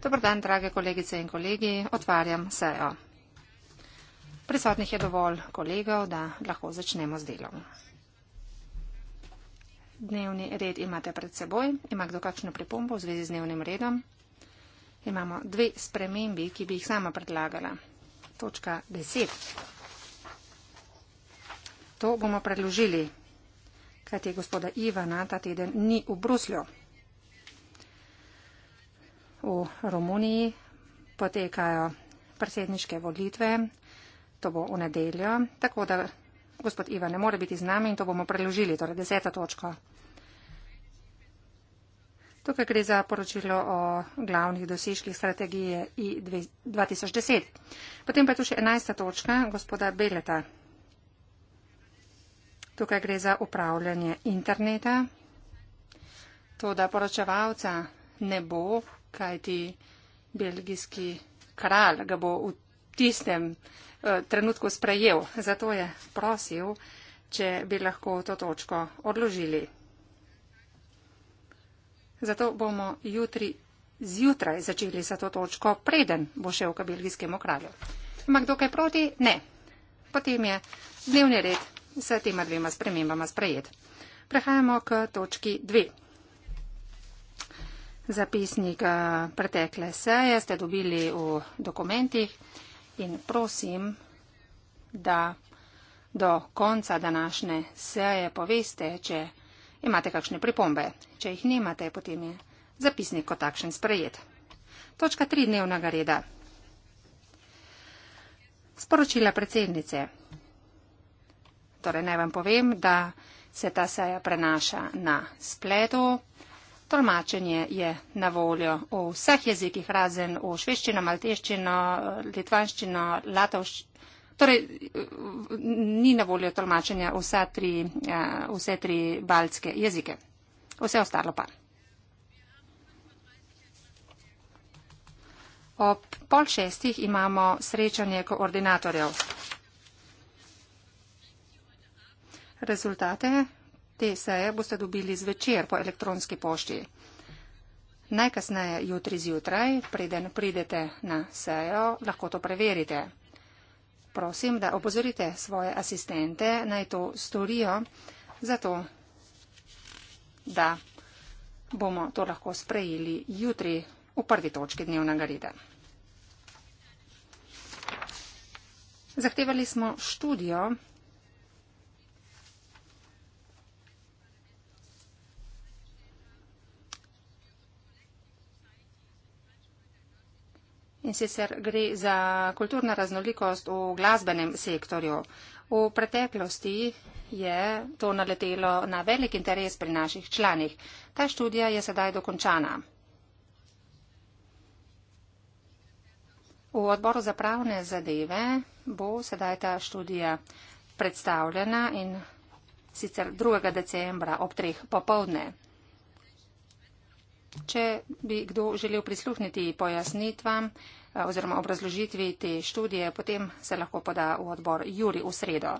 Dober dan, drage kolegice in kolegi, otvarjam sejo. Prisotnih je dovolj kolegov, da lahko začnemo z delom. Dnevni red imate pred seboj. Ima kdo kakšno pripombo v zvezi z dnevnim redom? Imamo dve spremembi, ki bi jih sama predlagala. Točka 10. To bomo predložili kajti gospoda Ivana ta teden ni v Bruslju. V Romuniji potekajo predsedniške volitve, to bo v nedeljo, tako da gospod Ivan ne more biti z nami in to bomo preložili, torej deseta točka. Tukaj gre za poročilo o glavnih dosežkih strategije I2010. Potem pa je tu še enajsta točka gospoda Beleta. Tukaj gre za upravljanje interneta. To, da poročevalca ne bo, kajti belgijski kralj ga bo v tistem eh, trenutku sprejel. Zato je prosil, če bi lahko to točko odložili. Zato bomo jutri zjutraj začeli sa to točko, preden bo šel k belgijskemu kralju. Ima kdo kaj proti? Ne. Potem je dnevni red s tema dvema spremembama sprejet. Prehajamo k točki dve. Zapisnik eh, pretekle seje ste dobili v dokumentih in prosim, da do konca današnje seje poveste, če imate kakšne pripombe. Če jih nimate, potem je zapisnik kot takšen sprejet. Točka tri dnevnega reda. Sporočila predsednice torej naj vam povem, da se ta seja prenaša na spletu. Tolmačenje je na voljo v vseh jezikih, razen v švedščino, malteščino, litvanščino, latovščino. Torej, ni na voljo tolmačenja vse tri, eh, vse tri baltske jezike. Vse ostalo pa. Ob pol šestih imamo srečanje koordinatorjev. Rezultate te seje boste dobili zvečer po elektronski pošti. Najkasneje jutri zjutraj, preden pridete na sejo, lahko to preverite. Prosim, da opozorite svoje asistente, naj to storijo, zato da bomo to lahko sprejeli jutri v prvi točki dnevnega reda. Zahtevali smo študijo In sicer gre za kulturno raznolikost v glasbenem sektorju. V preteklosti je to naletelo na velik interes pri naših članih. Ta študija je sedaj dokončana. V odboru za pravne zadeve bo sedaj ta študija predstavljena in sicer 2. decembra ob 3. popovdne. Če bi kdo želel prisluhniti pojasnitvam eh, oziroma obrazložitvi te študije, potem se lahko poda v odbor Juri v sredo.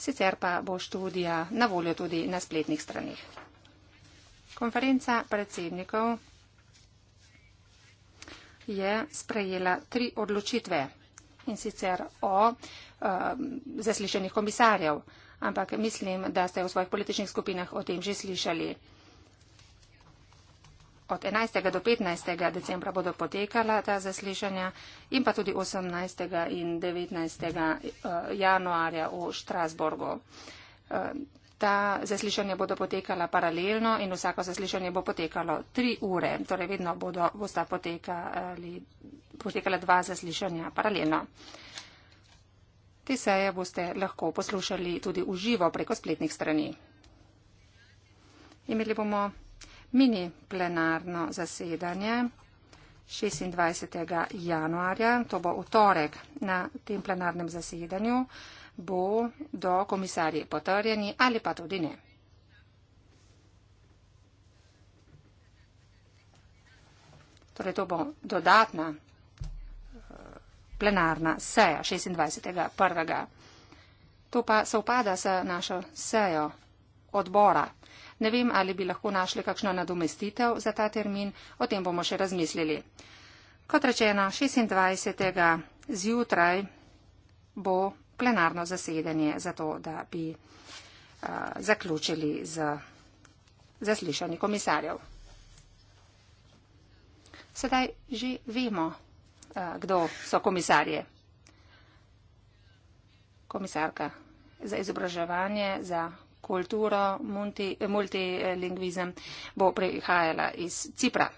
Sicer pa bo študija na voljo tudi na spletnih stranih. Konferenca predsednikov je sprejela tri odločitve in sicer o uh, eh, zaslišenih komisarjev. Uh, ampak mislim, da ste v svojih političnih skupinah o tem že slišali. Od 11. do 15. decembra bodo potekala ta zaslišanja in pa tudi 18. in 19. Eh, januarja v Štrasburgu. Eh, ta zaslišanja bodo potekala paralelno in vsako zaslišanje bo potekalo tri ure, torej vedno bodo, bosta eh, potekala dva zaslišanja paralelno. Te seje boste lahko poslušali tudi v živo preko spletnih strani. Imeli bomo mini plenarno zasedanje 26. januarja, to bo v torek na tem plenarnem zasedanju, bo do komisarji potrjeni ali pa tudi ne. Torej to bo dodatna plenarna seja 26.1. To pa se upada s našo sejo odbora. Ne vem, ali bi lahko našli kakšno nadomestitev za ta termin, o tem bomo še razmislili. Kot rečeno, 26. zjutraj bo plenarno zasedanje za to, da bi uh, zaključili z zaslišanjem komisarjev. Sedaj že vemo, kdo so komisarje. Komisarka za izobraževanje, za kulturo, multi, multilingvizem bo prihajala iz Cipra.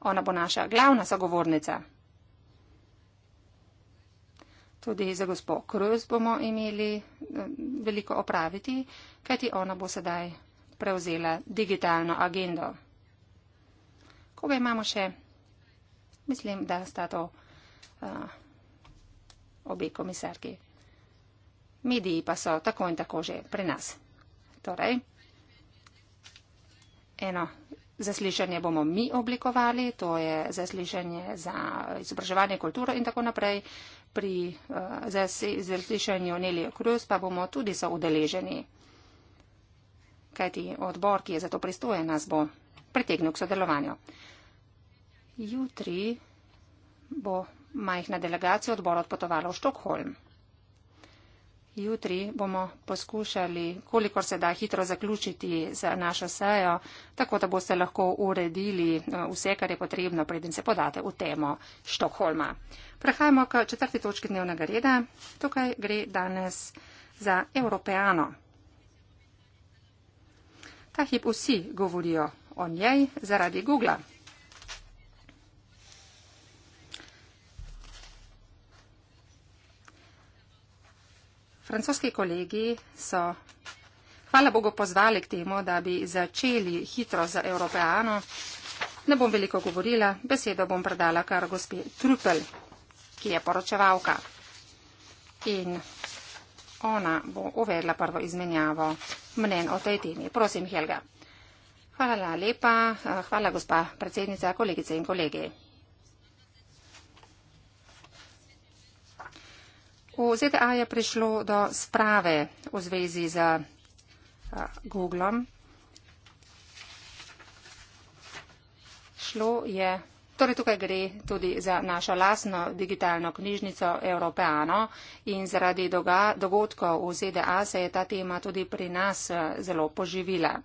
Ona bo naša glavna sogovornica. Tudi za gospod Kruz bomo imeli eh, veliko opraviti, kajti ona bo sedaj prevzela digitalno agendo. Koga imamo še? Mislim, da sta to uh, obe komisarki. Mediji pa so tako in tako že pri nas. Torej, eno zaslišanje bomo mi oblikovali, to je zaslišanje za izobraževanje kulture in tako naprej. Pri uh, zaslišanju Nelio Cruz pa bomo tudi so udeleženi, kajti odbor, ki je za to pristojen, nas bo pritegnil k sodelovanju. Uh, Jutri bo majhna delegacija odbora odpotovala v Štokholm. Jutri bomo poskušali, kolikor se da, hitro zaključiti z našo sejo, tako da boste lahko uredili eh, vse, kar je potrebno, preden se podate v temo Štokholma. Prehajamo k četrti točki dnevnega reda. Tukaj gre danes za Evropejano. Ta hip vsi govorijo o njej zaradi Google. -a. Francoski kolegi so, hvala Bogu, pozvali k temu, da bi začeli hitro za Evropejano. Ne bom veliko govorila, besedo bom predala kar gospe Trupel, ki je poročevalka. In ona bo uvedla prvo izmenjavo mnen o tej temi. Prosim, Helga. Hvala lepa, eh, hvala gospa predsednica, kolegice in kolegi. V ZDA je prišlo do sprave v zvezi z Googlom. Šlo je, torej tukaj gre tudi za našo lasno digitalno knjižnico Europeano in zaradi dogodkov v ZDA se je ta tema tudi pri nas zelo poživila.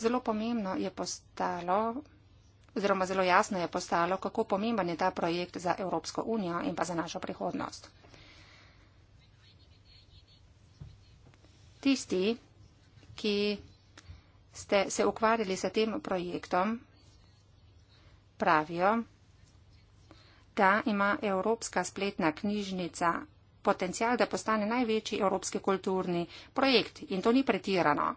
Zelo pomembno je postalo, oziroma zelo jasno je postalo, kako pomemben je ta projekt za Evropsko unijo in pa za našo prihodnost. Tisti, ki ste se ukvarjali s tem projektom, pravijo, da ima Evropska spletna knjižnica potencial, da postane največji evropski kulturni projekt in to ni pretirano.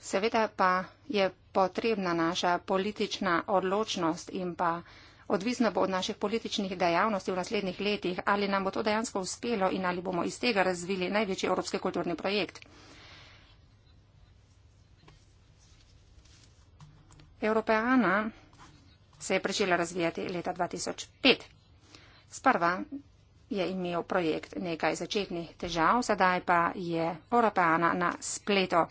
Seveda pa je potrebna naša politična odločnost in pa uh, Odvisno bo od naših političnih dejavnosti v naslednjih letih, ali nam bo to dejansko uspelo in ali bomo iz tega razvili največji evropski kulturni projekt. Evropeana se je prečela razvijati leta 2005. Sprva je imel projekt nekaj začetnih težav, sedaj pa je Evropeana na spleto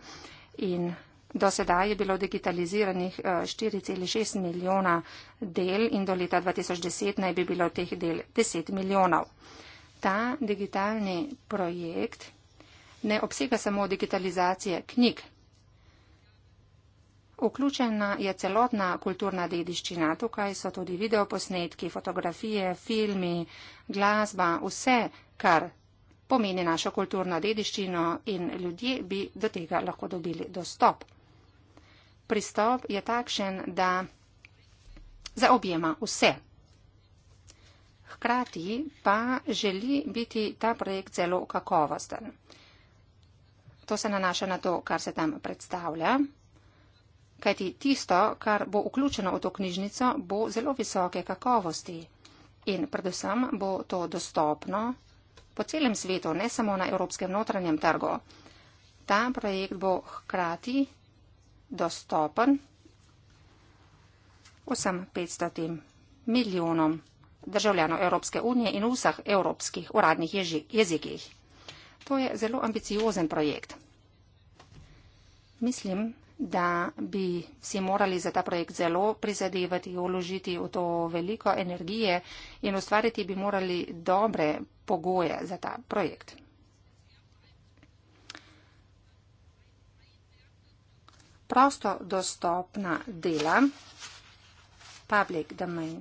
in Do sedaj je bilo digitaliziranih 4,6 eh, milijona del in do leta 2010 naj bi bilo teh del 10 milijonov. Ta digitalni projekt ne obsega samo digitalizacije knjig. Vključena je celotna kulturna dediščina. Tukaj so tudi videoposnetki, fotografije, filmi, glasba, vse, kar pomeni našo kulturno dediščino in ljudje bi do tega lahko dobili dostop pristop je takšen, da zaobjema vse. Hkrati pa želi biti ta projekt zelo kakovosten. To se nanaša na to, kar se tam predstavlja. Kajti tisto, kar bo vključeno v to knjižnico, bo zelo visoke kakovosti in predvsem bo to dostopno po celem svetu, ne samo na evropskem notranjem trgu. Ta projekt bo hkrati dostopen vsem 500 milijonom državljanov Evropske unije in v vseh evropskih uradnih jezikih. To je zelo ambiciozen projekt. Mislim, da bi si morali za ta projekt zelo prizadevati, uložiti v to veliko energije in ustvariti bi morali dobre pogoje za ta projekt. prosto dostopna dela, public domain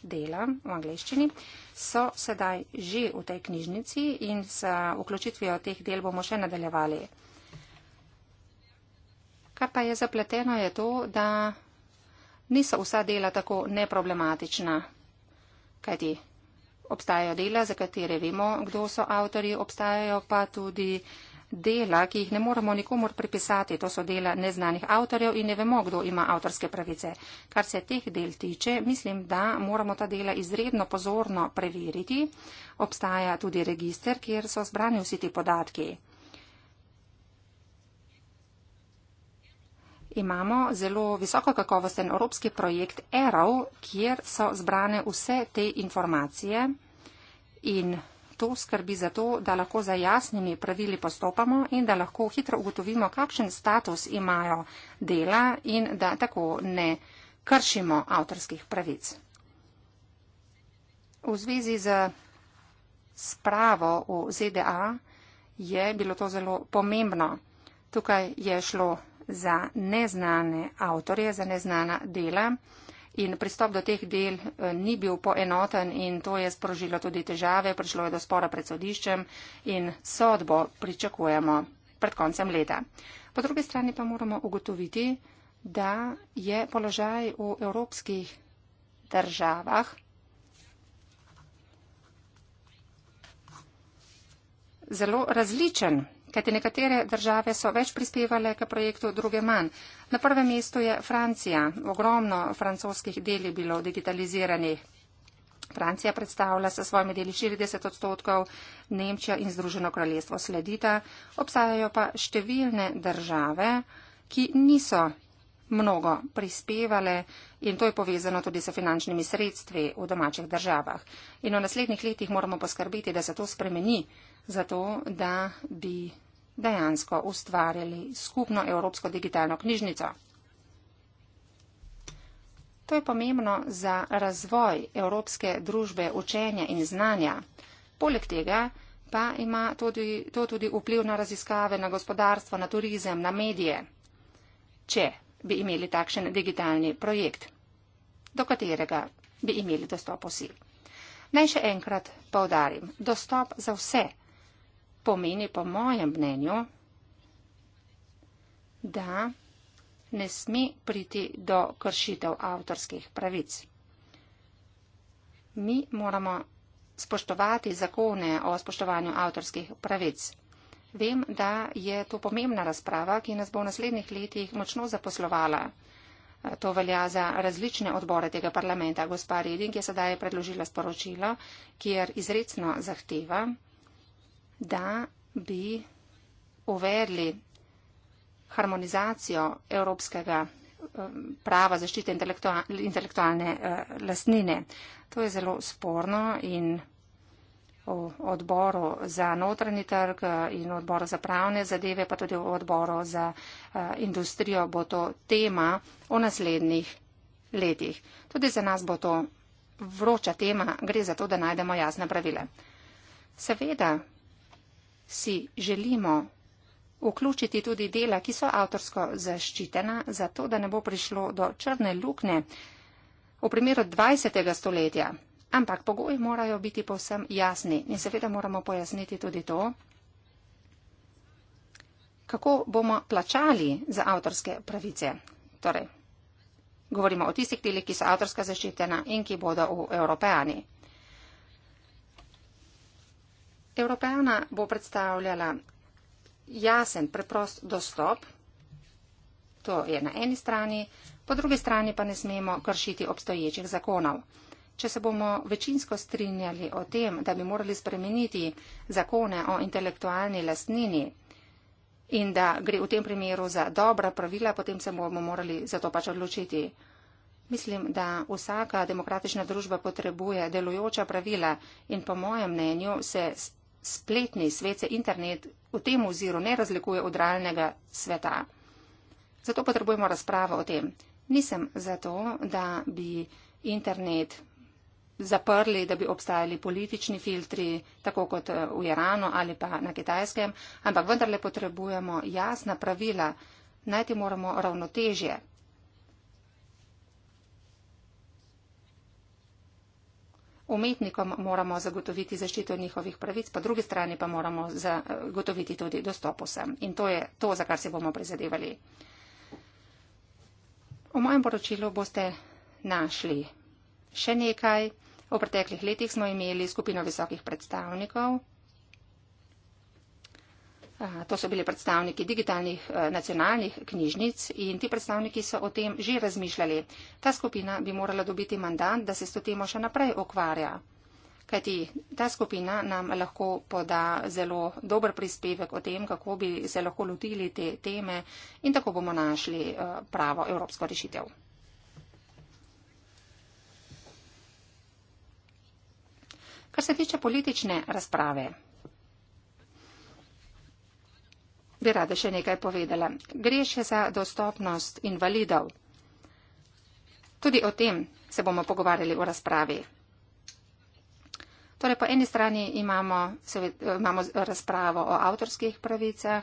dela v angliščini, so sedaj že v tej knjižnici in s vključitvijo teh del bomo še nadaljevali. Kar pa je zapleteno, je to, da niso vsa dela tako neproblematična, kajti obstajajo dela, za katere vemo, kdo so avtori, obstajajo pa tudi uh, dela, ki jih ne moremo nikomor pripisati. To so dela neznanih avtorjev in ne vemo, kdo ima avtorske pravice. Kar se teh del tiče, mislim, da moramo ta dela izredno pozorno preveriti. Obstaja tudi register, kjer so zbrani vsi ti podatki. Imamo zelo visoko kakovosten evropski projekt ERO, kjer so zbrane vse te informacije in To skrbi za to, da lahko za jasnimi pravili postopamo in da lahko hitro ugotovimo, kakšen status imajo dela in da tako ne kršimo avtorskih pravic. V zvezi z spravo v ZDA je bilo to zelo pomembno. Tukaj je šlo za neznane avtorje, za neznana dela in pristop do teh del eh, ni bil poenoten in to je sprožilo tudi težave, prišlo je do spora pred sodiščem in sodbo pričakujemo pred koncem leta. Po drugi strani pa moramo ugotoviti, da je položaj v evropskih državah zelo različen kajti nekatere države so več prispevale k projektu, druge manj. Na prvem mestu je Francija. Ogromno francoskih del je bilo digitaliziranih. Francija predstavlja s svojimi deli 40 odstotkov, Nemčija in Združeno kraljestvo sledita. Obstajajo pa številne države, ki niso mnogo prispevale in to je povezano tudi s finančnimi sredstvi v domačih državah. In v naslednjih letih moramo poskrbeti, da se to spremeni, zato da bi dejansko ustvarili skupno evropsko digitalno knjižnico. To je pomembno za razvoj evropske družbe učenja in znanja. Poleg tega pa ima tudi, to tudi vpliv na raziskave, na gospodarstvo, na turizem, na medije, če bi imeli takšen digitalni projekt, do katerega bi imeli dostop vsi. Naj še enkrat povdarim, dostop za vse pomeni po mojem mnenju, da ne sme priti do kršitev avtorskih pravic. Mi moramo spoštovati zakone o spoštovanju avtorskih pravic. Vem, da je to pomembna razprava, ki nas bo v naslednjih letih močno zaposlovala. To velja za različne odbore tega parlamenta. Gospa Reding je sedaj predložila sporočilo, kjer izredno zahteva, da bi uvedli harmonizacijo evropskega eh, prava zaščite intelektualne eh, lastnine. To je zelo sporno in v odboru za notranji trg eh, in odboru za pravne zadeve, pa tudi v odboru za industrijo bo to tema v naslednjih letih. Tudi za nas bo to vroča tema, gre za to, da najdemo jasne pravile. Seveda si želimo vključiti tudi dela, ki so avtorsko zaščitena, zato da ne bo prišlo do črne luknje v primeru 20. stoletja. Ampak pogoji morajo biti povsem jasni in seveda moramo pojasniti tudi to, kako bomo plačali za avtorske pravice. Torej, govorimo o tistih delih, ki so avtorska zaščitena in ki bodo v Evropejani. Evropejna bo predstavljala jasen, preprost dostop, to je na eni strani, po drugi strani pa ne smemo kršiti obstoječih zakonov. Če se bomo večinsko strinjali o tem, da bi morali spremeniti zakone o intelektualni lastnini in da gre v tem primeru za dobra pravila, potem se bomo morali za to pač odločiti. Mislim, da vsaka demokratična družba potrebuje delujoča pravila in po mojem mnenju se spletni svet, se internet v tem oziru ne razlikuje od realnega sveta. Zato potrebujemo razpravo o tem. Nisem zato, da bi internet zaprli, da bi obstajali politični filtri, tako kot eh, v Iranu ali pa na kitajskem, ampak vendarle potrebujemo jasna pravila, najti moramo ravnotežje. Umetnikom moramo zagotoviti zaščito njihovih pravic, pa drugi strani pa moramo zagotoviti tudi dostop vsem. In to je to, za kar se bomo prizadevali. V mojem poročilu boste našli še nekaj. V preteklih letih smo imeli skupino visokih predstavnikov, To so bili predstavniki digitalnih eh, nacionalnih knjižnic in ti predstavniki so o tem že razmišljali. Ta skupina bi morala dobiti mandat, da se s to temo še naprej ukvarja. Kajti ta skupina nam lahko poda zelo dober prispevek o tem, kako bi se lahko lotili te teme in tako bomo našli eh, pravo evropsko rešitev. Kar se tiče politične razprave. bi rada še nekaj povedala. Gre še za dostopnost invalidov. Tudi o tem se bomo pogovarjali v razpravi. Torej, po eni strani imamo, seved, imamo razpravo o avtorskih pravicah,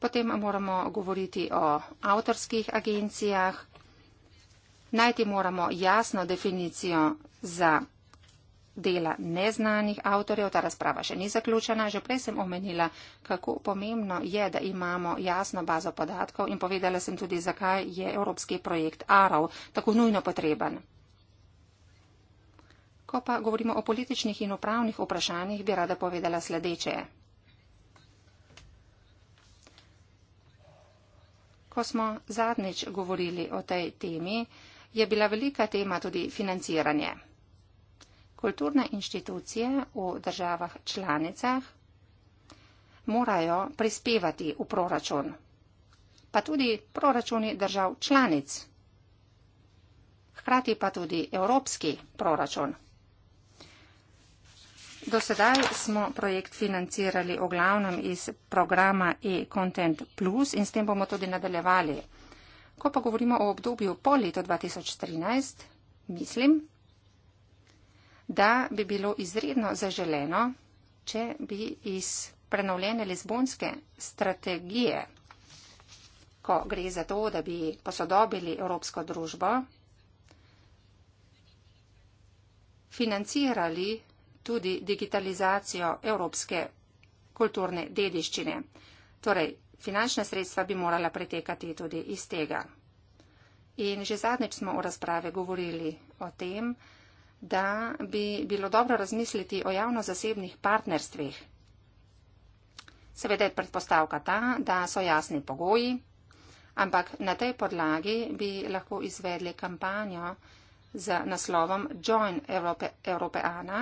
potem moramo govoriti o avtorskih agencijah, najti moramo jasno definicijo za dela neznanih avtorjev. Ta razprava še ni zaključena. Že prej sem omenila, kako pomembno je, da imamo jasno bazo podatkov in povedala sem tudi, zakaj je evropski projekt ARAV tako nujno potreben. Ko pa govorimo o političnih in upravnih vprašanjih, bi rada povedala sledeče. Ko smo zadnjič govorili o tej temi, je bila velika tema tudi financiranje. Kulturne inštitucije v državah članicah morajo prispevati v proračun, pa tudi proračuni držav članic, hkrati pa tudi evropski proračun. Do sedaj smo projekt financirali v glavnem iz programa e-Content Plus in s tem bomo tudi nadaljevali. Ko pa govorimo o obdobju po letu 2013, mislim, da bi bilo izredno zaželeno, če bi iz prenovljene lizbonske strategije, ko gre za to, da bi posodobili evropsko družbo, financirali tudi digitalizacijo evropske kulturne dediščine. Torej, finančna sredstva bi morala pretekati tudi iz tega. In že zadnjič smo v razprave govorili o tem, da bi bilo dobro razmisliti o javno-zasebnih partnerstvih. Seveda je predpostavka ta, da so jasni pogoji, ampak na tej podlagi bi lahko izvedli kampanjo z naslovom Join Europe, Europeana,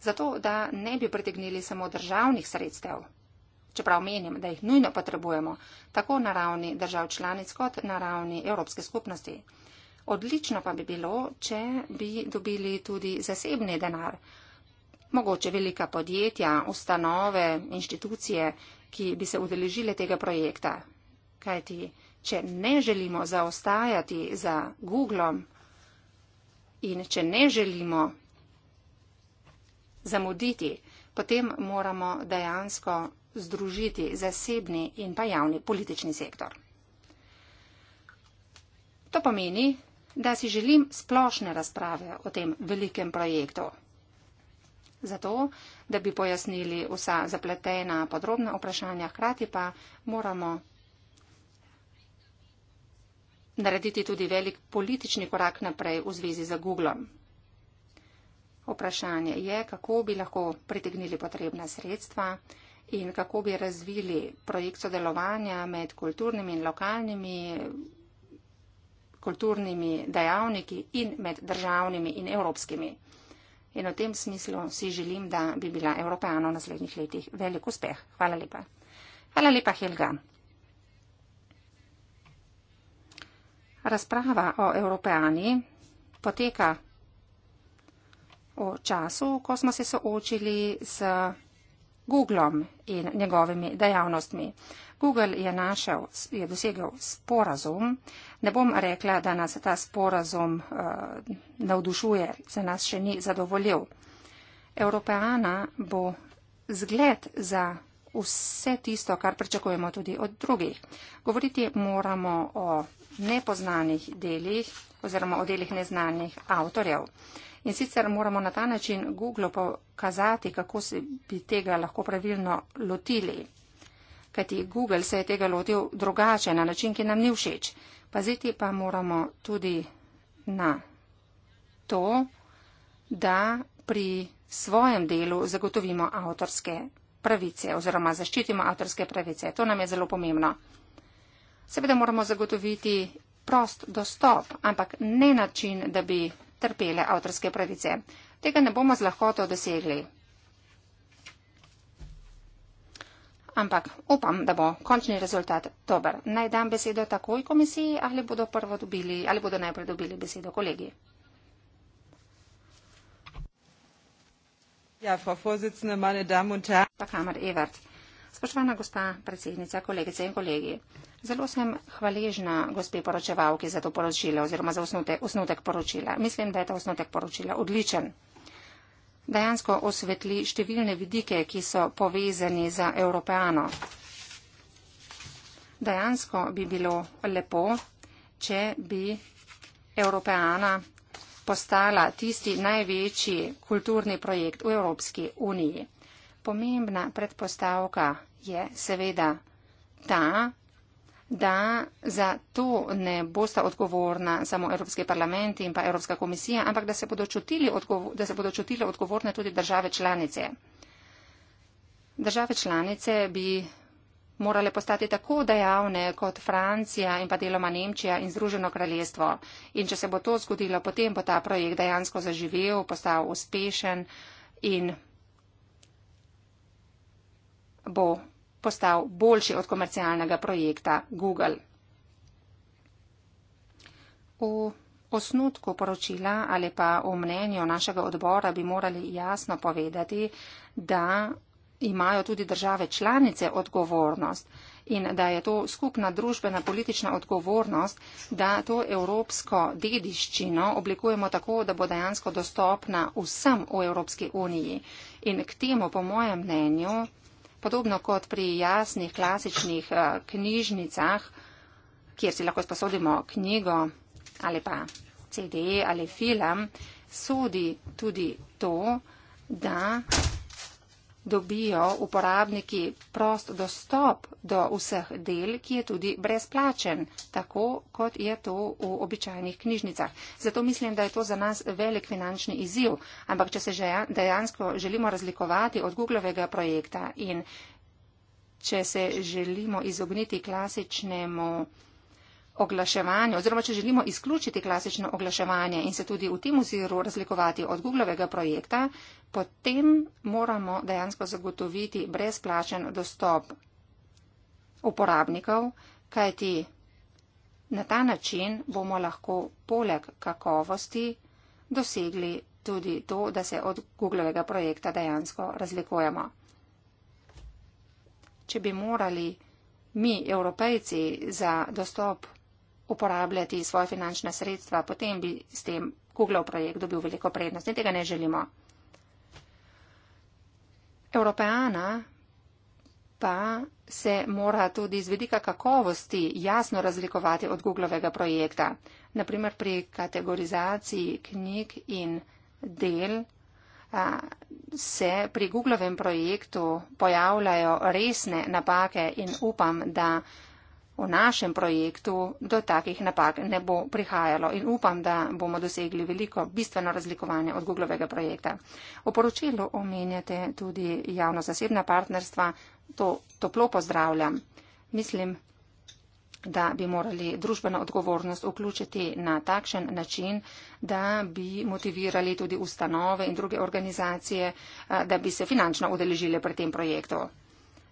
zato da ne bi pritegnili samo državnih sredstev, čeprav menim, da jih nujno potrebujemo, tako na ravni držav članic kot na ravni Evropske skupnosti. Odlično pa bi bilo, če bi dobili tudi zasebni denar. Mogoče velika podjetja, ustanove, inštitucije, ki bi se udeležile tega projekta. Kajti, če ne želimo zaostajati za Googlom in če ne želimo zamuditi, potem moramo dejansko združiti zasebni in pa javni politični sektor. To pomeni, da si želim splošne razprave o tem velikem projektu. Zato, da bi pojasnili vsa zapletena podrobna vprašanja, hkrati pa moramo narediti tudi velik politični korak naprej v zvezi z Googlom. Vprašanje je, kako bi lahko pritegnili potrebna sredstva in kako bi razvili projekt sodelovanja med kulturnimi in lokalnimi kulturnimi dejavniki in med državnimi in evropskimi. In v tem smislu si želim, da bi bila Evropejano v naslednjih letih velik uspeh. Hvala lepa. Hvala lepa, Helga. Razprava o Evropejani poteka v času, ko smo se soočili z Googlom in njegovimi dejavnostmi. Google je našel, je dosegel sporazum. Ne bom rekla, da nas ta sporazum uh, navdušuje, se nas še ni zadovoljil. Evropejana bo zgled za vse tisto, kar pričakujemo tudi od drugih. Govoriti moramo o nepoznanih delih oziroma o delih neznanih avtorjev. In sicer moramo na ta način Google pokazati, kako se bi tega lahko pravilno lotili kajti Google se je tega lotil drugače, na način, ki nam ni všeč. Paziti pa moramo tudi na to, da pri svojem delu zagotovimo avtorske pravice oziroma zaščitimo avtorske pravice. To nam je zelo pomembno. Seveda moramo zagotoviti prost dostop, ampak ne način, da bi trpele avtorske pravice. Tega ne bomo z lahkoto dosegli. ampak upam, da bo končni rezultat dober. Naj dam besedo takoj komisiji ali bodo, prvo dobili, ali bodo najprej dobili besedo kolegi. Ja, Kamer Evert, spoštovana gospa predsednica, kolegice in kolegi. Zelo sem hvaležna gospe poročevalki za to poročilo oziroma za osnute, osnutek poročila. Mislim, da je ta osnutek poročila odličen dejansko osvetli številne vidike, ki so povezani za Evropejano. Dejansko bi bilo lepo, če bi Evropejana postala tisti največji kulturni projekt v Evropski uniji. Pomembna predpostavka je seveda ta, da za to ne bosta odgovorna samo Evropski parlament in pa Evropska komisija, ampak da se bodo čutili, odgovor, se bodo čutili odgovorne tudi države članice. Države članice bi morale postati tako dejavne kot Francija in pa deloma Nemčija in Združeno kraljestvo. In če se bo to zgodilo, potem bo ta projekt dejansko zaživel, postal uspešen in bo postal boljši od komercialnega projekta Google. V osnutku poročila ali pa v mnenju našega odbora bi morali jasno povedati, da imajo tudi države članice odgovornost in da je to skupna družbena politična odgovornost, da to evropsko dediščino oblikujemo tako, da bo dejansko dostopna vsem v Evropski uniji. In k temu, po mojem mnenju, podobno kot pri jasnih klasičnih eh, knjižnicah, kjer si lahko sposodimo knjigo ali pa CD e ali film, sodi tudi to, da dobijo uporabniki prost dostop do vseh del, ki je tudi brezplačen, tako kot je to v običajnih knjižnicah. Zato mislim, da je to za nas velik finančni izziv. Ampak če se že ja, dejansko želimo razlikovati od Googlevega projekta in če se želimo izogniti klasičnemu oglaševanje oziroma če želimo izključiti klasično oglaševanje in se tudi v tem oziru razlikovati od Googlovega projekta, potem moramo dejansko zagotoviti brezplačen dostop uporabnikov, kajti na ta način bomo lahko poleg kakovosti dosegli tudi to, da se od Googlovega projekta dejansko razlikujemo. Če bi morali mi, evropejci, za dostop uporabljati svoje finančne sredstva, potem bi s tem Google projekt dobil veliko prednosti. Tega ne želimo. Evropejana pa se mora tudi z vidika kakovosti jasno razlikovati od Googlovega projekta. Naprimer pri kategorizaciji knjig in del a, se pri Googlovem projektu pojavljajo resne napake in upam, da v našem projektu do takih napak ne bo prihajalo in upam, da bomo dosegli veliko bistveno razlikovanje od Googlovega projekta. V poročilu omenjate tudi javno-zasebna partnerstva, to toplo pozdravljam. Mislim, da bi morali družbeno odgovornost vključiti na takšen način, da bi motivirali tudi ustanove in druge organizacije, da bi se finančno udeležile pri tem projektu.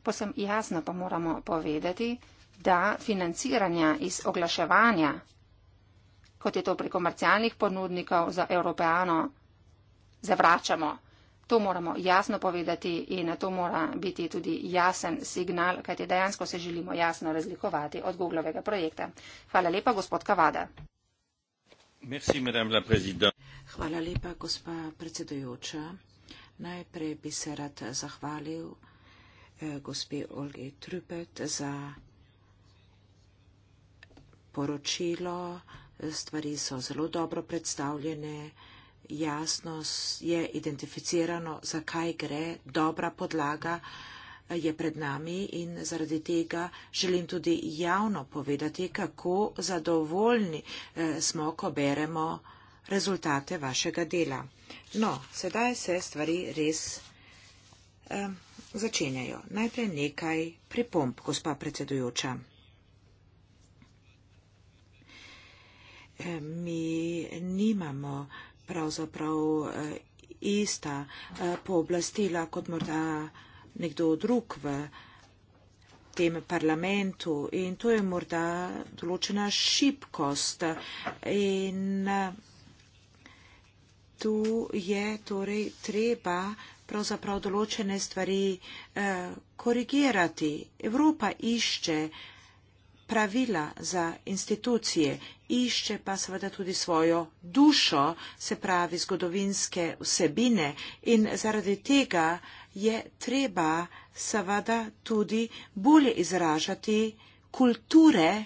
Posem jasno pa moramo povedati, da financiranja iz oglaševanja, kot je to pri komercialnih ponudnikov za Evropejano, zavračamo. To moramo jasno povedati in to mora biti tudi jasen signal, kajti dejansko se želimo jasno razlikovati od Googlovega projekta. Hvala lepa, gospod Kavada. Merci, la Hvala lepa, gospa predsedujoča. Najprej bi se rad zahvalil eh, gospe Olgi Trupet za poročilo, stvari so zelo dobro predstavljene, jasno je identificirano, zakaj gre, dobra podlaga eh, je pred nami in zaradi tega želim tudi javno povedati, kako zadovoljni eh, smo, ko beremo rezultate vašega dela. No, sedaj se stvari res um, začenjajo. Najprej nekaj pripomp, gospa predsedujoča. mi nimamo pravzaprav eh, ista eh, pooblastila kot morda nekdo drug v tem parlamentu in to je morda določena šibkost in eh, tu je torej treba pravzaprav določene stvari korigirati. Evropa išče pravila za institucije, išče pa seveda tudi svojo dušo, se pravi zgodovinske vsebine in zaradi tega je treba seveda tudi bolje izražati kulture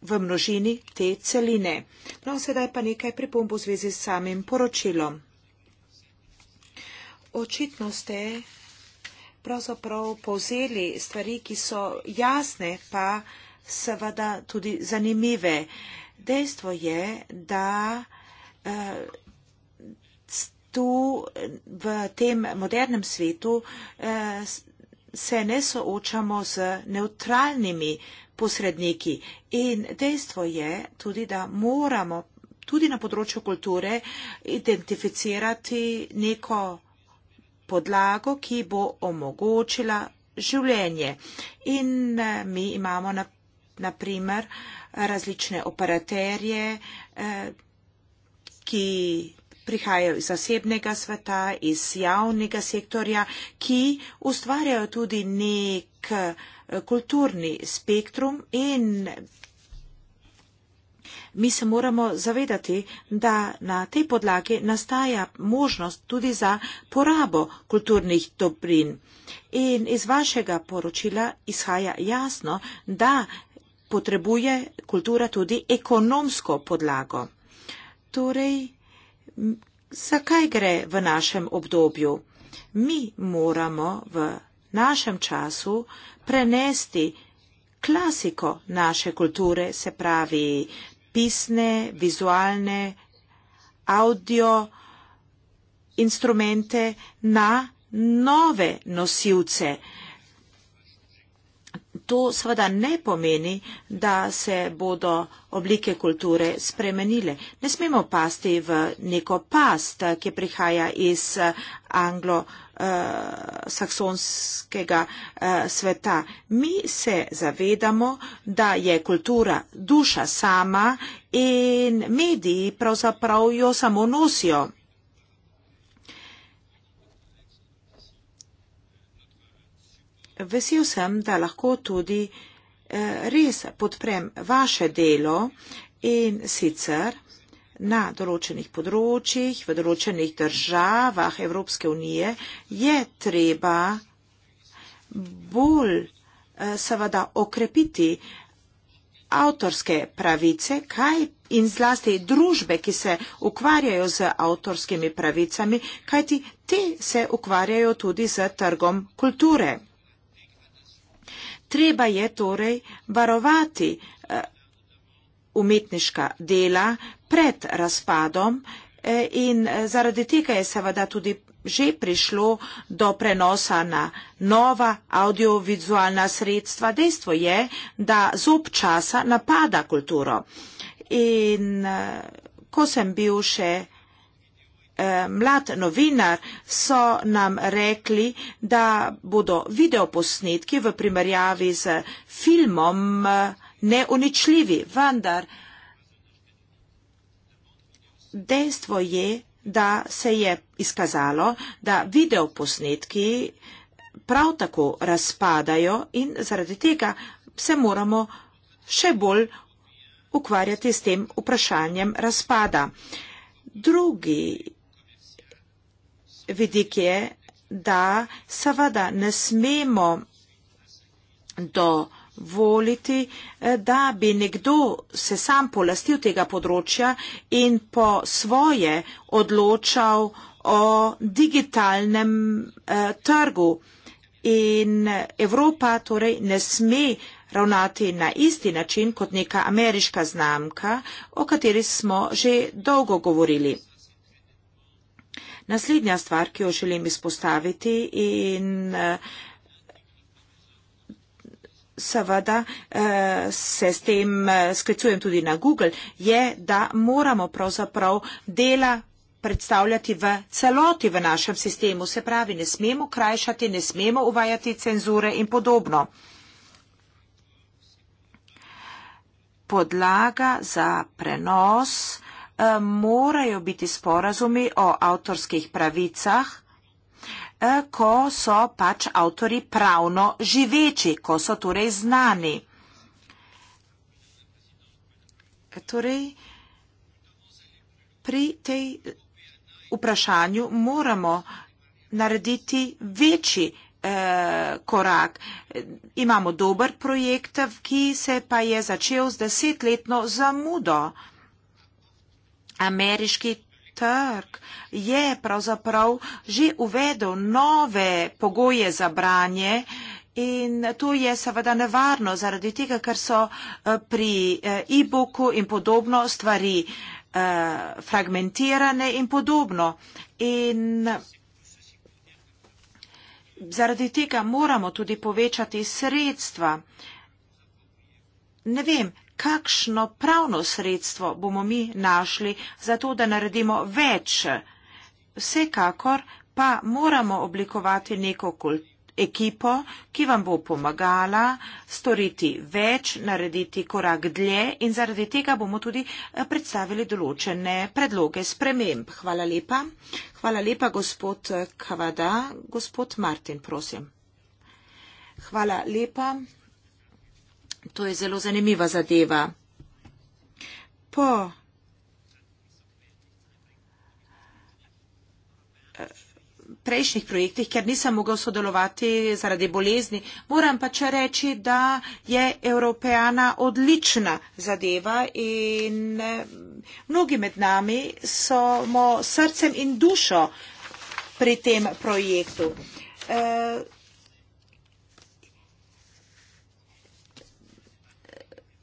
v množini te celine. No, sedaj pa nekaj pripombo v zvezi s samim poročilom. Očitno ste pravzaprav povzeli stvari, ki so jasne, pa seveda tudi zanimive. Dejstvo je, da eh, tu v tem modernem svetu eh, se ne soočamo z neutralnimi posredniki. In dejstvo je tudi, da moramo tudi na področju kulture identificirati neko podlago, ki bo omogočila življenje. In eh, mi imamo na naprimer različne operaterje, eh, ki prihajajo iz zasebnega sveta, iz javnega sektorja, ki ustvarjajo tudi nek eh, kulturni spektrum in mi se moramo zavedati, da na tej podlagi nastaja možnost tudi za porabo kulturnih dobrin. In iz vašega poročila izhaja jasno, da potrebuje kultura tudi ekonomsko podlago. Torej, zakaj gre v našem obdobju? Mi moramo v našem času prenesti klasiko naše kulture, se pravi pisne, vizualne, audio instrumente na nove nosilce to seveda ne pomeni, da se bodo oblike kulture spremenile. Ne smemo pasti v neko past, ki prihaja iz eh, anglosaksonskega eh, eh, sveta. Mi se zavedamo, da je kultura duša sama in mediji pravzaprav jo samo nosijo. vesel sem, da lahko tudi eh, res podprem vaše delo in sicer na določenih področjih, v določenih državah Evropske unije je treba bolj eh, seveda okrepiti avtorske pravice kaj in zlasti družbe, ki se ukvarjajo z avtorskimi pravicami, kajti te se ukvarjajo tudi z trgom kulture. Treba je torej varovati eh, umetniška dela pred razpadom eh, in eh, zaradi tega je seveda tudi že prišlo do prenosa na nova audiovizualna sredstva. Dejstvo je, da zob časa napada kulturo. In ko sem bil še mlad novinar, so nam rekli, da bodo videoposnetki v primerjavi z filmom eh, neuničljivi, vendar dejstvo je, da se je izkazalo, da videoposnetki prav tako razpadajo in zaradi tega se moramo še bolj ukvarjati s tem vprašanjem razpada. Drugi vidik je, da seveda ne smemo dovoliti, eh, da bi nekdo se sam polastil tega področja in po svoje odločal o digitalnem eh, trgu. In Evropa torej ne sme ravnati na isti način kot neka ameriška znamka, o kateri smo že dolgo govorili. Naslednja stvar, ki jo želim izpostaviti in eh, seveda eh, se s tem eh, sklicujem tudi na Google, je, da moramo pravzaprav dela predstavljati v celoti v našem sistemu. Se pravi, ne smemo krajšati, ne smemo uvajati cenzure in podobno. Podlaga za prenos Eh, morajo biti sporazumi o avtorskih pravicah, eh, ko so pač avtori pravno živeči, ko so torej znani. Torej, pri tej vprašanju moramo narediti večji eh, korak. Imamo dober projekt, ki se pa je začel z desetletno zamudo ameriški trg je pravzaprav že uvedel nove pogoje za branje. In to je seveda nevarno zaradi tega, ker so eh, pri eh, e-booku in podobno stvari eh, fragmentirane in podobno. In zaradi tega moramo tudi povečati sredstva. Ne vem, kakšno pravno sredstvo bomo mi našli za to, da naredimo več. Vsekakor pa moramo oblikovati neko ekipo, ki vam bo pomagala storiti več, narediti korak dlje in zaradi tega bomo tudi eh, predstavili določene predloge sprememb. Hvala lepa. Hvala lepa, gospod eh, Kavada. Gospod Martin, prosim. Hvala lepa. To je zelo zanimiva zadeva. Po eh, prejšnjih projektih, ker nisem mogel sodelovati zaradi bolezni, moram pa če reči, da je Evropejana odlična zadeva in eh, mnogi med nami smo srcem in dušo pri tem projektu. Eh,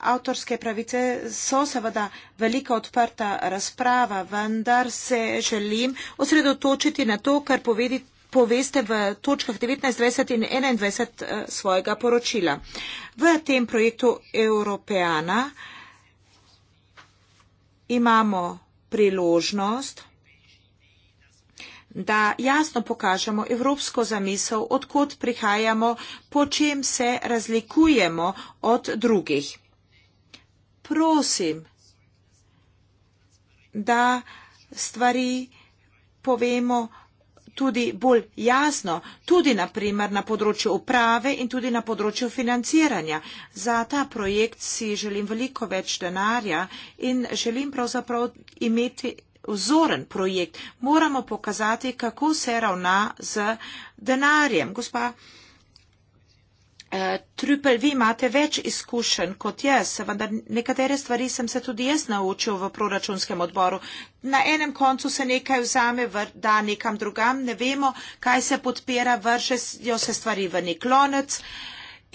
avtorske pravice so seveda velika odprta razprava, vendar se želim osredotočiti na to, kar povedi, poveste v točkah 19, 20 in 21 eh, svojega poročila. V tem projektu Europeana imamo priložnost, da jasno pokažemo evropsko zamisel, odkot prihajamo, po čem se razlikujemo od drugih prosim, da stvari povemo tudi bolj jasno, tudi naprimer na področju uprave in tudi na področju financiranja. Za ta projekt si želim veliko več denarja in želim pravzaprav imeti vzoren projekt. Moramo pokazati, kako se ravna z denarjem. Gospa Trupel, vi imate več izkušenj kot jaz, vendar nekatere stvari sem se tudi jaz naučil v proračunskem odboru. Na enem koncu se nekaj vzame, da nekam drugam, ne vemo, kaj se podpira, vržejo se stvari v nek lonec.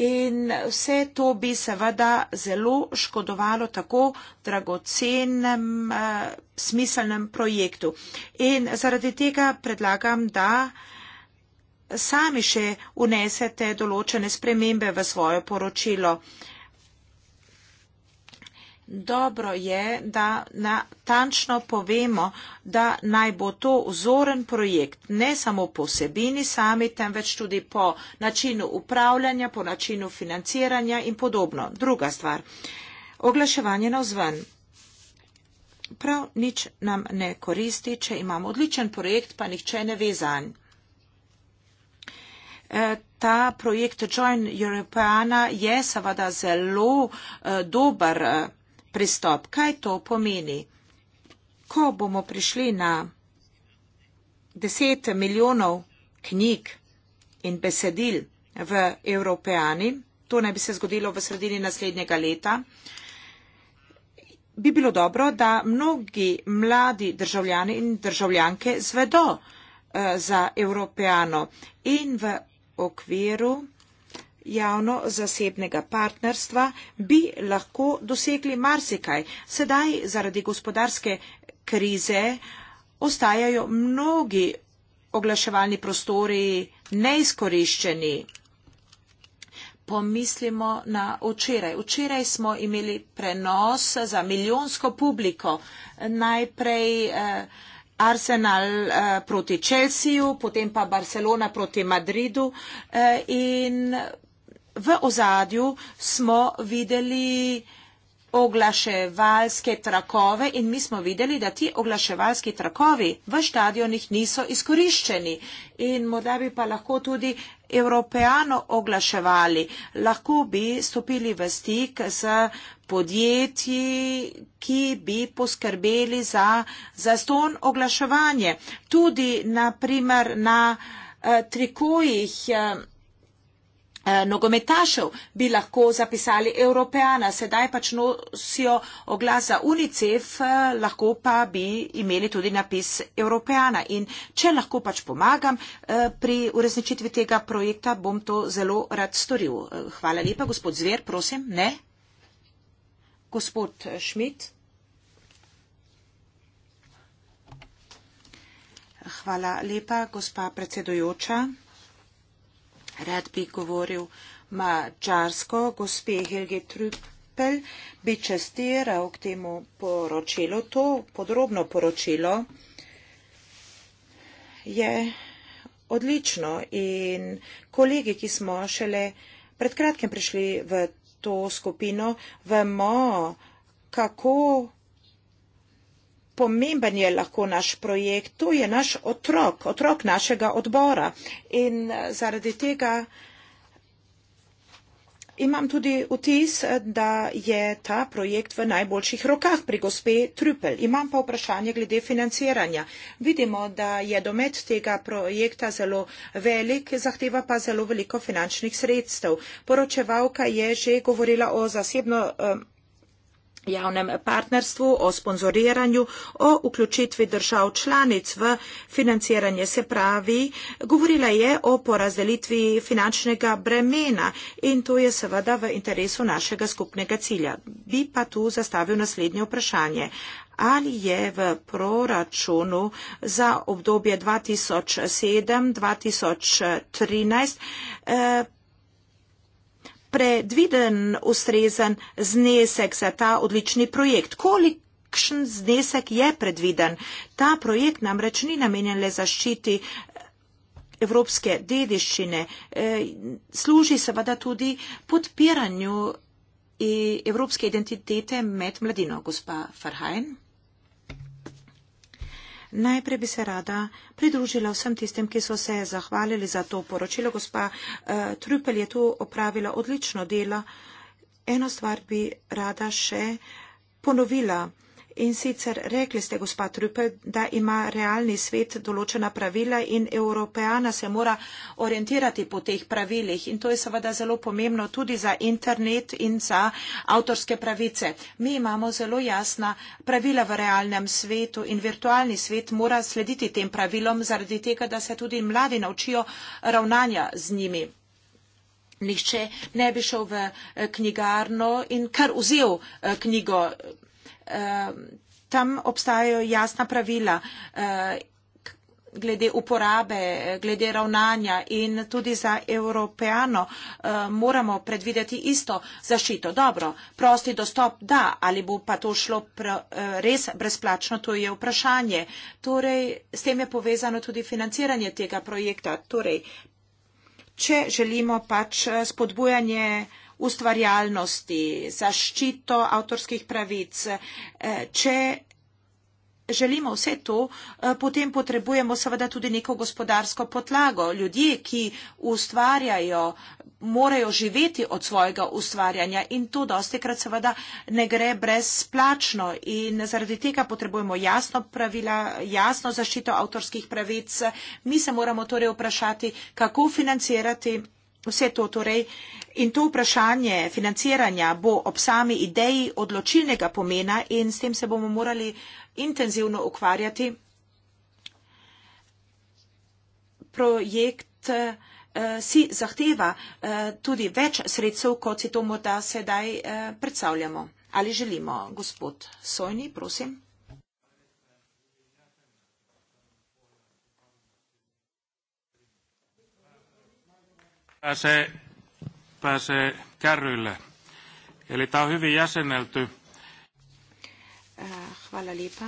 In vse to bi seveda zelo škodovalo tako dragocenem, eh, smiselnem projektu. In zaradi tega predlagam, da eh, sami še unesete določene spremembe v svojo poročilo. Dobro je, da natančno povemo, da naj bo to vzoren projekt ne samo po sebini sami, temveč tudi po načinu upravljanja, po načinu financiranja in podobno. Druga stvar. Oglaševanje na vzven. Prav nič nam ne koristi, če imamo odličen projekt, pa nihče ne ve zanj. Eh, ta projekt Join Europeana je seveda zelo eh, dober eh, pristop. Kaj to pomeni? Ko bomo prišli na 10 milijonov knjig in besedil v Europeani, to naj bi se zgodilo v sredini naslednjega leta, bi bilo dobro, da mnogi mladi državljani in državljanke zvedo za Evropejano in v okviru javno-zasebnega partnerstva bi lahko dosegli marsikaj. Sedaj zaradi gospodarske krize ostajajo mnogi oglaševalni prostori neizkoriščeni. Pomislimo na včeraj. Včeraj smo imeli prenos za milijonsko publiko. Najprej eh, Arsenal eh, proti Čelsiju, potem pa Barcelona proti Madridu. Eh, in v ozadju smo videli oglaševalske trakove in mi smo videli, da ti oglaševalski trakovi v štadionih niso izkoriščeni. In morda bi pa lahko tudi evropejano oglaševali, lahko bi stopili v stik z podjetji, ki bi poskrbeli za zaston oglaševanje. Tudi, naprimer, na eh, trikojih eh, Eh, nogometašev bi lahko zapisali Evropejana, sedaj pač nosijo oglas za UNICEF, eh, lahko pa bi imeli tudi napis Evropejana. In če lahko pač pomagam eh, pri uresničitvi tega projekta, bom to zelo rad storil. Hvala lepa, gospod Zver, prosim, ne? Gospod Šmit? Hvala lepa, gospa predsedojoča. Rad bi govoril mačarsko, gospe Helge Trupel bi čestiral k temu poročilu. To podrobno poročilo je odlično in kolegi, ki smo šele pred kratkem prišli v to skupino, vemo, kako pomemben je lahko naš projekt. To je naš otrok, otrok našega odbora. In eh, zaradi tega imam tudi vtis, eh, da je ta projekt v najboljših rokah pri gospe Trupel. Imam pa vprašanje glede financiranja. Vidimo, da je domet tega projekta zelo velik, zahteva pa zelo veliko finančnih sredstev. Poročevalka je že govorila o zasebno eh, javnem partnerstvu, o sponzoriranju, o vključitvi držav članic v financiranje. Se pravi, govorila je o porazdelitvi finančnega bremena in to je seveda v interesu našega skupnega cilja. Bi pa tu zastavil naslednje vprašanje. Ali je v proračunu za obdobje 2007-2013 eh, predviden ustrezen znesek za ta odlični projekt. Kolik Kakšen znesek je predviden? Ta projekt namreč ni namenjen le zaščiti eh, evropske dediščine, eh, služi seveda tudi podpiranju eh, evropske identitete med mladino, gospa Farhajn. Najprej bi se rada pridružila vsem tistim, ki so se zahvalili za to poročilo. Gospa uh, Trupel je tu opravila odlično delo. Eno stvar bi rada še ponovila. Uh, In sicer rekli ste, gospa Trupe, da ima realni svet določena pravila in evropejana se mora orientirati po teh pravilih. In to je seveda zelo pomembno tudi za internet in za avtorske pravice. Mi imamo zelo jasna pravila v realnem svetu in virtualni svet mora slediti tem pravilom zaradi tega, da se tudi mladi naučijo ravnanja z njimi. Nihče ne bi šel v eh, knjigarno in kar vzel eh, knjigo tam obstajajo jasna pravila eh, glede uporabe, glede ravnanja in tudi za evropejano eh, moramo predvideti isto zašito. Dobro, prosti dostop, da, ali bo pa to šlo eh, res brezplačno, to je vprašanje. Torej, s tem je povezano tudi financiranje tega projekta. Torej, če želimo pač spodbujanje ustvarjalnosti, zaščito avtorskih pravic. Eh, če želimo vse to, eh, potem potrebujemo seveda tudi neko gospodarsko podlago. Ljudje, ki ustvarjajo, morajo živeti od svojega ustvarjanja in to dosti krat seveda ne gre brezplačno in zaradi tega potrebujemo jasno pravila, jasno zaščito avtorskih pravic. Mi se moramo torej vprašati, kako financirati Vse to torej in to vprašanje financiranja bo ob sami ideji odločilnega pomena in s tem se bomo morali intenzivno ukvarjati. Projekt eh, si zahteva eh, tudi več sredstev, kot si to morda sedaj eh, predstavljamo. Ali želimo, gospod Sojni, prosim. pääsee, pääsee kärryille. Eli tämä on hyvin jäsennelty. Äh, hvala lipa.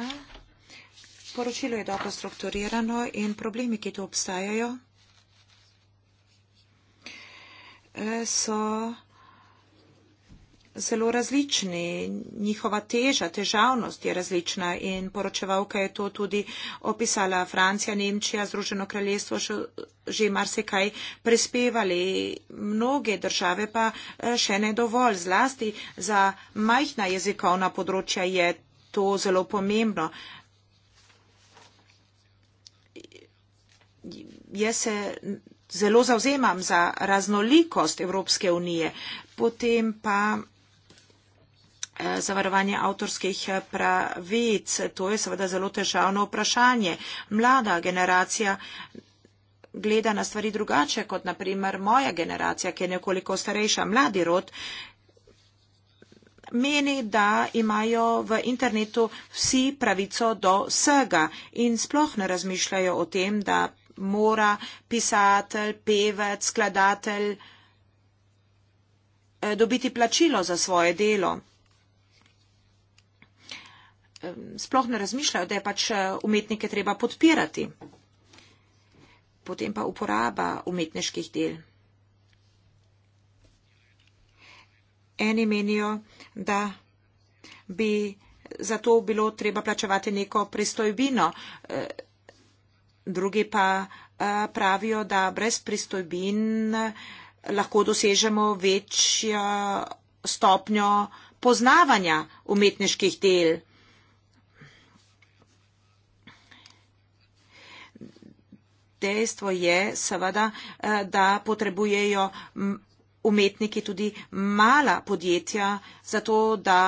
Poručilo je dobro strukturirano in problemi, ki tu obstajajo, äh, so zelo različni. Njihova teža, težavnost je različna in poročevalka je to tudi opisala. Francija, Nemčija, Združeno kraljestvo že, že marsikaj prispevali, mnoge države pa eh, še ne dovolj. Zlasti za majhna jezikovna področja je to zelo pomembno. Jaz se zelo zauzemam za raznolikost Evropske unije, potem pa Eh, zavarovanje avtorskih eh, pravic. To je seveda zelo težavno vprašanje. Mlada generacija gleda na stvari drugače kot naprimer moja generacija, ki je nekoliko starejša. Mladi rod meni, da imajo v internetu vsi pravico do vsega in sploh ne razmišljajo o tem, da mora pisatelj, pevec, skladatelj eh, dobiti plačilo za svoje delo sploh ne razmišljajo, da je pač eh, umetnike treba podpirati. Potem pa uporaba umetniških del. Eni menijo, da bi zato bilo treba plačevati neko pristojbino, eh, drugi pa eh, pravijo, da brez pristojbin lahko dosežemo večjo stopnjo poznavanja umetniških del. dejstvo je seveda, eh, da potrebujejo umetniki tudi mala podjetja za to, da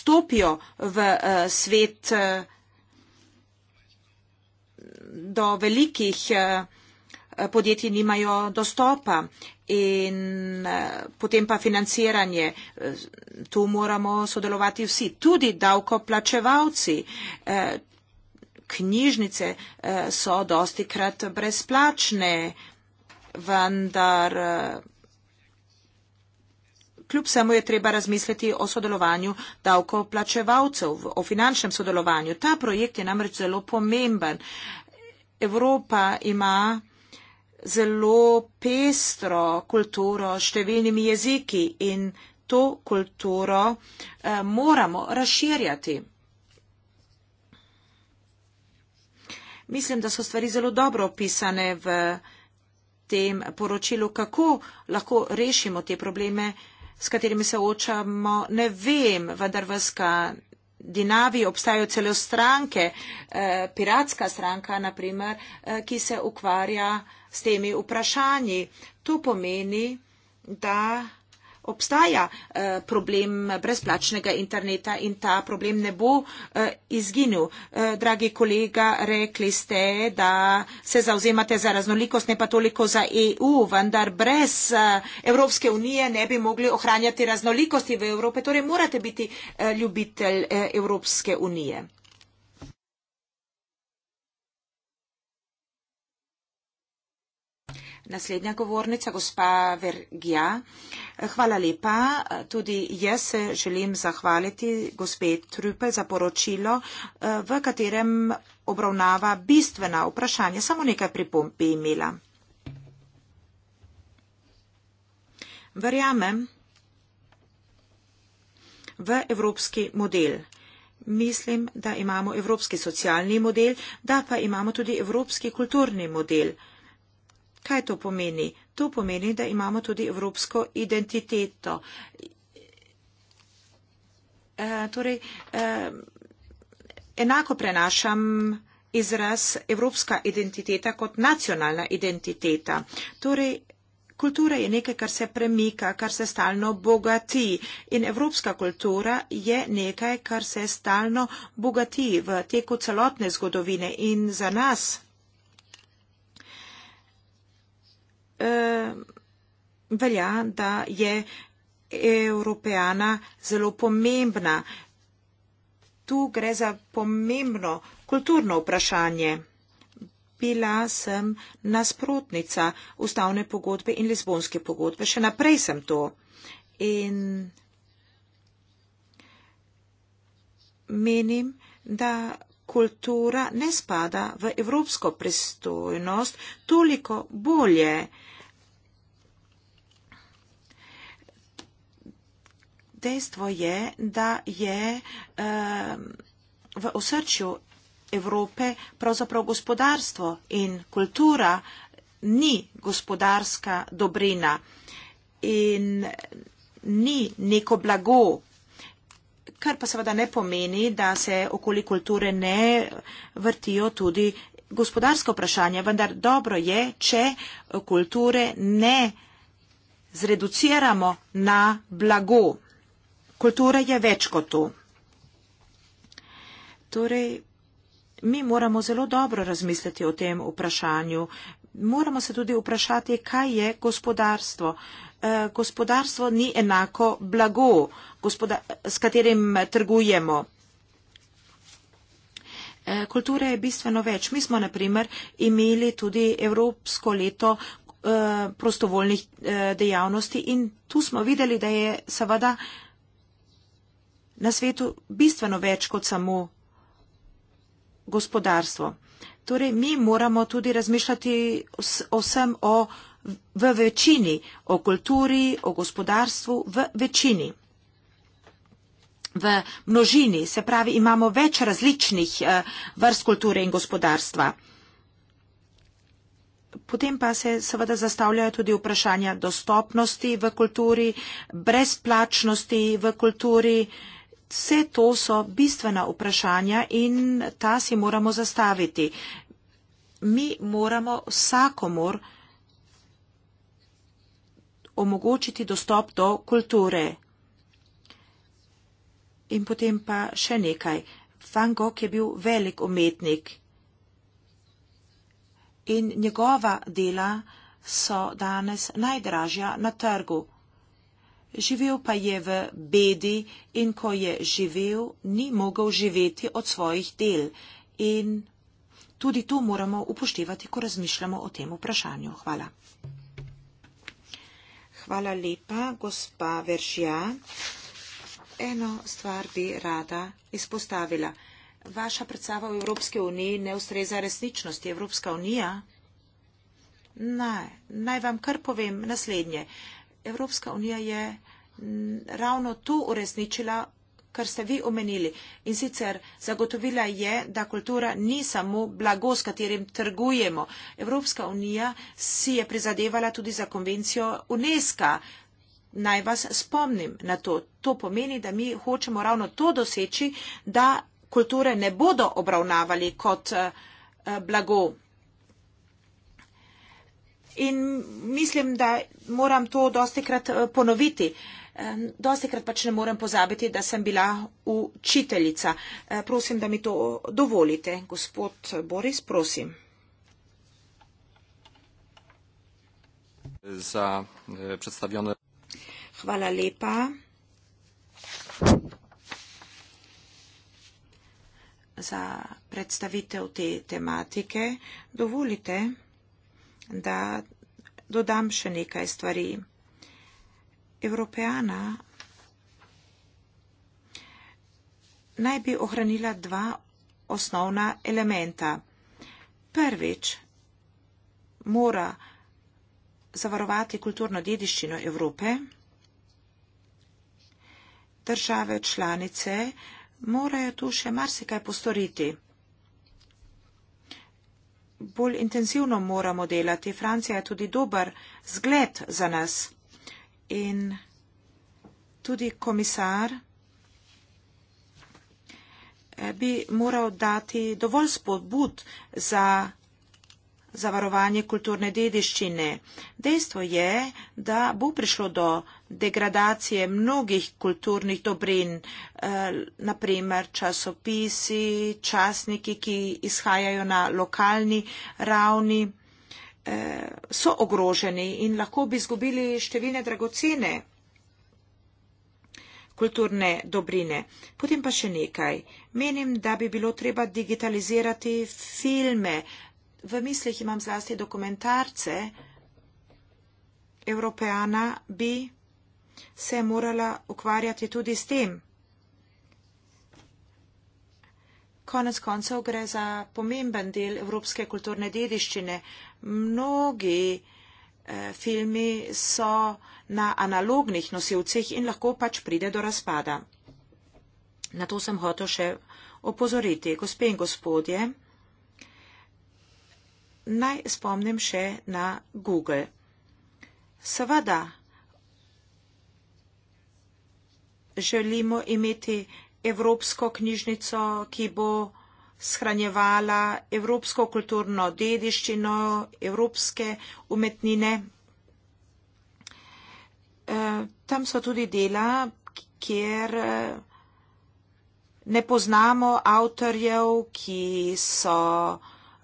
stopijo v eh, svet eh, do velikih podjetij nimajo dostopa in potem pa financiranje. Tu moramo sodelovati vsi, tudi davkoplačevalci knjižnice eh, so dosti krat brezplačne, vendar eh, kljub samo je treba razmisliti o sodelovanju davkoplačevalcev, o finančnem sodelovanju. Ta projekt je namreč zelo pomemben. Evropa ima zelo pestro kulturo s številnimi jeziki in to kulturo eh, moramo razširjati. Mislim, da so stvari zelo dobro opisane v tem poročilu, kako lahko rešimo te probleme, s katerimi se očamo. Ne vem, vendar v Skandinaviji obstajajo celo stranke, eh, piratska stranka, naprimer, eh, ki se ukvarja s temi vprašanji. To pomeni, da obstaja eh, problem brezplačnega interneta in ta problem ne bo eh, izginil. Eh, dragi kolega, rekli ste, da se zauzemate za raznolikost, ne pa toliko za EU, vendar brez Evropske unije ne bi mogli ohranjati raznolikosti v Evropi. Torej morate biti ljubitelj Evropske unije. Naslednja govornica, gospa Vergija. Hvala lepa. Tudi jaz se želim zahvaliti gospe Trupe za poročilo, v katerem obravnava bistvena vprašanja. Samo nekaj pripomb bi imela. Verjamem v evropski model. Mislim, da imamo evropski socialni model, da pa imamo tudi evropski kulturni model. Kaj to pomeni? To pomeni, da imamo tudi evropsko identiteto. E, torej, e, enako prenašam izraz evropska identiteta kot nacionalna identiteta. Torej, kultura je nekaj, kar se premika, kar se stalno bogati in evropska kultura je nekaj, kar se stalno bogati v teku celotne zgodovine in za nas Eh, velja, da je Evropejana zelo pomembna. Tu gre za pomembno kulturno vprašanje. Bila sem nasprotnica ustavne pogodbe in lizbonske pogodbe, še naprej sem to. In menim, da kultura ne spada v evropsko pristojnost, toliko bolje. Dejstvo je, da je uh, v osrčju Evrope pravzaprav gospodarstvo in kultura ni gospodarska dobrina in ni neko blago, kar pa seveda ne pomeni, da se okoli kulture ne vrtijo tudi gospodarsko vprašanje, vendar dobro je, če kulture ne zreduciramo na blago. Kultura je več kot to. Torej, mi moramo zelo dobro razmisliti o tem vprašanju. Moramo se tudi vprašati, kaj je gospodarstvo. Uh, Eh, gospodarstvo ni enako blago, s katerim trgujemo. Eh, Kultura je bistveno več. Mi smo naprimer imeli tudi Evropsko leto eh, prostovoljnih dejavnosti in tu smo videli, da je seveda na svetu bistveno več kot samo gospodarstvo. Torej, mi moramo tudi razmišljati o vsem o gospodarstvu v večini, o kulturi, o gospodarstvu, v večini. V množini, se pravi, imamo več različnih eh, vrst kulture in gospodarstva. Potem pa se seveda zastavljajo tudi vprašanja dostopnosti v kulturi, brezplačnosti v kulturi. Vse to so bistvena vprašanja in ta si moramo zastaviti. Mi moramo vsakomor omogočiti dostop do kulture. In potem pa še nekaj. Van Gogh je bil velik umetnik in njegova dela so danes najdražja na trgu. Živel pa je v bedi in ko je živel, ni mogel živeti od svojih del. In tudi to moramo upoštevati, ko razmišljamo o tem vprašanju. Hvala. Hvala lepa, gospa Veržja. Eno stvar bi rada izpostavila. Vaša predstava v Evropske uniji ne ustreza resničnosti Evropska unija? Ne, naj vam kar povem naslednje. Evropska unija je ravno tu uresničila kar ste vi omenili. In sicer zagotovila je, da kultura ni samo blago, s katerim trgujemo. Evropska unija si je prizadevala tudi za konvencijo UNESCO. Naj vas spomnim na to. To pomeni, da mi hočemo ravno to doseči, da kulture ne bodo obravnavali kot eh, eh, blago. In mislim, da moram to dosti krat eh, ponoviti. Dosti krat pač ne morem pozabiti, da sem bila učiteljica. E, prosim, da mi to dovolite. Gospod Boris, prosim. Za e, predstavljeno. Hvala lepa. Za predstavitev te tematike dovolite, da dodam še nekaj stvari evropejana naj bi ohranila dva osnovna elementa. Prvič mora zavarovati kulturno dediščino Evrope. Države članice morajo tu še marsikaj postoriti. Bolj intenzivno moramo delati. Francija je tudi dober zgled za nas in tudi komisar eh, bi moral dati dovolj spodbud za zavarovanje kulturne dediščine. Dejstvo je, da bo prišlo do degradacije mnogih kulturnih dobrin, eh, naprimer časopisi, časniki, ki izhajajo na lokalni ravni eh, so ogroženi in lahko bi izgubili številne dragocene kulturne dobrine. Potem pa še nekaj. Menim, da bi bilo treba digitalizirati filme. V mislih imam zlasti dokumentarce. Evropejana bi se morala ukvarjati tudi s tem. Konec koncev gre za pomemben del evropske kulturne dediščine. Mnogi eh, filmi so na analognih nosilcih in lahko pač pride do razpada. Na to sem hotel še opozoriti. Gospe in gospodje, naj spomnim še na Google. Seveda želimo imeti evropsko knjižnico, ki bo shranjevala evropsko kulturno dediščino, evropske umetnine. Eh, tam so tudi dela, kjer eh, ne poznamo avtorjev, ki so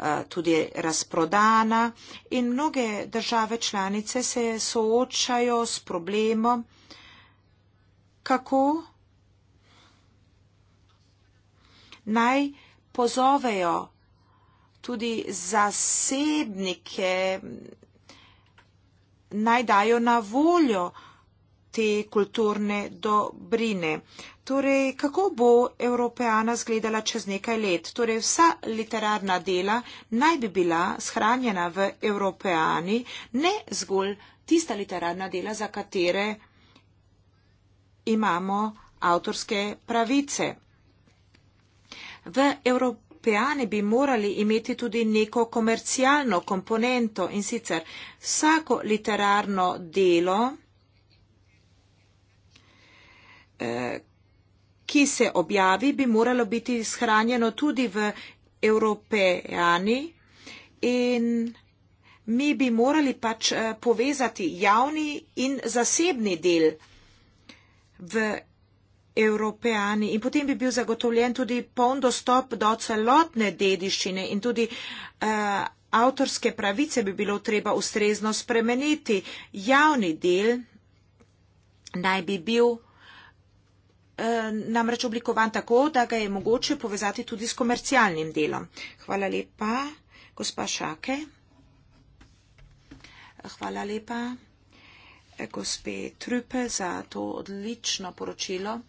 eh, tudi razprodana in mnoge države članice se soočajo s problemom, kako naj pozovejo tudi zasebnike, naj dajo na voljo te kulturne dobrine. Torej, kako bo Evropejana zgledala čez nekaj let? Torej, vsa literarna dela naj bi bila shranjena v Evropejani, ne zgolj tista literarna dela, za katere imamo avtorske pravice v Evropi. Peane bi morali imeti tudi neko komercialno komponento in sicer vsako literarno delo, eh, ki se objavi, bi moralo biti shranjeno tudi v Evropejani in mi bi morali pač eh, povezati javni in zasebni del v Evropejani evropejani. In potem bi bil zagotovljen tudi poln dostop do celotne dediščine in tudi eh, avtorske pravice bi bilo treba ustrezno spremeniti. Javni del naj bi bil eh, namreč oblikovan tako, da ga je mogoče povezati tudi s komercialnim delom. Hvala lepa, gospa Šake. Hvala lepa gospe Trupe za to odlično poročilo.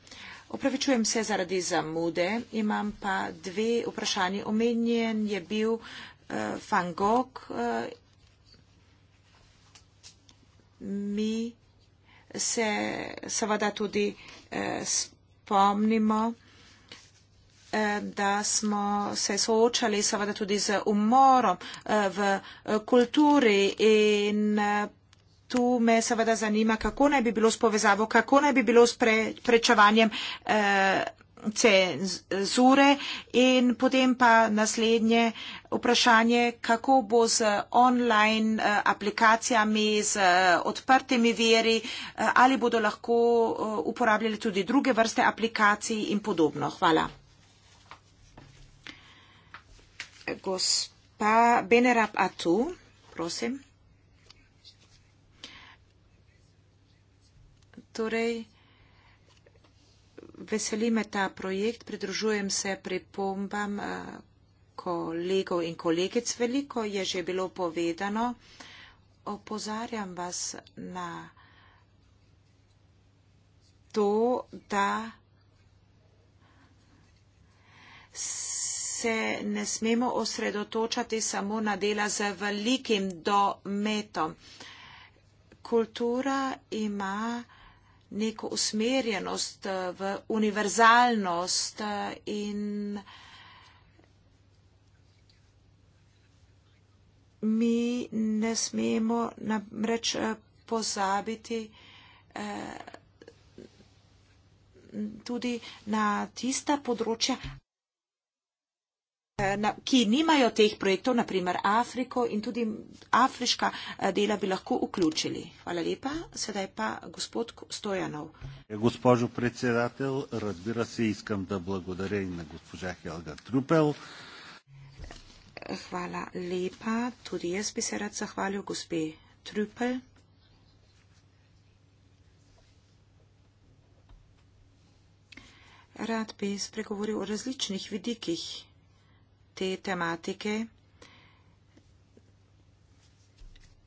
Opravičujem se zaradi zamude, imam pa dve vprašanje. Omenjen je bil uh, Van Gogh. Uh, mi se seveda tudi uh, spomnimo, uh, da smo se soočali seveda tudi z umorom uh, v uh, kulturi in uh, Tu me seveda zanima, kako naj bi bilo s povezavo, kako naj bi bilo s pre, prečevanjem eh, cenzure in potem pa naslednje vprašanje, kako bo z online eh, aplikacijami, z eh, odprtimi veri, eh, ali bodo lahko eh, uporabljali tudi druge vrste aplikacij in podobno. Hvala. Gospa Benerab Atu, prosim. Torej, veseli me ta projekt, pridružujem se pripombam eh, kolegov in kolegic. Veliko je že bilo povedano. Opozarjam vas na to, da se ne smemo osredotočati samo na dela z velikim dometom. Kultura ima neko usmerjenost eh, v univerzalnost eh, in mi ne smemo namreč eh, pozabiti tudi na tista področja, Eh, ki nimajo teh projektov, naprimer Afriko in tudi afriška eh, dela bi lahko vključili. Hvala lepa. Sedaj pa gospod Stojanov. Ja, Gospodžo predsedatelj, razbira se iskam, da blagodarim na gospođa Helga Trupel. Hvala lepa. Tudi jaz bi se rad zahvalil gospe Trupel. Rad bi spregovoril o različnih vidikih te tematike.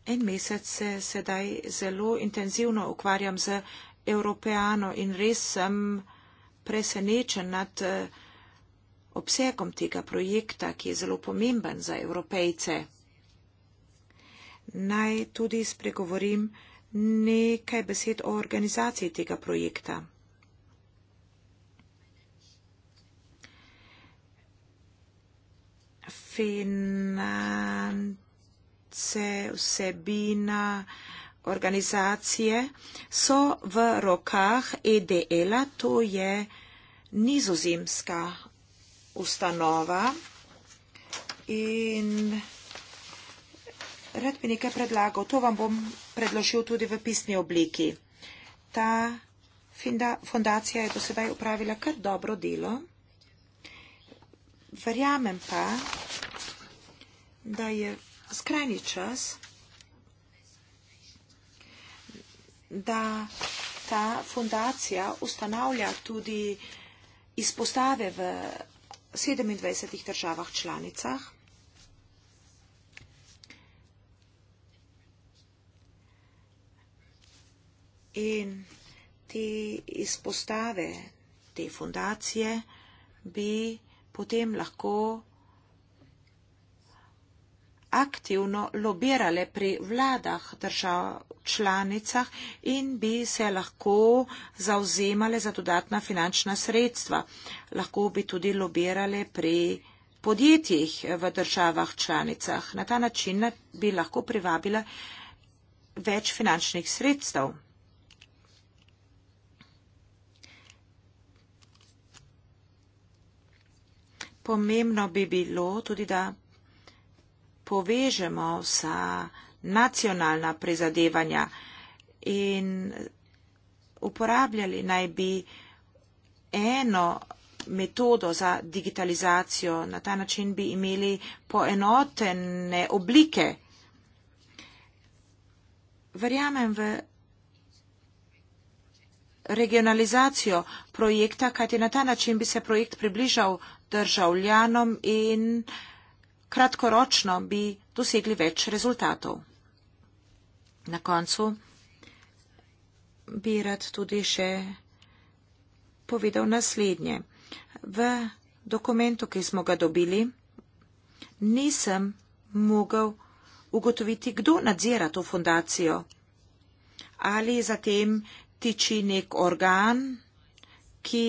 En mesec se sedaj zelo intenzivno ukvarjam z Evropejano in res sem presenečen nad eh, obsegom tega projekta, ki je zelo pomemben za Evropejce. Naj tudi spregovorim nekaj besed o organizaciji tega projekta. finance, vsebina, organizacije so v rokah EDL-a, to je nizozemska ustanova. In rad bi nekaj predlagal, to vam bom predložil tudi v pisni obliki. Ta fundacija je do sedaj upravila kar dobro delo. Verjamem pa, da je skrajni čas, da ta fundacija ustanavlja tudi izpostave v 27 državah članicah. In te izpostave, te fundacije bi potem lahko aktivno lobirale pri vladah držav članicah in bi se lahko zauzemale za dodatna finančna sredstva. Lahko bi tudi lobirale pri podjetjih v državah članicah. Na ta način bi lahko privabila več finančnih sredstev. Pomembno bi bilo tudi, da povežemo vsa nacionalna prizadevanja in uporabljali naj bi eno metodo za digitalizacijo. Na ta način bi imeli poenotene oblike. Verjamem v regionalizacijo projekta, kajti na ta način bi se projekt približal državljanom in državljanom kratkoročno bi dosegli več rezultatov. Na koncu bi rad tudi še povedal naslednje. V dokumentu, ki smo ga dobili, nisem mogel ugotoviti, kdo nadzira to fundacijo. Ali zatem tiči nek organ, ki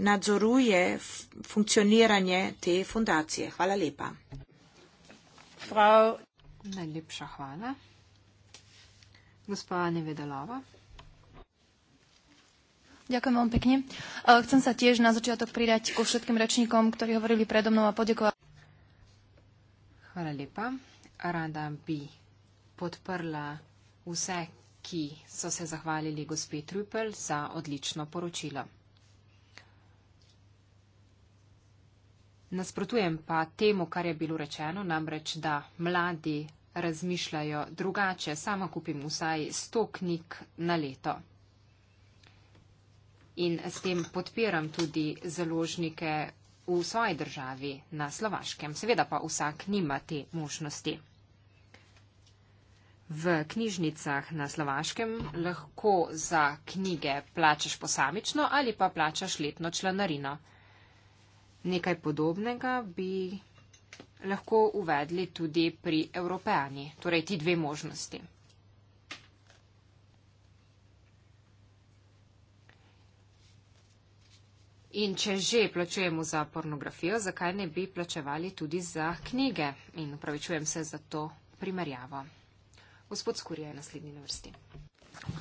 nadzoruje funkcioniranje te fundacije. Hvala lepa. Frau... Najlepša hvala. Gospa Nevedelova. Ďakujem veľmi pekne. E, chcem sa tiež na začiatok pridať ku všetkým rečníkom, ktorí hovorili predo mnou a podiekovať. Hvala lepa. Rada by podprla vse, ki so se zahvalili gospe Trupel za odlično poročilo. Nasprotujem pa temu, kar je bilo rečeno, namreč, da mladi razmišljajo drugače. Sama kupim vsaj 100 knjig na leto. In s tem podpiram tudi založnike v svoji državi na Slovaškem. Seveda pa vsak nima te možnosti. V knjižnicah na Slovaškem lahko za knjige plačaš posamično ali pa plačaš letno članarino. Nekaj podobnega bi lahko uvedli tudi pri Evropejani, torej ti dve možnosti. In če že plačujemo za pornografijo, zakaj ne bi plačevali tudi za knjige? In upravičujem se za to primerjavo. Gospod Skurja je naslednji na vrsti.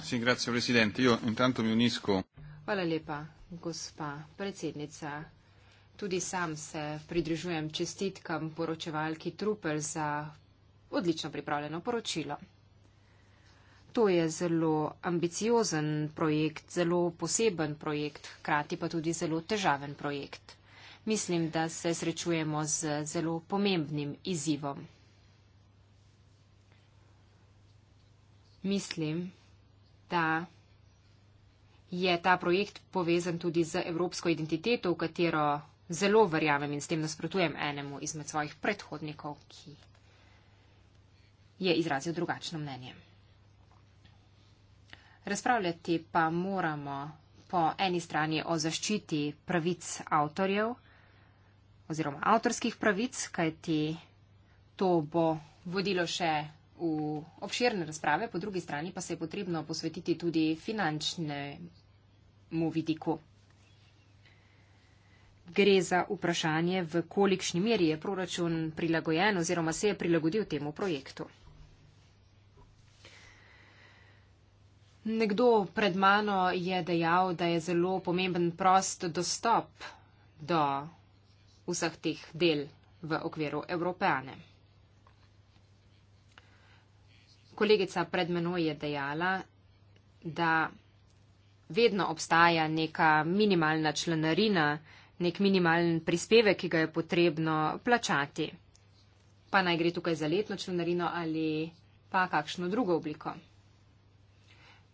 Sì, grazie, Presidente. Io intanto mi unisco. Hvala lepa, gospa predsednica. Tudi sam se pridružujem čestitkam poročevalki Trupel za odlično pripravljeno poročilo. To je zelo ambiciozen projekt, zelo poseben projekt, hkrati pa tudi zelo težaven projekt. Mislim, da se srečujemo z zelo pomembnim izzivom. Mislim, da je ta projekt povezan tudi z evropsko identiteto, v katero zelo verjamem in s tem nasprotujem enemu izmed svojih predhodnikov, ki je izrazil drugačno mnenje. Razpravljati pa moramo po eni strani o zaščiti pravic avtorjev oziroma avtorskih pravic, kajti to bo vodilo še v obširne razprave, po drugi strani pa se je potrebno posvetiti tudi finančnemu vidiku gre za vprašanje, v kolikšni meri je proračun prilagojen oziroma se je prilagodil temu projektu. Nekdo pred mano je dejal, da je zelo pomemben prost dostop do vseh teh del v okviru Evropejane. Kolegica pred menoj je dejala, da vedno obstaja neka minimalna članarina, nek minimalen prispevek, ki ga je potrebno plačati. Pa naj gre tukaj za letno članarino ali pa kakšno drugo obliko.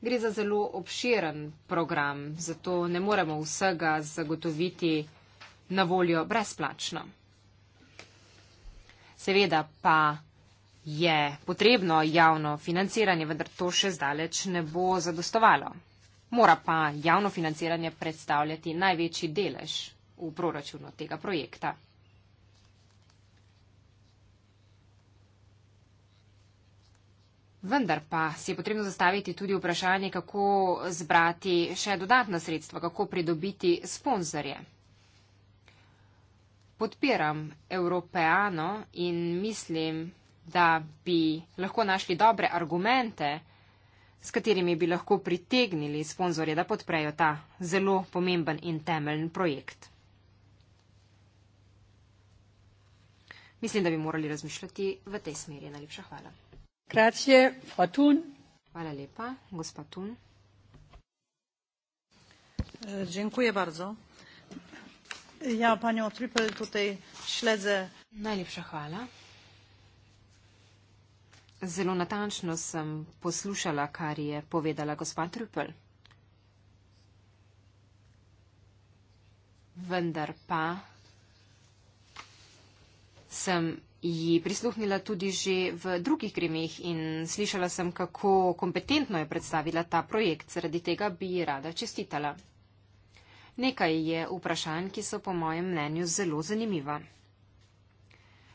Gre za zelo obširen program, zato ne moremo vsega zagotoviti na voljo brezplačno. Seveda pa je potrebno javno financiranje, vendar to še zdaleč ne bo zadostovalo. Mora pa javno financiranje predstavljati največji delež v proračunu tega projekta. Vendar pa si je potrebno zastaviti tudi vprašanje, kako zbrati še dodatna sredstva, kako pridobiti sponzorje. Podpiram Evropejano in mislim, da bi lahko našli dobre argumente, s katerimi bi lahko pritegnili sponzorje, da podprejo ta zelo pomemben in temeljn projekt. Mislim, da bi morali razmišljati v tej smeri. Najlepša hvala. Grazie, Frau Thun. Hvala lepa, gospa Thun. E, dziękuję bardzo. Ja panią Trippel tutaj śledzę. Najlepsza chwała. Zelo natančno sem poslušala, kar je povedala gospa Trüppel. Vendar pa sem ji prisluhnila tudi že v drugih gremih in slišala sem, kako kompetentno je predstavila ta projekt. Zaradi tega bi ji rada čestitala. Nekaj je vprašanj, ki so po mojem mnenju zelo zanimiva.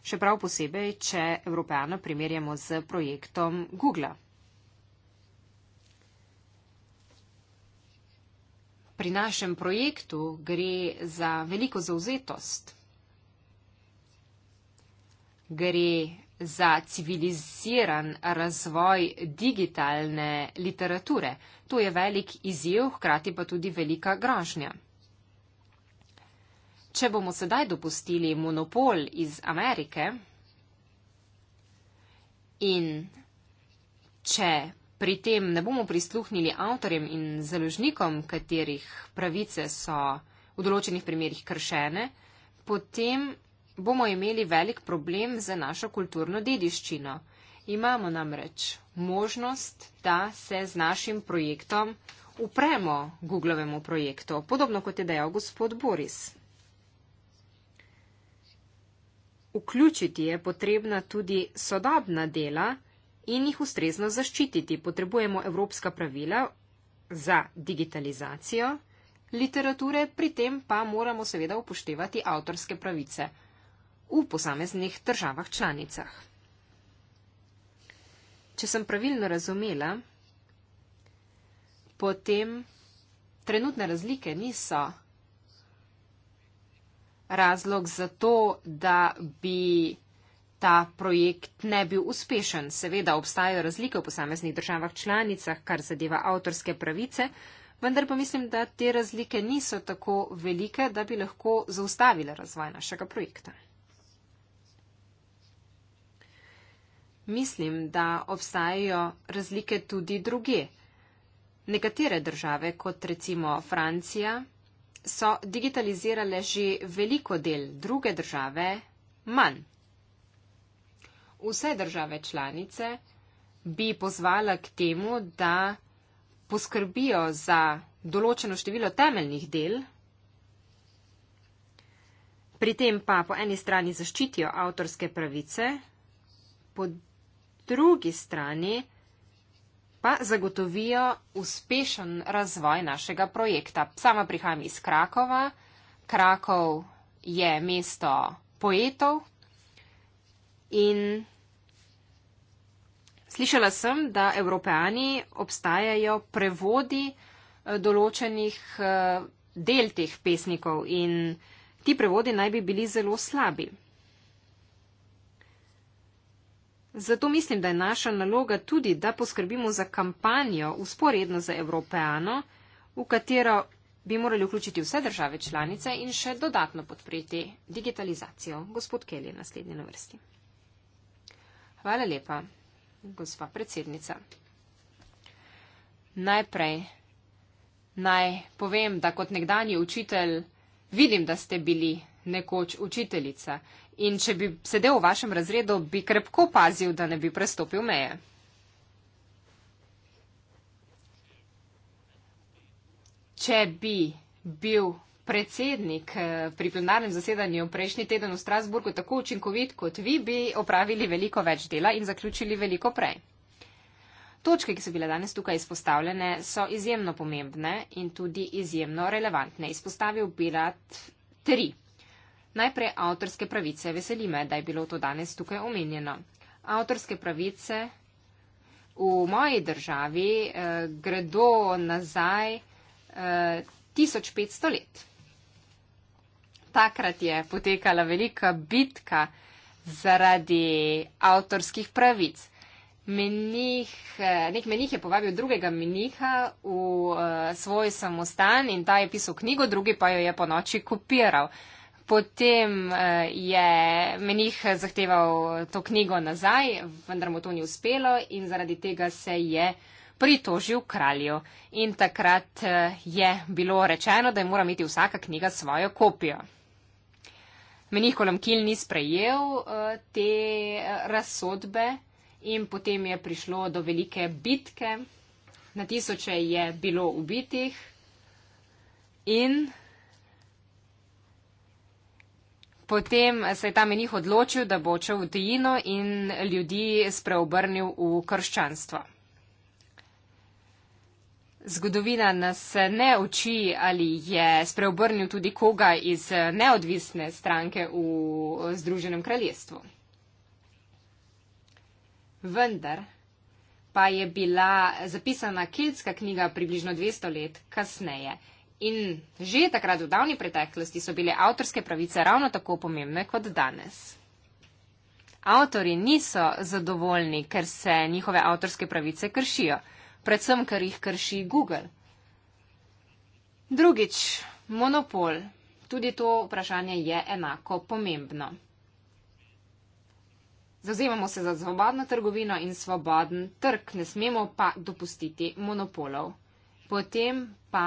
Še prav posebej, če Evropejano primerjamo z projektom Google. Pri našem projektu gre za veliko zauzetost gre za civiliziran razvoj digitalne literature. To je velik izjiv, hkrati pa tudi velika grožnja. Če bomo sedaj dopustili monopol iz Amerike in če pri tem ne bomo prisluhnili avtorjem in založnikom, katerih pravice so v določenih primerjih kršene, potem bomo imeli velik problem z našo kulturno dediščino. Imamo namreč možnost, da se z našim projektom upremo Googlovemu projektu, podobno kot je dejal gospod Boris. Vključiti je potrebna tudi sodobna dela in jih ustrezno zaščititi. Potrebujemo evropska pravila za digitalizacijo literature, pri tem pa moramo seveda upoštevati avtorske pravice v posameznih državah članicah. Če sem pravilno razumela, potem trenutne razlike niso razlog za to, da bi ta projekt ne bil uspešen. Seveda obstajajo razlike v posameznih državah članicah, kar zadeva avtorske pravice, vendar pa mislim, da te razlike niso tako velike, da bi lahko zaustavile razvoj našega projekta. mislim, da obstajajo razlike tudi druge. Nekatere države, kot recimo Francija, so digitalizirale že veliko del, druge države manj. Vse države članice bi pozvala k temu, da poskrbijo za določeno število temeljnih del, pri tem pa po eni strani zaščitijo avtorske pravice, po drugi strani pa zagotovijo uspešen razvoj našega projekta. Sama prihajam iz Krakova. Krakov je mesto poetov in slišala sem, da evropejani obstajajo prevodi eh, določenih eh, del teh pesnikov in ti prevodi naj bi bili zelo slabi. Zato mislim, da je naša naloga tudi, da poskrbimo za kampanjo usporedno za Evropeano, v katero bi morali vključiti vse države članice in še dodatno podpreti digitalizacijo. Gospod Kelly je naslednji na vrsti. Hvala lepa, gospa predsednica. Najprej naj povem, da kot nekdani učitelj vidim, da ste bili nekoč učiteljica. In če bi sedel v vašem razredu, bi krepko pazil, da ne bi prestopil meje. Če bi bil predsednik eh, pri plenarnem zasedanju prejšnji teden v Strasburgu tako učinkovit kot vi, bi opravili veliko več dela in zaključili veliko prej. Točke, ki so bile danes tukaj izpostavljene, so izjemno pomembne in tudi izjemno relevantne. Izpostavil bi rad tri. Najprej avtorske pravice. Veseli me, da je bilo to danes tukaj omenjeno. Avtorske pravice v moji državi eh, gredo nazaj eh, 1500 let. Takrat je potekala velika bitka zaradi avtorskih pravic. Menih, eh, nek menih je povabil drugega meniha v uh, svoj samostan in ta je pisal knjigo, drugi pa jo je po noči kopiral. Uh, potem uh, je menih zahteval to knjigo nazaj, vendar mu to ni uspelo in zaradi tega se je pritožil kralju. In takrat uh, je bilo rečeno, da je mora imeti vsaka knjiga svojo kopijo. Menih Kolomkil ni sprejel uh, te uh, razsodbe in potem je prišlo do velike bitke. Na tisoče je bilo ubitih in potem se je ta menih odločil, da bo čel v tujino in ljudi spreobrnil v krščanstvo. Zgodovina nas ne uči, ali je spreobrnil tudi koga iz neodvisne stranke v Združenem kraljestvu. Vendar pa je bila zapisana kiltska knjiga približno 200 let kasneje. In že takrat v davni preteklosti so bile avtorske pravice ravno tako pomembne kot danes. Avtori niso zadovoljni, ker se njihove avtorske pravice kršijo, predvsem ker jih krši Google. Drugič, monopol. Tudi to vprašanje je enako pomembno. Zauzemamo se za svobodno trgovino in svoboden trg, ne smemo pa dopustiti monopolov. Potem pa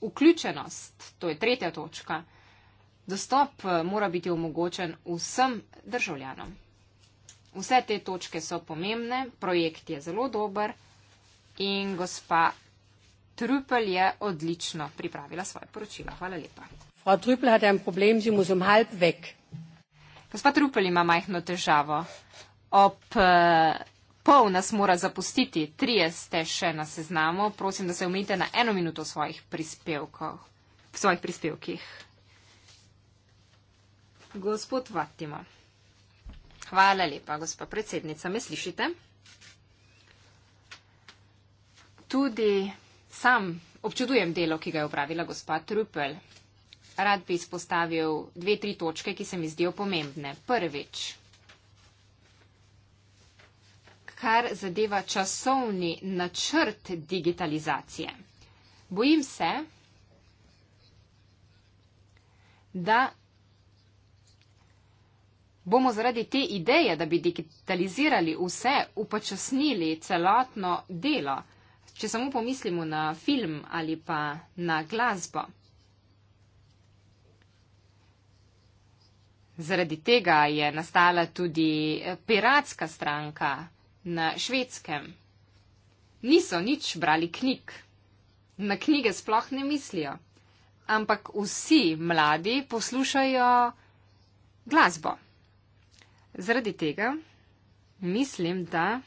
Vključenost, to je tretja točka. Dostop eh, mora biti omogočen vsem državljanom. Vse te točke so pomembne, projekt je zelo dober in gospa Trupel je odlično pripravila svoje poročilo. Hvala lepa. Um gospa Trupel ima majhno težavo. Ob, uh, pol nas mora zapustiti, trije ste še na seznamu. Prosim, da se omejite na eno minuto v svojih, v svojih prispevkih. Gospod Vatima. Hvala lepa, gospa predsednica. Me slišite? Tudi sam občudujem delo, ki ga je upravila gospa Trupel. Rad bi izpostavil dve, tri točke, ki se mi zdijo pomembne. Prvič, kar zadeva časovni načrt digitalizacije. Bojim se, da bomo zaradi te ideje, da bi digitalizirali vse, upočasnili celotno delo, če samo pomislimo na film ali pa na glasbo. Zaradi tega je nastala tudi piratska stranka, na švedskem. Niso nič brali knjig. Na knjige sploh ne mislijo. Ampak vsi mladi poslušajo glasbo. Zaradi tega mislim, da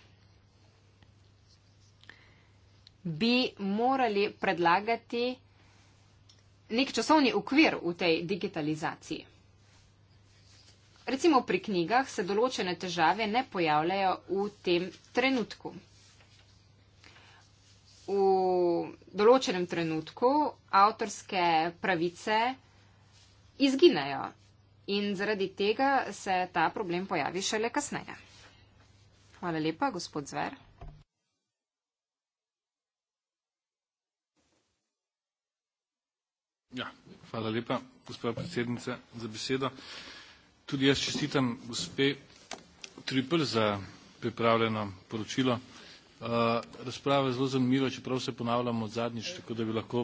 bi morali predlagati nek časovni ukvir v tej digitalizaciji. Recimo pri knjigah se določene težave ne pojavljajo v tem trenutku. V določenem trenutku avtorske pravice izginejo in zaradi tega se ta problem pojavi šele kasneje. Hvala lepa, gospod Zver. Ja, hvala lepa, gospod predsednica, za besedo. Tudi jaz čestitam gospe Tripl za pripravljeno poročilo. Uh, razprava je zelo zanimiva, čeprav se ponavljamo od zadnjič, tako da bi lahko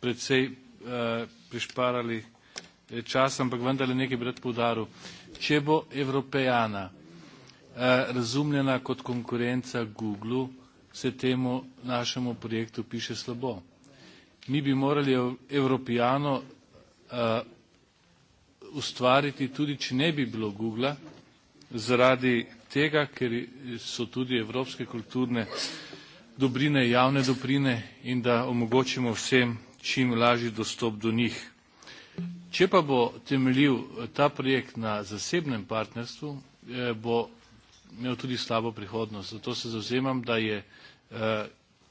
predvsej uh, prišparali eh, čas, ampak vendarle nekaj bi rad poudaril. Če bo evropejana uh, razumljena kot konkurenca Google, se temu našemu projektu piše slabo. Mi bi morali evropejano uh, eh, ustvariti, tudi če ne bi bilo Google, zaradi tega, ker so tudi evropske kulturne dobrine, javne dobrine in da omogočimo vsem čim lažji dostop do njih. Če pa bo temeljil eh, ta projekt na zasebnem partnerstvu, eh, bo imel tudi slabo prihodnost. Zato se zauzemam, da je eh,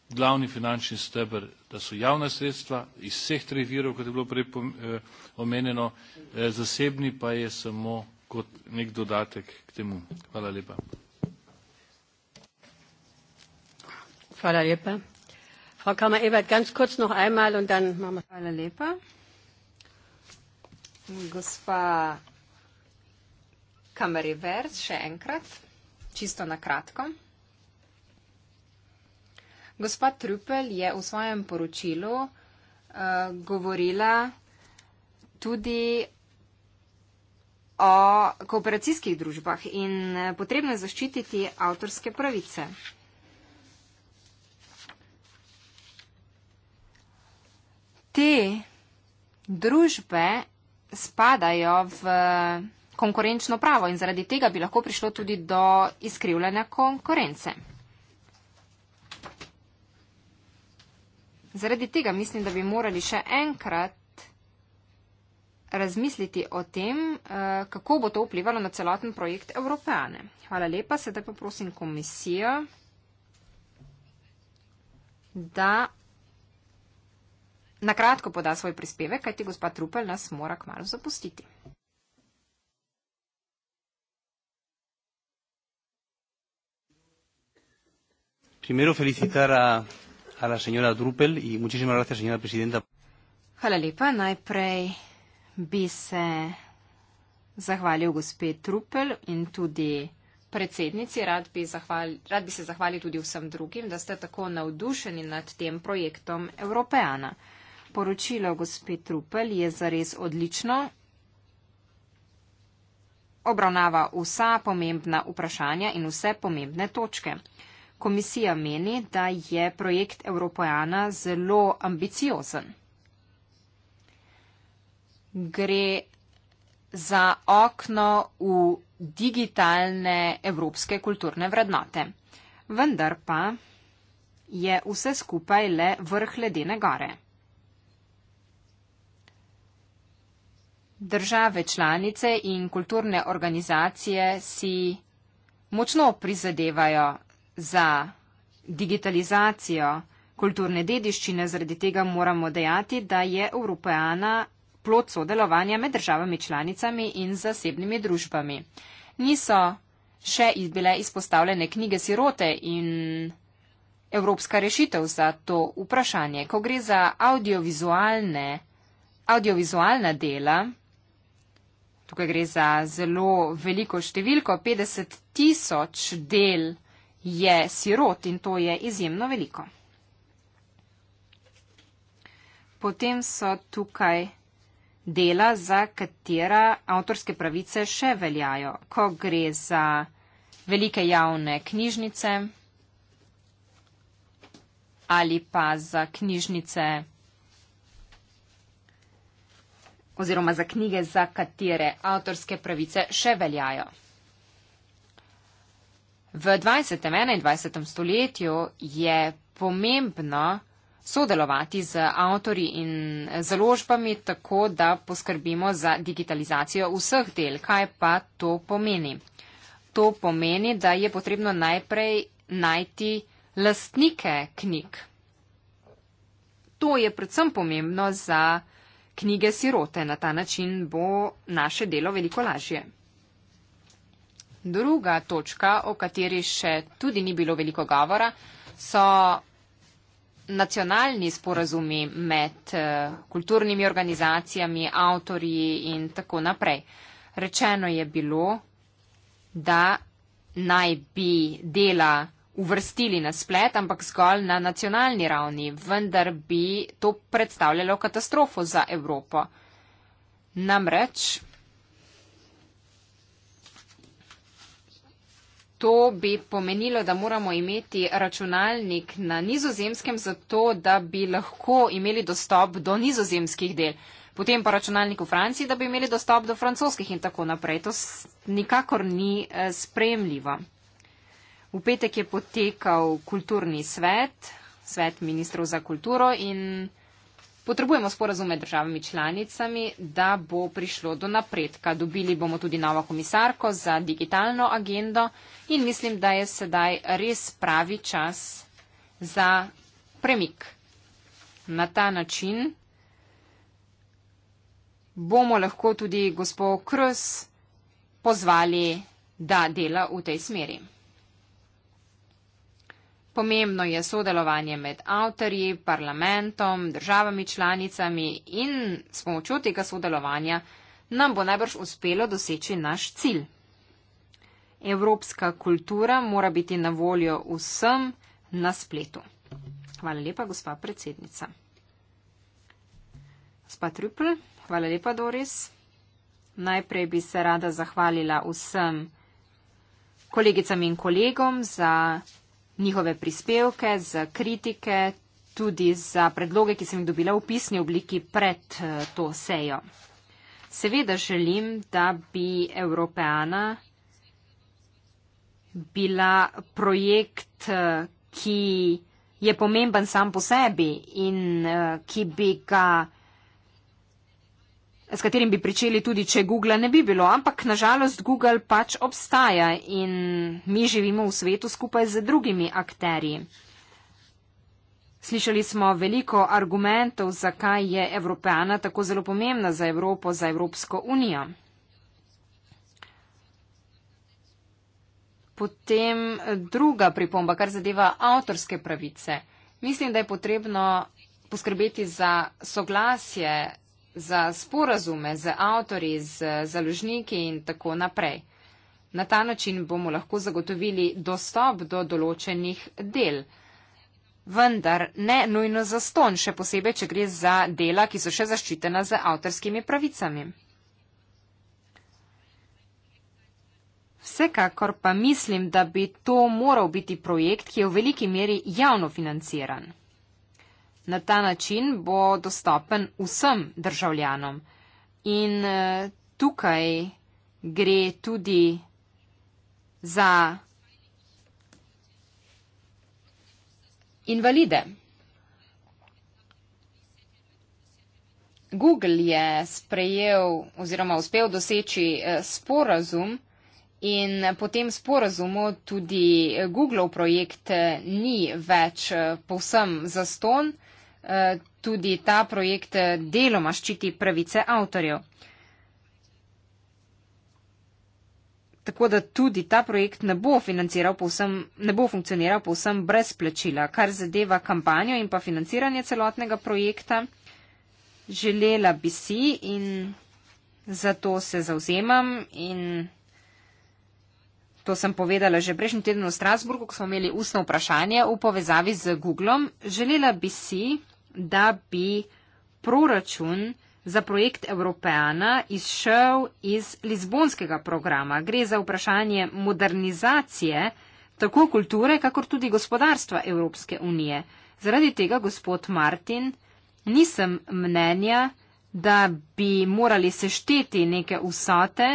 glavni finančni steber, da so javna sredstva iz vseh treh virov, kot je bilo prej eh, omenjeno, eh, zasebni pa je samo kot nek dodatek k temu. Hvala lepa. Hvala lepa. Frau Kammer Ebert, ganz kurz noch einmal und dann machen wir Hvala lepa. Gospa Kammer Ebert, še enkrat, čisto na kratko. Gospa Trupel je v svojem poročilu uh, govorila tudi o kooperacijskih družbah in eh, potrebno je zaščititi avtorske pravice. Te družbe spadajo v konkurenčno pravo in zaradi tega bi lahko prišlo tudi do izkrivljanja konkurence. Zaradi tega mislim, da bi morali še enkrat razmisliti o tem, eh, kako bo to vplivalo na celoten projekt Evropejane. Hvala lepa, sedaj pa prosim komisijo, da nakratko poda svoj prispevek, kajti gospa Trupel nas mora kmalo zapustiti. Primero felicitar a a la señora Drupel y muchísimas gracias, señora presidenta. Hvala lepa. Najprej bi se zahvalil gospe Trupel in tudi predsednici. Rad bi, zahval, rad bi se zahvalil tudi vsem drugim, da ste tako navdušeni nad tem projektom Evropejana. Poročilo gospe Trupel je zares odlično. Obravnava vsa pomembna vprašanja in vse pomembne točke. Komisija meni, da je projekt Evropojana zelo ambiciozen. Gre za okno v digitalne evropske kulturne vrednote. Vendar pa je vse skupaj le vrh ledene gore. Države članice in kulturne organizacije si močno prizadevajo za digitalizacijo kulturne dediščine, zaradi tega moramo dejati, da je Evropejana plod sodelovanja med državami članicami in zasebnimi družbami. Niso še bile izpostavljene knjige sirote in evropska rešitev za to vprašanje. Ko gre za audiovizualne, audiovizualna dela, tukaj gre za zelo veliko številko, 50 tisoč del je sirot in to je izjemno veliko. Potem so tukaj dela, za katera avtorske pravice še veljajo, ko gre za velike javne knjižnice ali pa za knjižnice oziroma za knjige, za katere avtorske pravice še veljajo. V 20. in 21. stoletju je pomembno sodelovati z avtori in založbami tako, da poskrbimo za digitalizacijo vseh del. Kaj pa to pomeni? To pomeni, da je potrebno najprej najti lastnike knjig. To je predvsem pomembno za knjige sirote. Na ta način bo naše delo veliko lažje. Druga točka, o kateri še tudi ni bilo veliko govora, so nacionalni sporazumi med eh, kulturnimi organizacijami, avtorji in tako naprej. Rečeno je bilo, da naj bi dela uvrstili na splet, ampak zgolj na nacionalni ravni, vendar bi to predstavljalo katastrofo za Evropo. Namreč To bi pomenilo, da moramo imeti računalnik na nizozemskem, zato da bi lahko imeli dostop do nizozemskih del. Potem pa računalnik v Franciji, da bi imeli dostop do francoskih in tako naprej. To nikakor ni eh, spremljivo. V petek je potekal kulturni svet, svet ministrov za kulturo in. Potrebujemo sporazume državami članicami, da bo prišlo do napredka. Dobili bomo tudi novo komisarko za digitalno agendo in mislim, da je sedaj res pravi čas za premik. Na ta način bomo lahko tudi gospod Krs pozvali, da dela v tej smeri. Pomembno je sodelovanje med avtorji, parlamentom, državami članicami in s pomočjo tega sodelovanja nam bo najbrž uspelo doseči naš cilj. Evropska kultura mora biti na voljo vsem na spletu. Hvala lepa, gospa predsednica. Gospa Trupl, hvala lepa, Doris. Najprej bi se rada zahvalila vsem kolegicam in kolegom za njihove prispevke, za kritike, tudi za predloge, ki sem jih dobila v pisni obliki pred eh, to sejo. Seveda želim, da bi Evropeana bila projekt, eh, ki je pomemben sam po sebi in eh, ki bi ga s katerim bi pričeli tudi, če Google ne bi bilo, ampak nažalost Google pač obstaja in mi živimo v svetu skupaj z drugimi akterji. Slišali smo veliko argumentov, zakaj je Evropejana tako zelo pomembna za Evropo, za Evropsko unijo. Potem druga pripomba, kar zadeva avtorske pravice. Mislim, da je potrebno poskrbeti za soglasje za sporazume, za avtori, za založniki in tako naprej. Na ta način bomo lahko zagotovili dostop do določenih del. Vendar ne nujno za ston, še posebej, če gre za dela, ki so še zaščitena z avtorskimi pravicami. Vsekakor pa mislim, da bi to moral biti projekt, ki je v veliki meri javno financiran. Na ta način bo dostopen vsem državljanom. In eh, tukaj gre tudi za invalide. Google je sprejel oziroma uspel doseči eh, sporazum in po tem sporazumu tudi Googlov projekt eh, ni več povsem zaston tudi ta projekt deloma ščiti pravice avtorjev. Tako da tudi ta projekt ne bo, povsem, ne bo funkcioniral povsem brez plačila. Kar zadeva kampanjo in pa financiranje celotnega projekta, želela bi si in zato se zauzemam in to sem povedala že prejšnji teden v Strasburgu, ko smo imeli ustno vprašanje v povezavi z Googlom. Želela bi si, da bi proračun za projekt Evropeana izšel iz Lizbonskega programa. Gre za vprašanje modernizacije tako kulture, kakor tudi gospodarstva Evropske unije. Zaradi tega, gospod Martin, nisem mnenja, da bi morali sešteti neke usate,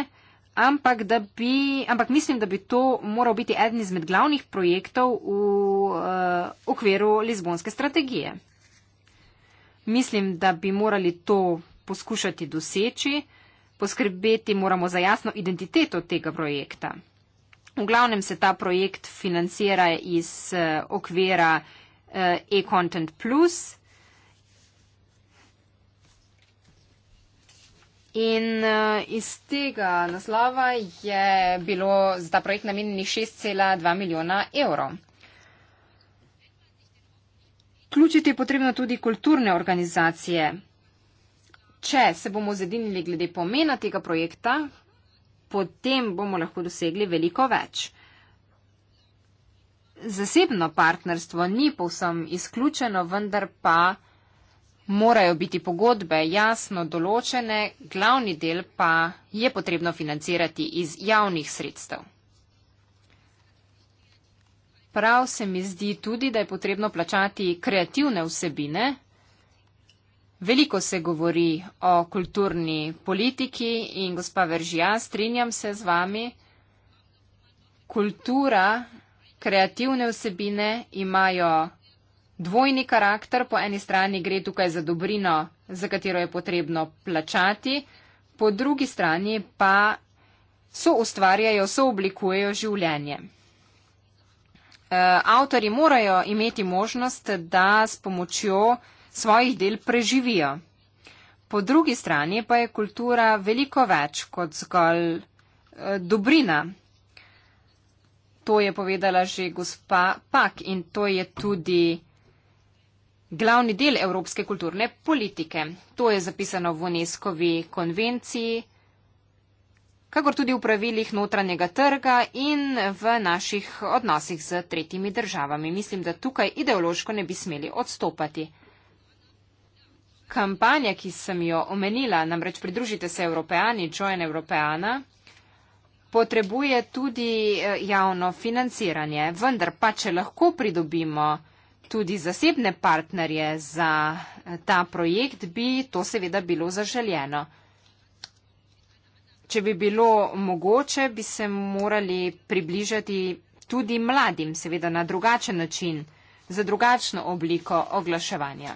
ampak, bi, ampak mislim, da bi to moral biti eden izmed glavnih projektov v uh, okviru Lizbonske strategije. Mislim, da bi morali to poskušati doseči. Poskrbeti moramo za jasno identiteto tega projekta. V glavnem se ta projekt financira iz eh, okvira eh, e-content plus. In eh, iz tega naslova je bilo za ta projekt namenjenih 6,2 milijona evrov. Vključiti je potrebno tudi kulturne organizacije. Če se bomo zedinili glede pomena tega projekta, potem bomo lahko dosegli veliko več. Zasebno partnerstvo ni povsem izključeno, vendar pa morajo biti pogodbe jasno določene, glavni del pa je potrebno financirati iz javnih sredstev prav se mi zdi tudi, da je potrebno plačati kreativne vsebine. Veliko se govori o kulturni politiki in gospa Veržija, strinjam se z vami, kultura, kreativne vsebine imajo dvojni karakter. Po eni strani gre tukaj za dobrino, za katero je potrebno plačati, po drugi strani pa so ustvarjajo, so oblikujejo življenje. Eh, avtori morajo imeti možnost, da s pomočjo svojih del preživijo. Po drugi strani pa je kultura veliko več kot zgolj eh, dobrina. To je povedala že gospa Pak in to je tudi glavni del evropske kulturne politike. To je zapisano v UNESCO-vi konvenciji kakor tudi v pravilih notranjega trga in v naših odnosih z tretjimi državami. Mislim, da tukaj ideološko ne bi smeli odstopati. Kampanja, ki sem jo omenila, namreč pridružite se Evropejani, Join Europeana, potrebuje tudi eh, javno financiranje, vendar pa, če lahko pridobimo tudi zasebne partnerje za eh, ta projekt, bi to seveda bilo zaželjeno. Če bi bilo mogoče, bi se morali približati tudi mladim, seveda na drugačen način, za drugačno obliko oglaševanja.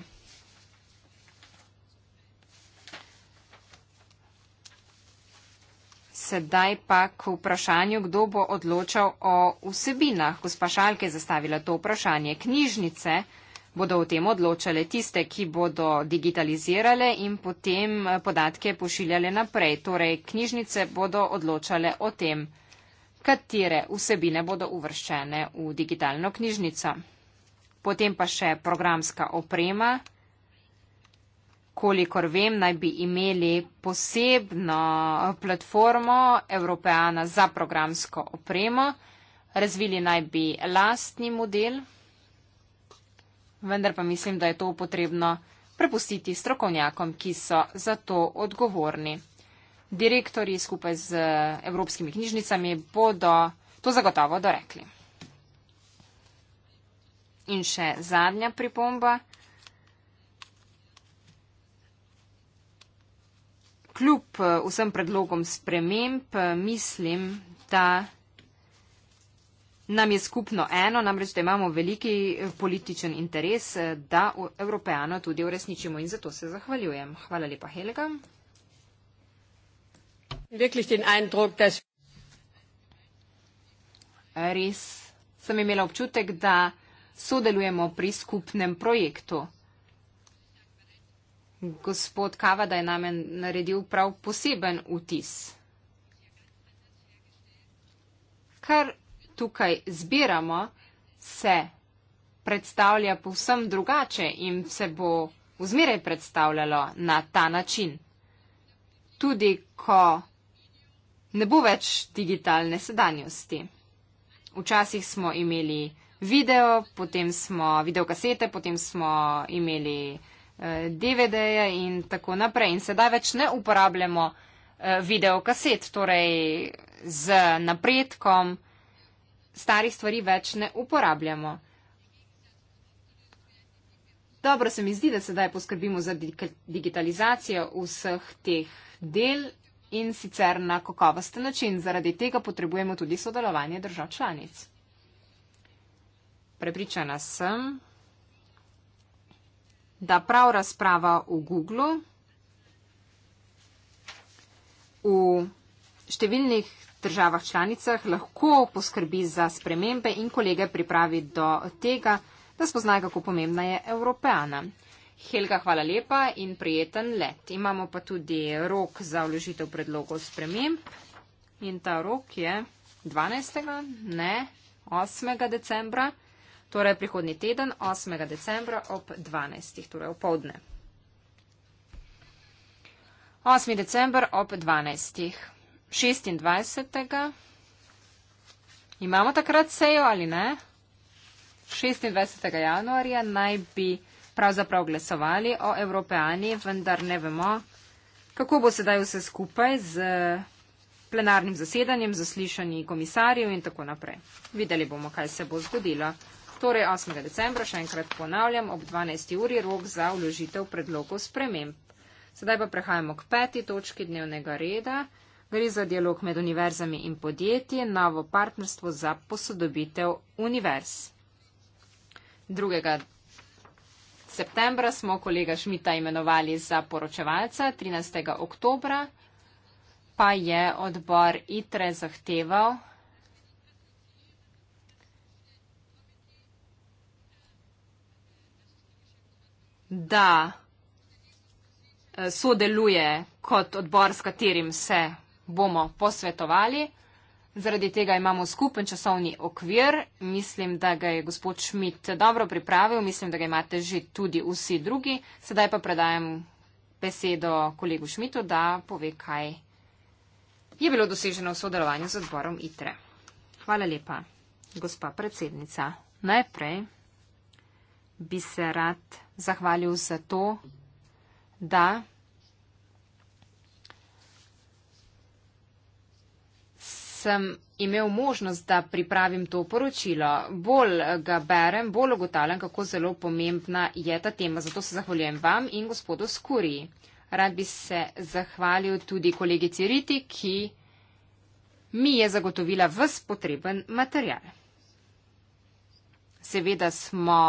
Sedaj pa k vprašanju, kdo bo odločal o vsebinah. Gospa Šalke je zastavila to vprašanje. Knjižnice bodo o tem odločale tiste, ki bodo digitalizirale in potem eh, podatke pošiljale naprej. Torej, knjižnice bodo odločale o tem, katere vsebine bodo uvrščene v digitalno knjižnico. Potem pa še programska oprema. Kolikor vem, naj bi imeli posebno platformo Evropeana za programsko opremo. Razvili naj bi lastni model vendar pa mislim, da je to potrebno prepustiti strokovnjakom, ki so za to odgovorni. Direktori skupaj z evropskimi knjižnicami bodo to zagotovo dorekli. In še zadnja pripomba. Kljub eh, vsem predlogom sprememb eh, mislim, da nam je skupno eno, namreč, da imamo veliki eh, političen interes, eh, da Evropejano tudi uresničimo in zato se zahvaljujem. Hvala lepa, Helga. Res sem imela občutek, da sodelujemo pri skupnem projektu. Gospod Kavada je namen naredil prav poseben vtis. Kar tukaj zbiramo, se predstavlja povsem drugače in se bo vzmeraj predstavljalo na ta način. Tudi ko ne bo več digitalne sedanjosti. Včasih smo imeli video, potem smo videokasete, potem smo imeli eh, DVD-je in tako naprej. In sedaj več ne uporabljamo eh, videokaset, torej z napredkom starih stvari več ne uporabljamo. Dobro se mi zdi, da sedaj poskrbimo za digitalizacijo vseh teh del in sicer na kakovosten način. Zaradi tega potrebujemo tudi sodelovanje držav članic. Prepričana sem, da prav razprava v Google v številnih državah članicah lahko poskrbi za spremembe in kolege pripravi do tega, da spoznajo, kako pomembna je Evropejana. Helga, hvala lepa in prijeten let. Imamo pa tudi rok za vložitev predlogov sprememb in ta rok je 12. ne 8. decembra, torej prihodni teden 8. decembra ob 12. torej opoldne. 8. december ob 12. 26. Imamo takrat sejo ali ne? 26. januarja naj bi pravzaprav glasovali o Evropejani, vendar ne vemo, kako bo sedaj vse skupaj z plenarnim zasedanjem, zaslišanji komisarjev in tako naprej. Videli bomo, kaj se bo zgodilo. Torej 8. decembra, še enkrat ponavljam, ob 12. uri rok za vložitev predlogov sprememb. Sedaj pa prehajamo k peti točki dnevnega reda. Gre za dialog med univerzami in podjetji, novo partnerstvo za posodobitev univerz. 2. septembra smo kolega Šmita imenovali za poročevalca, 13. oktobra pa je odbor ITRE zahteval, da eh, sodeluje kot odbor, s katerim se bomo posvetovali. Zaradi tega imamo skupen časovni okvir. Mislim, da ga je gospod Šmit dobro pripravil, mislim, da ga imate že tudi vsi drugi. Sedaj pa predajam besedo kolegu Šmitu, da pove, kaj je bilo doseženo v sodelovanju z odborom ITRE. Hvala lepa, gospa predsednica. Najprej bi se rad zahvalil za to, da sem imel možnost, da pripravim to poročilo. Bolj ga berem, bolj ugotavljam, kako zelo pomembna je ta tema. Zato se zahvaljujem vam in gospodu Skuri. Rad bi se zahvalil tudi kolegici Riti, ki mi je zagotovila vse potreben material. Seveda smo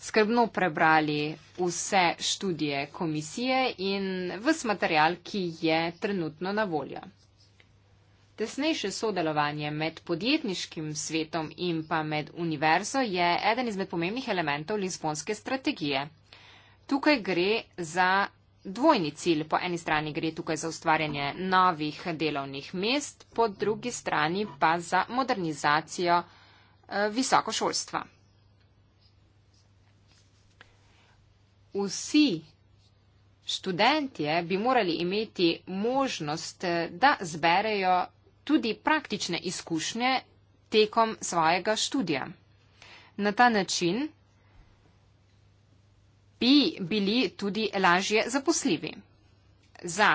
skrbno prebrali vse študije komisije in vse material, ki je trenutno na voljo tesnejše sodelovanje med podjetniškim svetom in pa med univerzo je eden izmed pomembnih elementov Lizbonske strategije. Tukaj gre za dvojni cilj. Po eni strani gre tukaj za ustvarjanje novih delovnih mest, po drugi strani pa za modernizacijo eh, visokošolstva. Vsi študentje bi morali imeti možnost, eh, da zberejo tudi praktične izkušnje tekom svojega študija. Na ta način bi bili tudi lažje zaposljivi. Za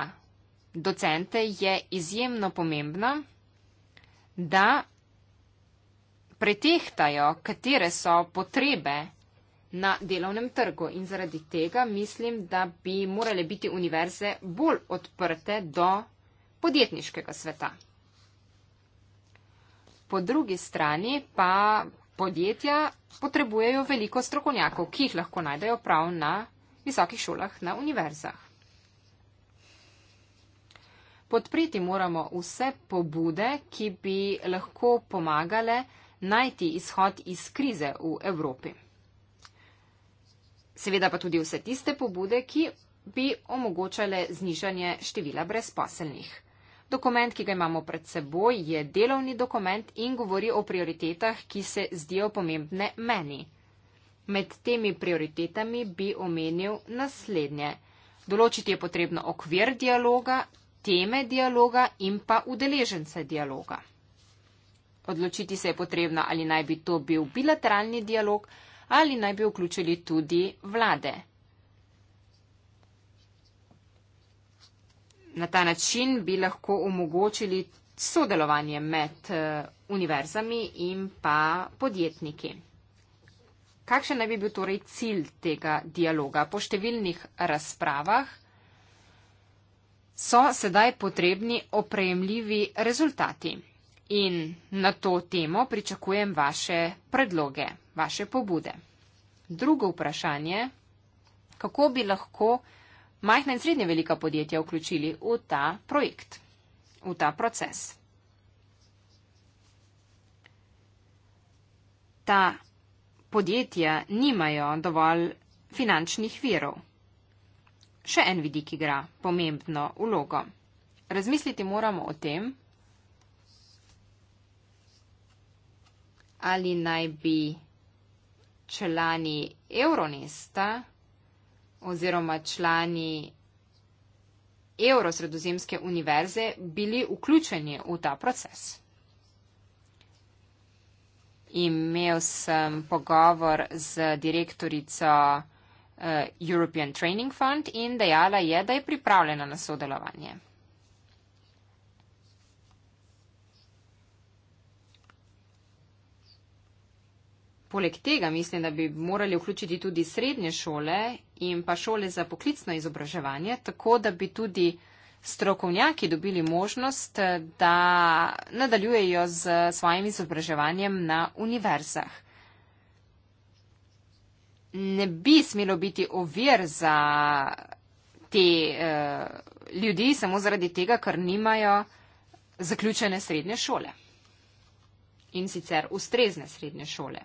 docente je izjemno pomembno, da pretehtajo, katere so potrebe na delovnem trgu in zaradi tega mislim, da bi morale biti univerze bolj odprte do podjetniškega sveta po drugi strani pa podjetja potrebujejo veliko strokovnjakov, ki jih lahko najdejo prav na visokih šolah, na univerzah. Podpreti moramo vse pobude, ki bi lahko pomagale najti izhod iz krize v Evropi. Seveda pa tudi vse tiste pobude, ki bi omogočale znižanje števila brezposelnih. Dokument, ki ga imamo pred seboj, je delovni dokument in govori o prioritetah, ki se zdijo pomembne meni. Med temi prioritetami bi omenil naslednje. Določiti je potrebno okvir dialoga, teme dialoga in pa udeležence dialoga. Odločiti se je potrebno, ali naj bi to bil bilateralni dialog ali naj bi vključili tudi vlade. Na ta način bi lahko omogočili sodelovanje med eh, univerzami in pa podjetniki. Kakšen naj bi bil torej cilj tega dialoga? Po številnih razpravah so sedaj potrebni oprejemljivi rezultati in na to temo pričakujem vaše predloge, vaše pobude. Drugo vprašanje, kako bi lahko majhna in srednje velika podjetja vključili v ta projekt, v ta proces. Ta podjetja nimajo dovolj finančnih virov. Še en vidik igra pomembno vlogo. Razmisliti moramo o tem, ali naj bi člani Euronesta oziroma člani Evrosredozemske univerze bili vključeni v ta proces. Imel sem pogovor z direktorico uh, European Training Fund in dejala je, da je pripravljena na sodelovanje. Poleg tega mislim, da bi morali vključiti tudi srednje šole in pa šole za poklicno izobraževanje, tako da bi tudi strokovnjaki dobili možnost, da nadaljujejo z svojim izobraževanjem na univerzah. Ne bi smelo biti ovir za te eh, ljudi samo zaradi tega, ker nimajo zaključene srednje šole. In sicer ustrezne srednje šole.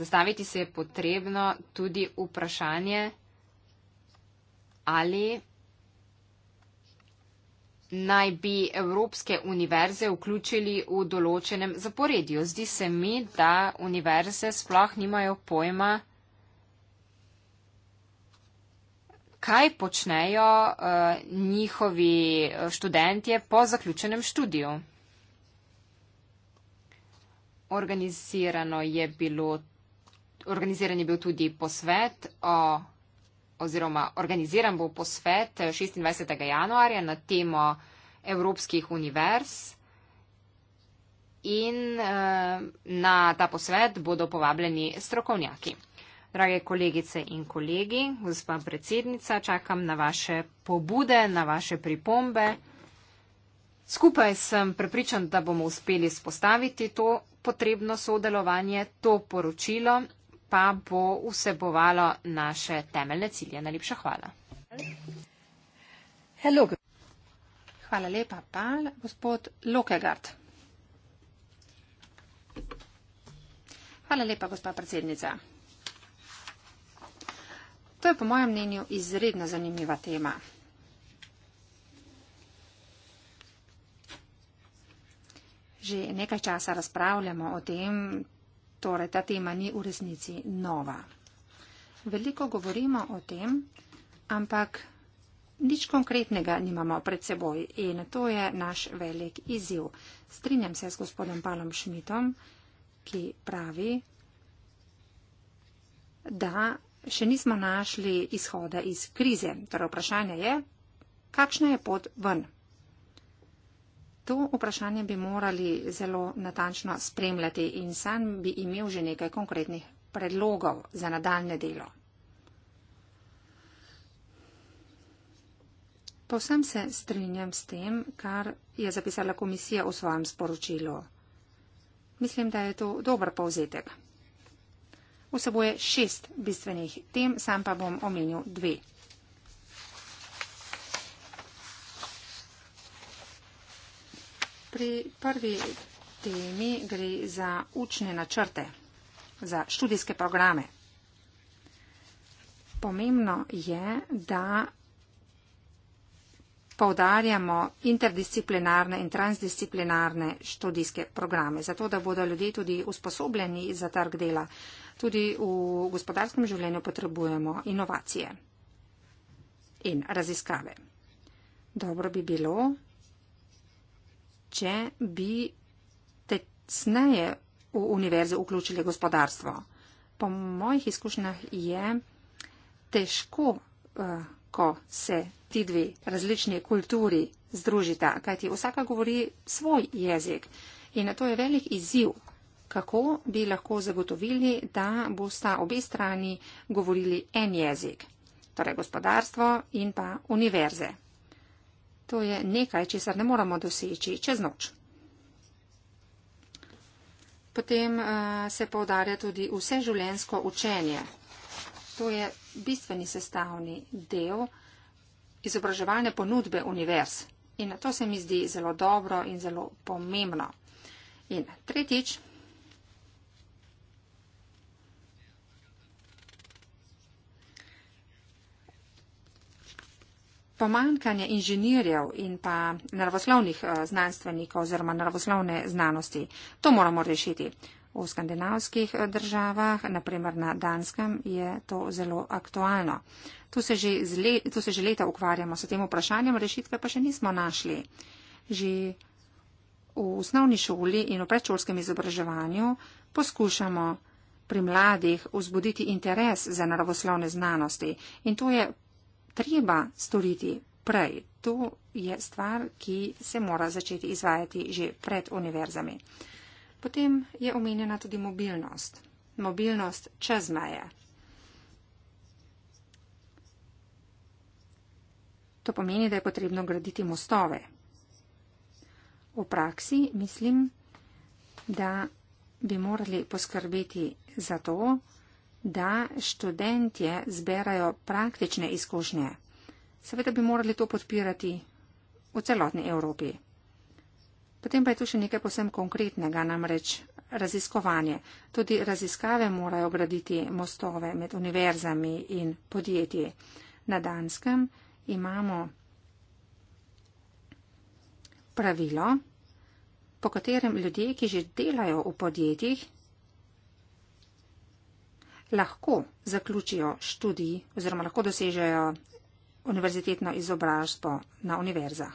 Zastaviti se je potrebno tudi vprašanje, ali naj bi Evropske univerze vključili v določenem zaporedju. Zdi se mi, da univerze sploh nimajo pojma, kaj počnejo uh, njihovi eh, študentje po zaključenem študiju. Organizirano je bilo organiziran je bil tudi posvet o oziroma organiziran bo posvet 26. Eh, januarja na temo Evropskih univerz in eh, na ta posvet bodo povabljeni strokovnjaki. Drage kolegice in kolegi, gospa predsednica, čakam na vaše pobude, na vaše pripombe. Skupaj sem prepričan, da bomo uspeli spostaviti to potrebno sodelovanje, to poročilo pa bo vsebovalo naše temeljne cilje. Najlepša hvala. Hello. Hvala lepa, pa gospod Lokegard. Hvala lepa, gospa predsednica. To je po mojem mnenju izredno zanimiva tema. Že nekaj časa razpravljamo o tem, Torej, ta tema ni v resnici nova. Veliko govorimo o tem, ampak nič konkretnega nimamo pred seboj in to je naš velik izziv. Strinjam se s gospodom Palom Šmitom, ki pravi, da še nismo našli izhoda iz krize. Torej, vprašanje je, kakšna je pot ven? to vprašanje bi morali zelo natančno spremljati in sam bi imel že nekaj konkretnih predlogov za nadaljne delo. Povsem se strinjam s tem, kar je zapisala komisija v svojem sporočilu. Mislim, da je to dober povzetek. Vseboje šest bistvenih tem, sam pa bom omenil dve. Pri prvi temi gre za učne načrte, za študijske programe. Pomembno je, da povdarjamo interdisciplinarne in transdisciplinarne študijske programe, zato da bodo ljudje tudi usposobljeni za trg dela. Tudi v gospodarskem življenju potrebujemo inovacije in raziskave. Dobro bi bilo, če bi tesneje v univerze vključili gospodarstvo. Po mojih izkušnjah je težko, eh, ko se ti dve različni kulturi združita, kajti vsaka govori svoj jezik in to je velik izziv, kako bi lahko zagotovili, da bosta obe strani govorili en jezik, torej gospodarstvo in pa univerze. To je nekaj, česar ne moramo doseči čez noč. Potem uh, se povdarja tudi vse življensko učenje. To je bistveni sestavni del izobraževalne ponudbe univerz. In to se mi zdi zelo dobro in zelo pomembno. In tretjič, pomankanje inženirjev in pa naravoslovnih eh, znanstvenikov oziroma naravoslovne znanosti. To moramo rešiti. V skandinavskih eh, državah, naprimer na Danskem, je to zelo aktualno. Tu se, že zle, tu se že leta ukvarjamo s tem vprašanjem, rešitve pa še nismo našli. Že v osnovni šoli in v predšolskem izobraževanju poskušamo pri mladih vzbuditi interes za naravoslovne znanosti in to je treba storiti prej. To je stvar, ki se mora začeti izvajati že pred univerzami. Potem je omenjena tudi mobilnost. Mobilnost čez meje. To pomeni, da je potrebno graditi mostove. V praksi mislim, da bi morali poskrbeti za to, da študentje zberajo praktične izkušnje. Seveda bi morali to podpirati v celotni Evropi. Potem pa je tu še nekaj posem konkretnega, namreč raziskovanje. Tudi raziskave morajo graditi mostove med univerzami in podjetji. Na Danskem imamo pravilo, po katerem ljudje, ki že delajo v podjetjih, lahko zaključijo študij oziroma lahko dosežejo univerzitetno izobrazbo na univerzah.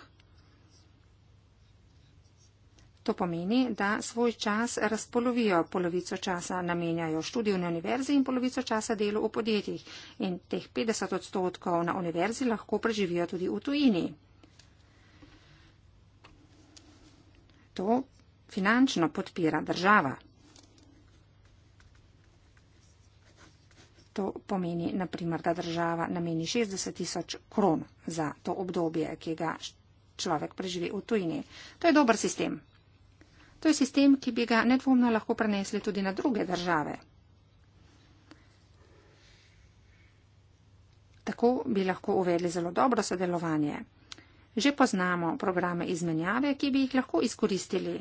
To pomeni, da svoj čas razpolovijo, polovico časa namenjajo študiju na univerzi in polovico časa delu v podjetjih. In teh 50 odstotkov na univerzi lahko preživijo tudi v tujini. To finančno podpira država. To pomeni, naprimer, da država nameni 60 tisoč kron za to obdobje, ki ga človek preživi v tujini. To je dober sistem. To je sistem, ki bi ga nedvomno lahko prenesli tudi na druge države. Tako bi lahko uvedli zelo dobro sodelovanje. Že poznamo programe izmenjave, ki bi jih lahko izkoristili.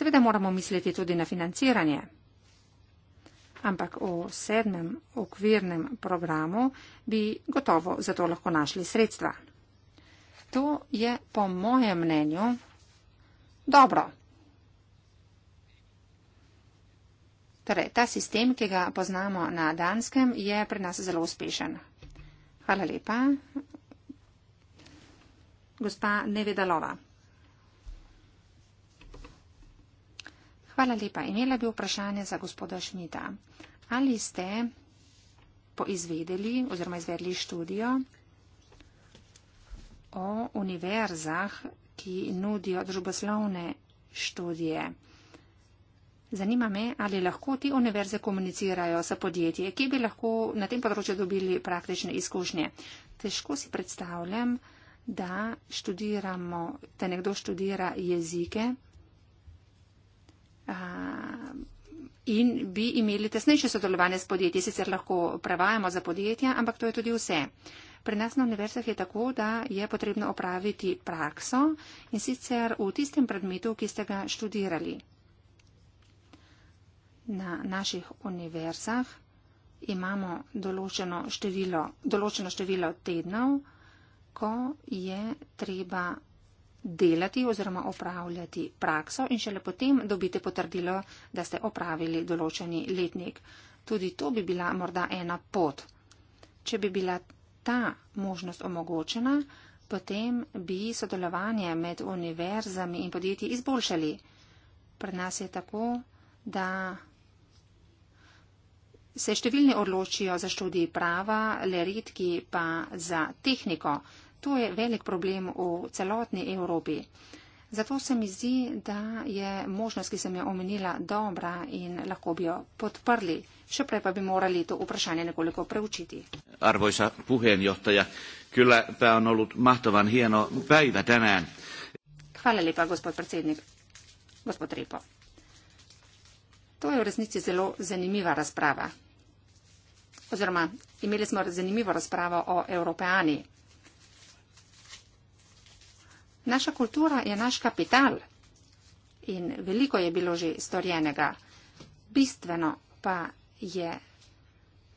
Seveda moramo misliti tudi na financiranje ampak v sedmem okvirnem programu bi gotovo za to lahko našli sredstva. To je po mojem mnenju dobro. Torej, ta sistem, ki ga poznamo na danskem, je pri nas zelo uspešen. Hvala lepa. Gospa Nevedalova. Hvala lepa. Imela bi vprašanje za gospoda Šmita. Ali ste poizvedeli oziroma izvedli študijo o univerzah, ki nudijo družboslovne študije? Zanima me, ali lahko ti univerze komunicirajo s podjetje, ki bi lahko na tem področju dobili praktične izkušnje. Težko si predstavljam, da študiramo, da nekdo študira jezike in bi imeli tesnejše sodelovanje s podjetji, sicer lahko prevajamo za podjetja, ampak to je tudi vse. Pri nas na univerzah je tako, da je potrebno opraviti prakso in sicer v tistem predmetu, ki ste ga študirali. Na naših univerzah imamo določeno število, določeno število tednov, ko je treba delati oziroma opravljati prakso in šele potem dobite potrdilo, da ste opravili določeni letnik. Tudi to bi bila morda ena pot. Če bi bila ta možnost omogočena, potem bi sodelovanje med univerzami in podjetji izboljšali. Pri nas je tako, da se številni odločijo za študij prava, le redki pa za tehniko. To je velik problem v celotni Evropi. Zato se mi zdi, da je možnost, ki sem jo omenila, dobra in lahko bi jo podprli. Še prej pa bi morali to vprašanje nekoliko preučiti. Arvojsa puhenjohtaja, kyllä pa on ollut mahtovan hieno päivä tänään. Hvala lepa, gospod predsednik, gospod Repo. To je v resnici zelo zanimiva razprava. Oziroma, imeli smo zanimivo razpravo o Evropejani. Naša kultura je naš kapital in veliko je bilo že storjenega. Bistveno pa je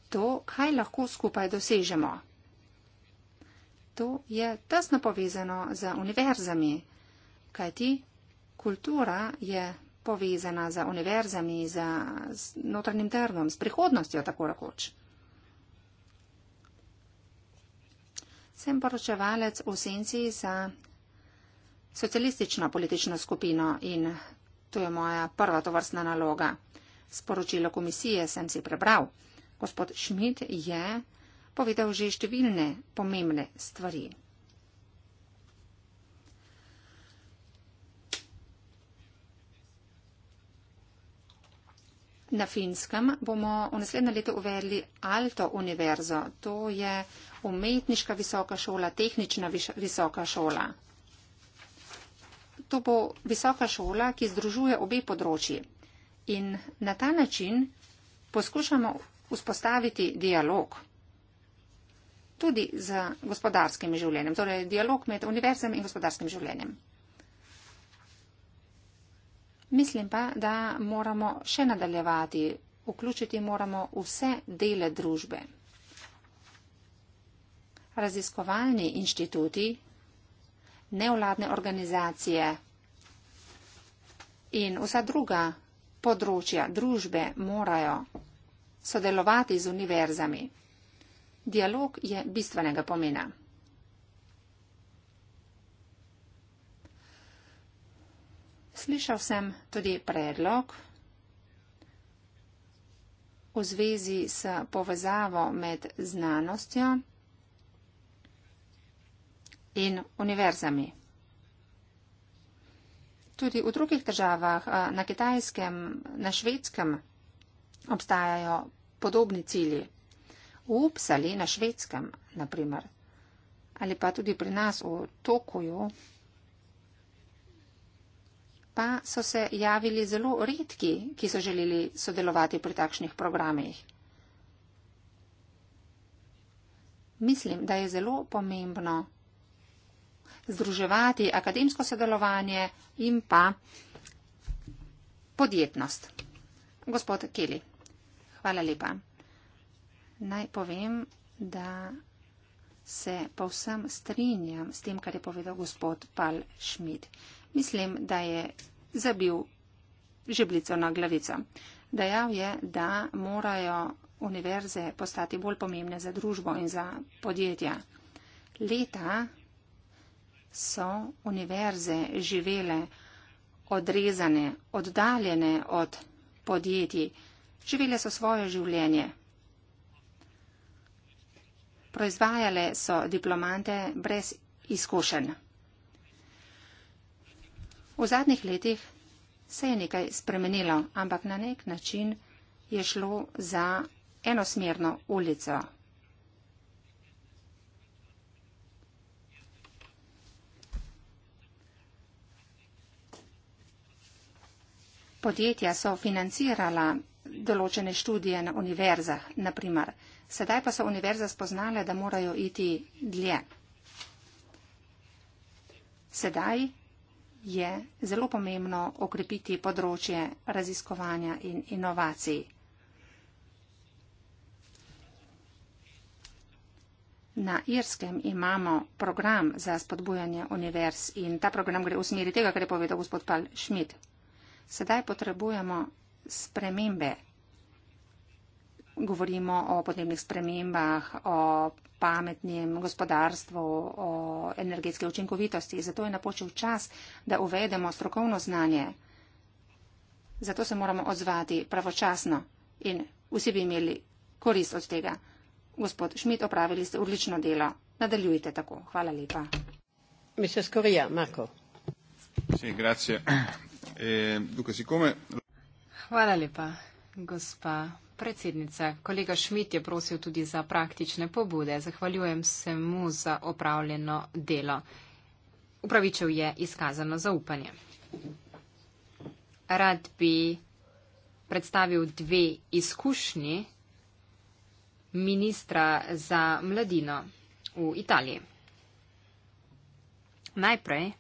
to, kaj lahko skupaj dosežemo. To je tesno povezano z univerzami, kajti kultura je povezana z univerzami, z notranjim trgom, s prihodnostjo, tako rekoč. Sem poročevalec v senci za socialistična politična skupina in to je moja prva tovrstna naloga. Sporočilo komisije sem si prebral. Gospod Schmidt je povedal že številne pomembne stvari. Na Finskem bomo v naslednje leto uvedli Alto univerzo. To je umetniška visoka šola, tehnična visoka šola to bo visoka šola, ki združuje obe področji. In na ta način poskušamo vzpostaviti dialog tudi z gospodarskim življenjem, torej dialog med univerzem in gospodarskim življenjem. Mislim pa, da moramo še nadaljevati, vključiti moramo vse dele družbe. Raziskovalni inštituti nevladne organizacije in vsa druga področja družbe morajo sodelovati z univerzami. Dialog je bistvenega pomena. Slišal sem tudi predlog v zvezi s povezavo med znanostjo in univerzami. Tudi v drugih državah, na kitajskem, na švedskem, obstajajo podobni cilji. V Upsali, na švedskem, naprimer, ali pa tudi pri nas v Tokuju, pa so se javili zelo redki, ki so želeli sodelovati pri takšnih programih. Mislim, da je zelo pomembno, združevati akademsko sodelovanje in pa podjetnost. Gospod Keli, hvala lepa. Naj povem, da se povsem strinjam s tem, kar je povedal gospod Pal Schmidt. Mislim, da je zabil žeblico na glavico. Dejal je, da morajo univerze postati bolj pomembne za družbo in za podjetja. Leta so univerze živele odrezane, oddaljene od podjetij, živele so svoje življenje. Proizvajale so diplomante brez izkušenj. V zadnjih letih se je nekaj spremenilo, ampak na nek način je šlo za enosmerno ulico. podjetja so financirala določene študije na univerzah, naprimer. Sedaj pa so univerze spoznale, da morajo iti dlje. Sedaj je zelo pomembno okrepiti področje raziskovanja in inovacij. Na Irskem imamo program za spodbujanje univerz in ta program gre v smeri tega, kar je povedal gospod Pal Schmidt. Sedaj potrebujemo spremembe. Govorimo o podnebnih spremembah, o pametnem gospodarstvu, o energetske učinkovitosti. Zato je napočil čas, da uvedemo strokovno znanje. Zato se moramo odzvati pravočasno in vsi bi imeli korist od tega. Gospod Šmit, opravili ste odlično delo. Nadaljujte tako. Hvala lepa. Mr. Skorija, Marko. Sì, grazie. Dukaj, e, sikome... Hvala lepa, gospa predsednica. Kolega Šmit je prosil tudi za praktične pobude. Zahvaljujem se mu za opravljeno delo. Upravičev je izkazano zaupanje. Rad bi predstavil dve izkušnji ministra za mladino v Italiji. Najprej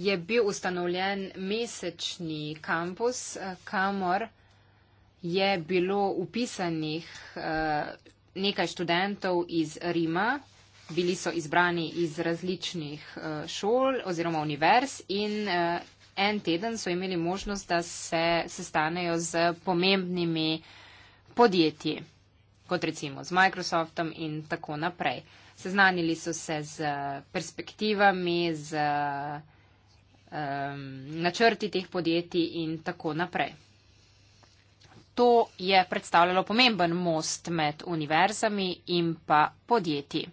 je bil ustanovljen mesečni kampus, eh, kamor je bilo upisanih eh, nekaj študentov iz Rima. Bili so izbrani iz različnih eh, šol oziroma univerz in en teden so imeli možnost, da se sestanejo z pomembnimi podjetji, kot recimo z Microsoftom in tako naprej. Seznanili so se z perspektivami, z um, načrti teh podjetij in tako naprej. To je predstavljalo pomemben most med univerzami in pa podjetji.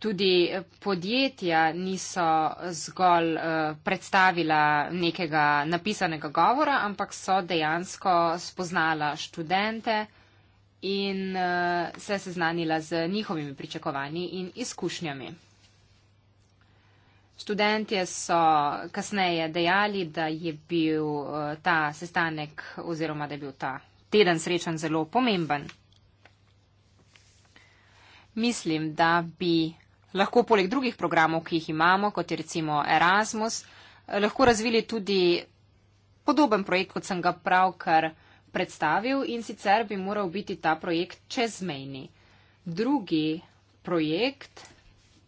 Tudi podjetja niso zgolj uh, predstavila nekega napisanega govora, ampak so dejansko spoznala študente, in uh, se seznanila z njihovimi pričakovanji in izkušnjami. Študentje so kasneje dejali, da je bil uh, ta sestanek oziroma da je bil ta teden srečen zelo pomemben. Mislim, da bi lahko poleg drugih programov, ki jih imamo, kot je recimo Erasmus, eh, lahko razvili tudi podoben projekt, kot sem ga pravkar predstavil in sicer bi moral biti ta projekt čezmejni. Drugi projekt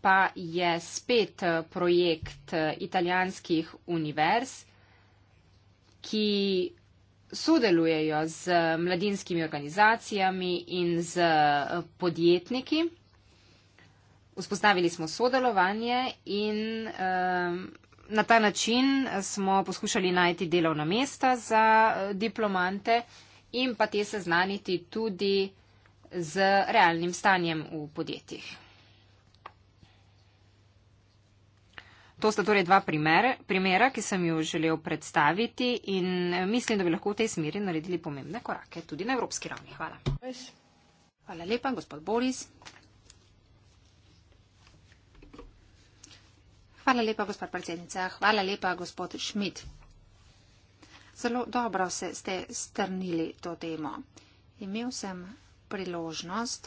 pa je spet eh, projekt eh, italijanskih univerz, ki sodelujejo z eh, mladinskimi organizacijami in z podjetniki. Vzpostavili smo sodelovanje in um, na ta način smo poskušali najti delovna mesta za eh, diplomante in pa te seznaniti tudi z realnim stanjem v podjetjih. To sta torej dva primera, ki sem ju želel predstaviti in eh, mislim, da bi lahko v tej smeri naredili pomembne korake tudi na evropski ravni. Hvala. Hvala lepa, gospod Boris. Hvala lepa, gospod predsednica. Hvala lepa, gospod Šmit. Zelo dobro se ste strnili to temo. Imel sem priložnost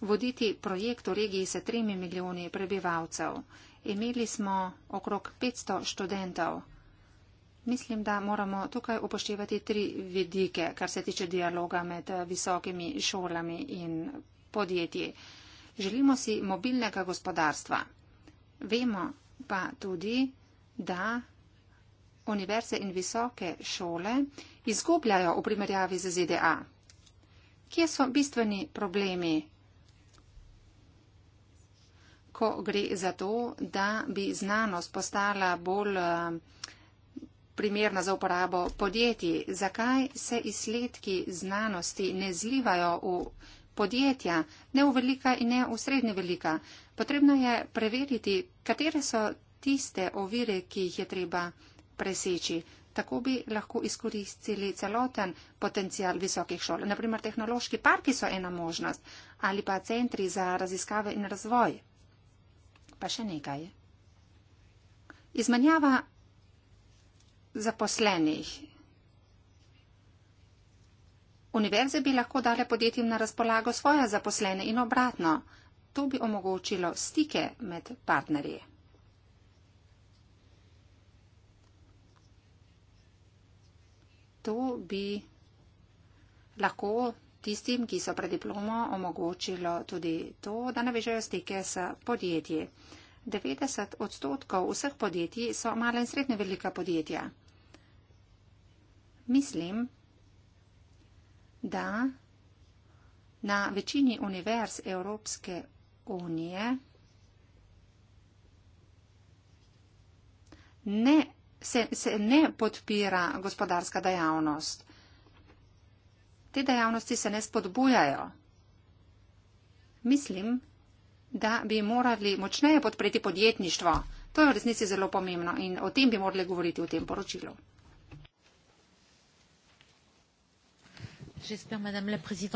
voditi projekt v regiji s tremi milijoni prebivalcev. Imeli smo okrog 500 študentov. Mislim, da moramo tukaj upoštevati tri vidike, kar se tiče dialoga med visokimi šolami in podjetji. Želimo si mobilnega gospodarstva. Vemo pa tudi, da univerze in visoke šole izgubljajo v primerjavi z ZDA. Kje so bistveni problemi, ko gre za to, da bi znanost postala bolj eh, primerna za uporabo podjetij? Zakaj se izsledki znanosti ne zlivajo v podjetja, ne v velika in ne v srednje velika. Potrebno je preveriti, katere so tiste ovire, ki jih je treba preseči. Tako bi lahko izkoristili celoten potencial visokih šol. Naprimer, tehnološki parki so ena možnost ali pa centri za raziskave in razvoj. Pa še nekaj. Izmenjava zaposlenih Univerze bi lahko dale podjetjem na razpolago svoje zaposlene in obratno. To bi omogočilo stike med partnerji. To bi lahko tistim, ki so pred diplomo, omogočilo tudi to, da navežejo stike s podjetji. 90 odstotkov vseh podjetij so mala in srednje velika podjetja. Mislim, da na večini univerz Evropske unije ne, se, se ne podpira gospodarska dejavnost. Te dejavnosti se ne spodbujajo. Mislim, da bi morali močneje podpreti podjetništvo. To je v resnici zelo pomembno in o tem bi morali govoriti v tem poročilu.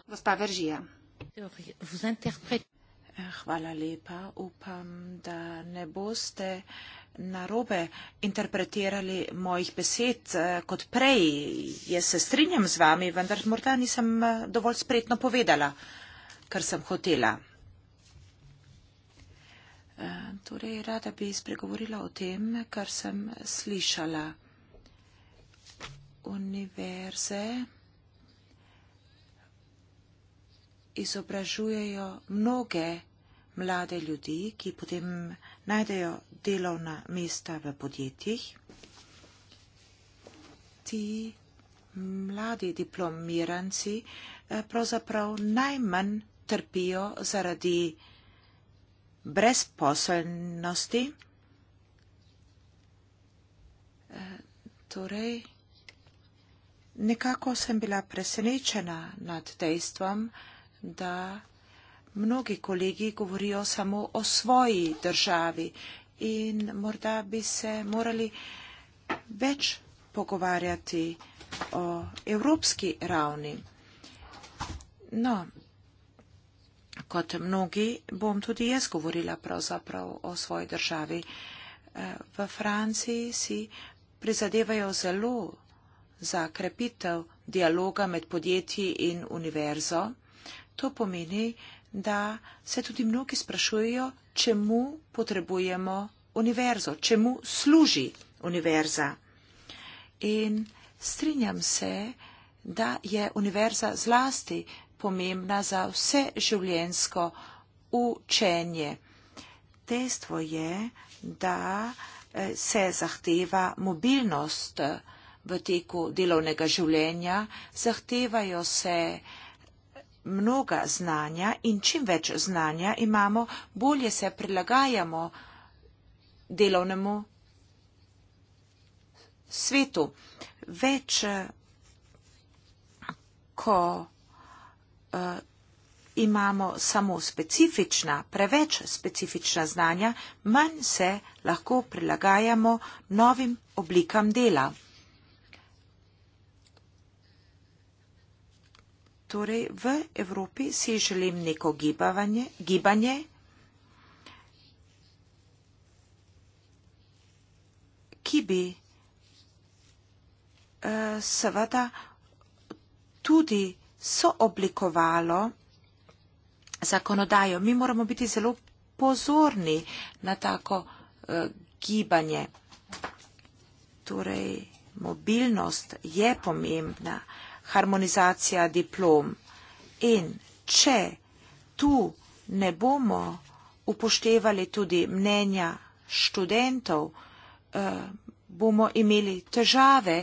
Gospa Veržija. Hvala lepa. Upam, da ne boste narobe interpretirali mojih besed eh, kot prej. Jaz se strinjam z vami, vendar morda nisem eh, dovolj spretno povedala, kar sem hotela. Eh, torej, rada bi spregovorila o tem, kar sem slišala. Univerze. izobražujejo mnoge mlade ljudi, ki potem najdejo delovna mesta v podjetjih. Ti mladi diplomiranci eh, pravzaprav najmanj trpijo zaradi brezposelnosti. Eh, torej, nekako sem bila presenečena nad dejstvom, da mnogi kolegi govorijo samo o svoji državi in morda bi se morali več pogovarjati o evropski ravni. No, kot mnogi bom tudi jaz govorila pravzaprav o svoji državi. Eh, v Franciji si prizadevajo zelo za krepitev dialoga med podjetji in univerzo. To pomeni, da se tudi mnogi sprašujejo, čemu potrebujemo univerzo, čemu služi univerza. In strinjam se, da je univerza zlasti pomembna za vse življensko učenje. Dejstvo je, da eh, se zahteva mobilnost eh, v teku delovnega življenja, zahtevajo se eh, mnoga znanja in čim več znanja imamo, bolje se prilagajamo delovnemu svetu. Več, eh, ko uh, imamo samo specifična, preveč specifična znanja, manj se lahko prilagajamo novim oblikam dela. Torej, v Evropi si želim neko gibavanje, gibanje, ki bi eh, seveda tudi sooblikovalo zakonodajo. Mi moramo biti zelo pozorni na tako eh, gibanje. Torej, mobilnost je pomembna harmonizacija diplom. In če tu ne bomo upoštevali tudi mnenja študentov, eh, bomo imeli težave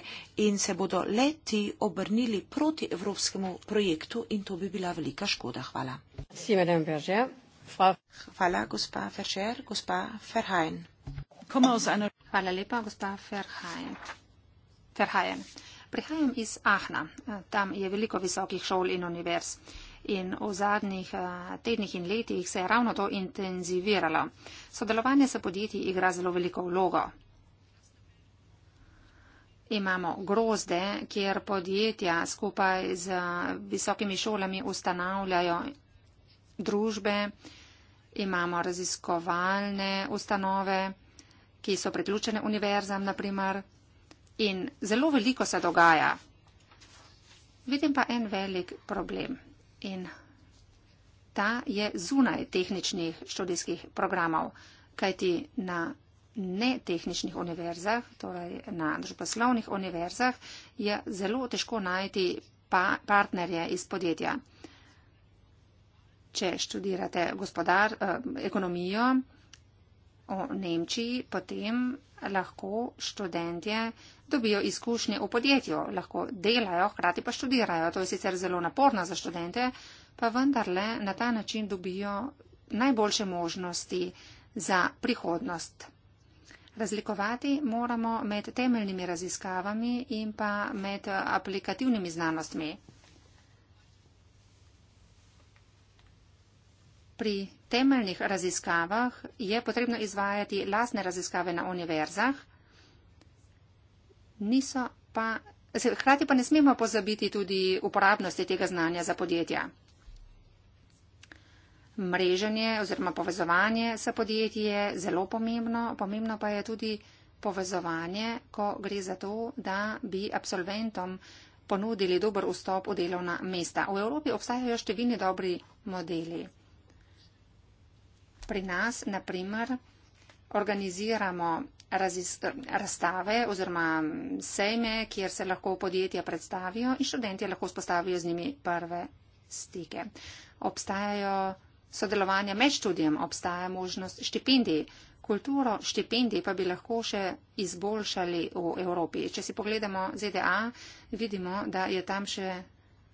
in se bodo leti obrnili proti evropskemu projektu in to bi bila velika škoda. Hvala. Hvala, gospa Ferger, gospa Ferhajn. Hvala lepa, gospa Ferhajn. Ferhajn. Prihajam iz Ahna, tam je veliko visokih šol in univerz. In v zadnjih eh, tednih in letih se je ravno to intenziviralo. Sodelovanje s podjetji igra zelo veliko vlogo. Imamo grozde, kjer podjetja skupaj z visokimi šolami ustanavljajo družbe, imamo raziskovalne ustanove, ki so priključene univerzam, naprimer in zelo veliko se dogaja. Vidim pa en velik problem in ta je zunaj tehničnih študijskih programov, kajti na netehničnih univerzah, torej na družboslovnih univerzah, je zelo težko najti pa partnerje iz podjetja. Če študirate gospodar, eh, ekonomijo, o Nemčiji, potem lahko študentje dobijo izkušnje v podjetju, lahko delajo, hkrati pa študirajo. To je sicer zelo naporno za študente, pa vendarle na ta način dobijo najboljše možnosti za prihodnost. Razlikovati moramo med temeljnimi raziskavami in pa med aplikativnimi znanostmi. pri temeljnih raziskavah je potrebno izvajati lasne raziskave na univerzah, pa, hkrati pa ne smemo pozabiti tudi uporabnosti tega znanja za podjetja. Mreženje oziroma povezovanje sa podjetji je zelo pomembno, pomembno pa je tudi povezovanje, ko gre za to, da bi absolventom ponudili dober vstop v delovna mesta. V Evropi obstajajo številni dobri modeli pri nas, naprimer, organiziramo razis, razstave oziroma sejme, kjer se lahko podjetja predstavijo in študentje lahko spostavijo z njimi prve stike. Obstajajo sodelovanja med študijem, obstaja možnost štipendij. Kulturo štipendij pa bi lahko še izboljšali v Evropi. Če si pogledamo ZDA, vidimo, da je tam še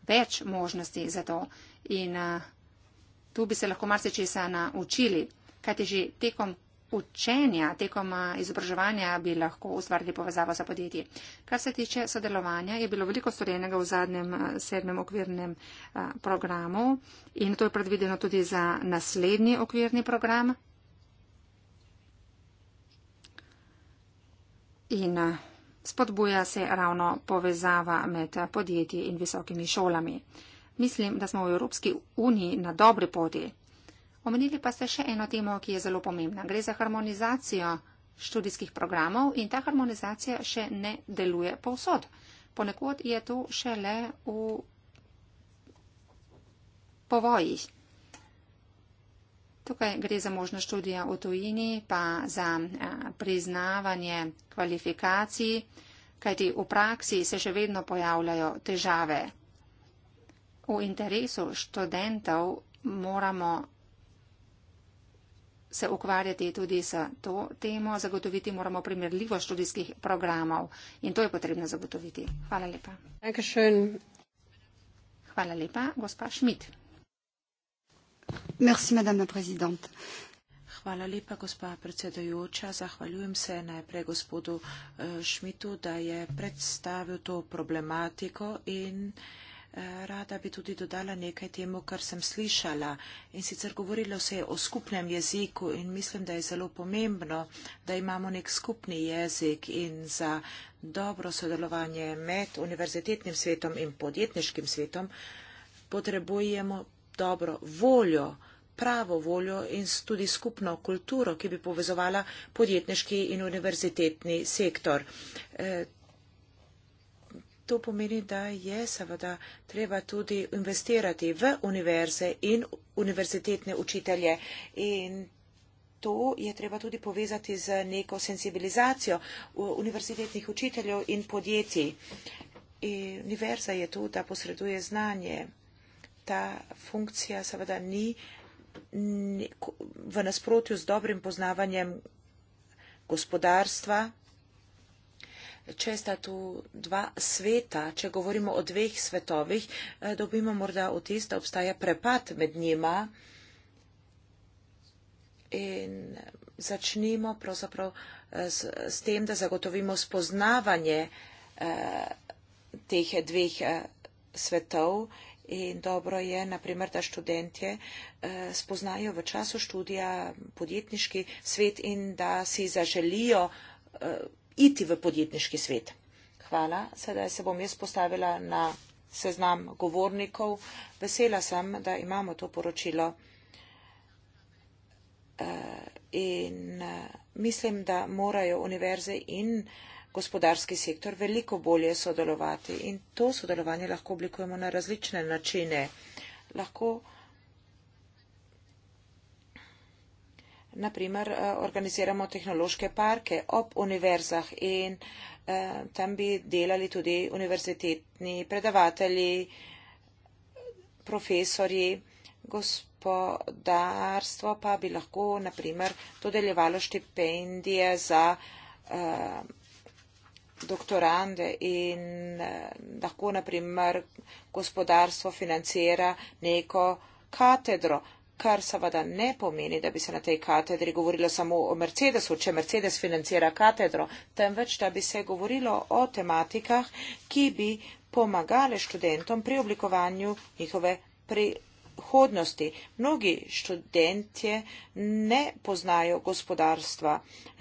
več možnosti za to. In tu bi se lahko marsičesa naučili, kajti že tekom učenja, tekom izobraževanja bi lahko ustvarili povezavo za podjetje. Kar se tiče sodelovanja, je bilo veliko storjenega v zadnjem sedmem okvirnem programu in to je predvideno tudi za naslednji okvirni program. In spodbuja se ravno povezava med podjetji in visokimi šolami. Mislim, da smo v Evropski uniji na dobri poti. Omenili pa ste še eno temo, ki je zelo pomembna. Gre za harmonizacijo študijskih programov in ta harmonizacija še ne deluje povsod. Ponekod je to še le v povojih. Tukaj gre za možno študija v tujini, pa za priznavanje kvalifikacij, kajti v praksi se še vedno pojavljajo težave v interesu študentov moramo se ukvarjati tudi s to temo, zagotoviti moramo primerljivo študijskih programov in to je potrebno zagotoviti. Hvala lepa. Dankeschön. Hvala lepa, gospa Šmit. Merci, madame la présidente. Hvala lepa, gospa predsedojoča. Zahvaljujem se najprej gospodu Šmitu, eh, da je predstavil to problematiko in uh, Rada bi tudi dodala nekaj temu, kar sem slišala. In sicer govorilo se je o skupnem jeziku in mislim, da je zelo pomembno, da imamo nek skupni jezik in za dobro sodelovanje med univerzitetnim svetom in podjetniškim svetom potrebujemo dobro voljo, pravo voljo in tudi skupno kulturo, ki bi povezovala podjetniški in univerzitetni sektor. E, To pomeni, da je seveda treba tudi investirati v univerze in univerzitetne učitelje. In to je treba tudi povezati z neko sensibilizacijo univerzitetnih učiteljev in podjetij. In univerza je tu, da posreduje znanje. Ta funkcija seveda ni v nasprotju z dobrim poznavanjem gospodarstva če sta tu dva sveta, če govorimo o dveh svetovih, eh, dobimo morda vtis, da obstaja prepad med njima. In začnimo pravzaprav eh, s, s tem, da zagotovimo spoznavanje eh, teh dveh eh, svetov. In dobro je, naprimer, da študentje eh, spoznajo v času študija podjetniški svet in da si zaželijo eh, iti v podjetniški svet. Hvala, sedaj se bom jaz postavila na seznam govornikov. Vesela sem, da imamo to poročilo eh, in eh, mislim, da morajo univerze in gospodarski sektor veliko bolje sodelovati in to sodelovanje lahko oblikujemo na različne načine. Lahko na primer eh, organiziramo tehnološke parke ob univerzah in eh, tam bi delali tudi univerzitetni predavatelji, profesori, gospodarstvo pa bi lahko na primer dodeljevalo štipendije za eh, doktorande in lahko na primer gospodarstvo financira neko katedro kar seveda ne pomeni, da bi se na tej katedri govorilo samo o Mercedesu, če Mercedes financira katedro, temveč da bi se govorilo o tematikah, ki bi pomagale študentom pri oblikovanju njihove prihodnosti. Mnogi študentje ne poznajo gospodarstva,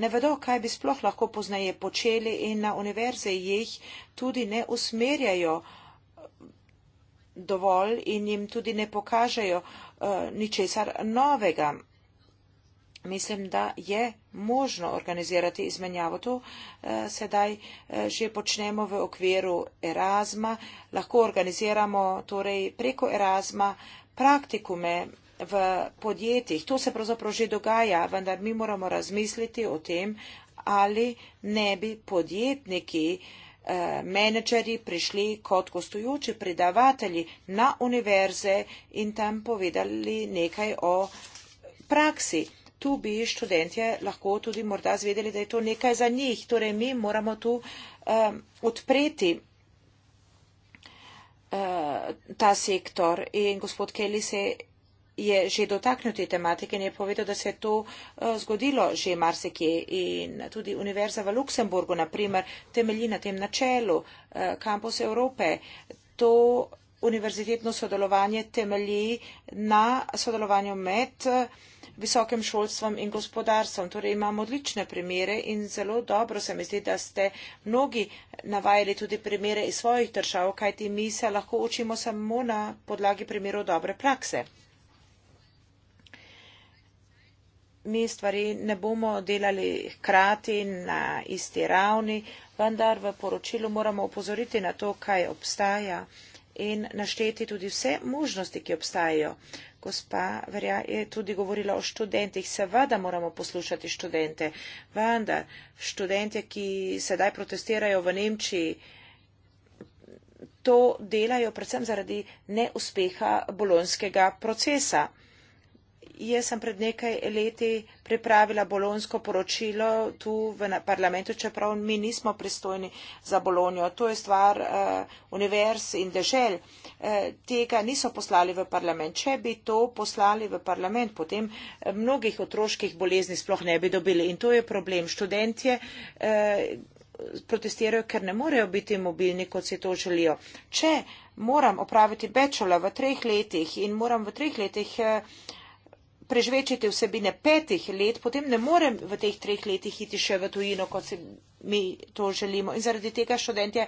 ne vedo, kaj bi sploh lahko poznaje počeli in na univerze jih tudi ne usmerjajo dovolj in jim tudi ne pokažejo uh, ničesar novega. Mislim, da je možno organizirati izmenjavo. To eh, sedaj eh, že počnemo v okviru Erasma. Lahko organiziramo torej, preko Erasma praktikume v podjetjih. To se pravzaprav že dogaja, vendar mi moramo razmisliti o tem, ali ne bi podjetniki eh, Eh, menedžerji prišli kot gostujoči predavatelji na univerze in tam povedali nekaj o praksi. Tu bi študentje lahko tudi morda zvedeli, da je to nekaj za njih. Torej, mi moramo tu um, odpreti uh, ta sektor. In gospod Kelly se je že dotaknil te tematike in je povedal, da se je to eh, zgodilo že marsikje in tudi Univerza v Luksemburgu, naprimer, temelji na tem načelu Kampus eh, Evrope. To univerzitetno sodelovanje temelji na sodelovanju med eh, visokim šolstvom in gospodarstvom. Torej imamo odlične primere in zelo dobro se mi zdi, da ste mnogi navajali tudi primere iz svojih držav, kajti mi se lahko učimo samo na podlagi primerov dobre prakse. mi stvari ne bomo delali hkrati na isti ravni, vendar v poročilu moramo upozoriti na to, kaj obstaja in našteti tudi vse možnosti, ki obstajajo. Gospa Verja je tudi govorila o študentih. Seveda moramo poslušati študente, vendar študente, ki sedaj protestirajo v Nemčiji, to delajo predvsem zaradi neuspeha bolonskega procesa. Jaz sem pred nekaj leti pripravila bolonsko poročilo tu v parlamentu, čeprav mi nismo pristojni za bolonjo. To je stvar uh, univerz in dežel. Uh, tega niso poslali v parlament. Če bi to poslali v parlament, potem eh, mnogih otroških bolezni sploh ne bi dobili. In to je problem. Študentje. Uh, protestirajo, ker ne morejo biti mobilni, kot si to želijo. Če moram opraviti bečola v treh letih in moram v treh letih eh, prežvečiti vsebine petih let, potem ne morem v teh treh letih iti še v tujino, kot si mi to želimo. In zaradi tega študentje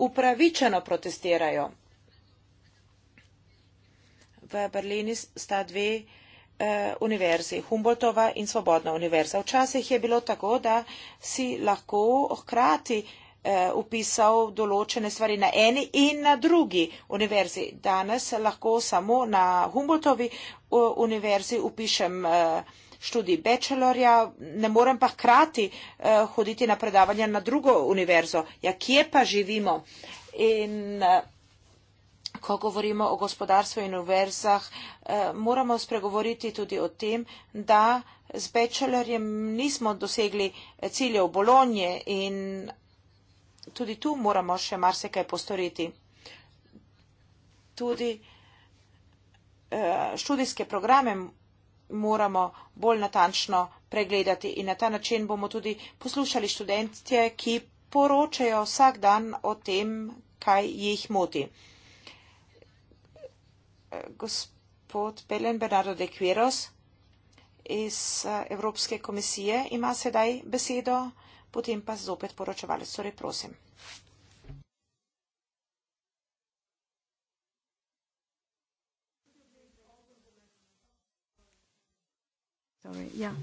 upravičeno protestirajo. V Berlini sta dve eh, univerzi, Humboldtova in Svobodna univerza. Včasih je bilo tako, da si lahko hkrati eh, upisal eh, določene stvari na eni in na drugi univerzi. Danes lahko samo na Humboldtovi univerzi upišem eh, študij bachelorja, ne morem pa hkrati eh, hoditi na predavanja na drugo univerzo. Ja, kje pa živimo? In ko govorimo o gospodarstvu in univerzah, moramo spregovoriti tudi o tem, da z bachelorjem nismo dosegli ciljev Bolonje in tudi tu moramo še marsikaj postoriti. Tudi eh, študijske programe moramo bolj natančno pregledati in na ta način bomo tudi poslušali študentje, ki poročajo vsak dan o tem, kaj jih moti. Eh, gospod Pelen Bernardo de Quiros iz eh, Evropske komisije ima sedaj besedo potem pa zopet poročevalec, torej prosim. Yeah.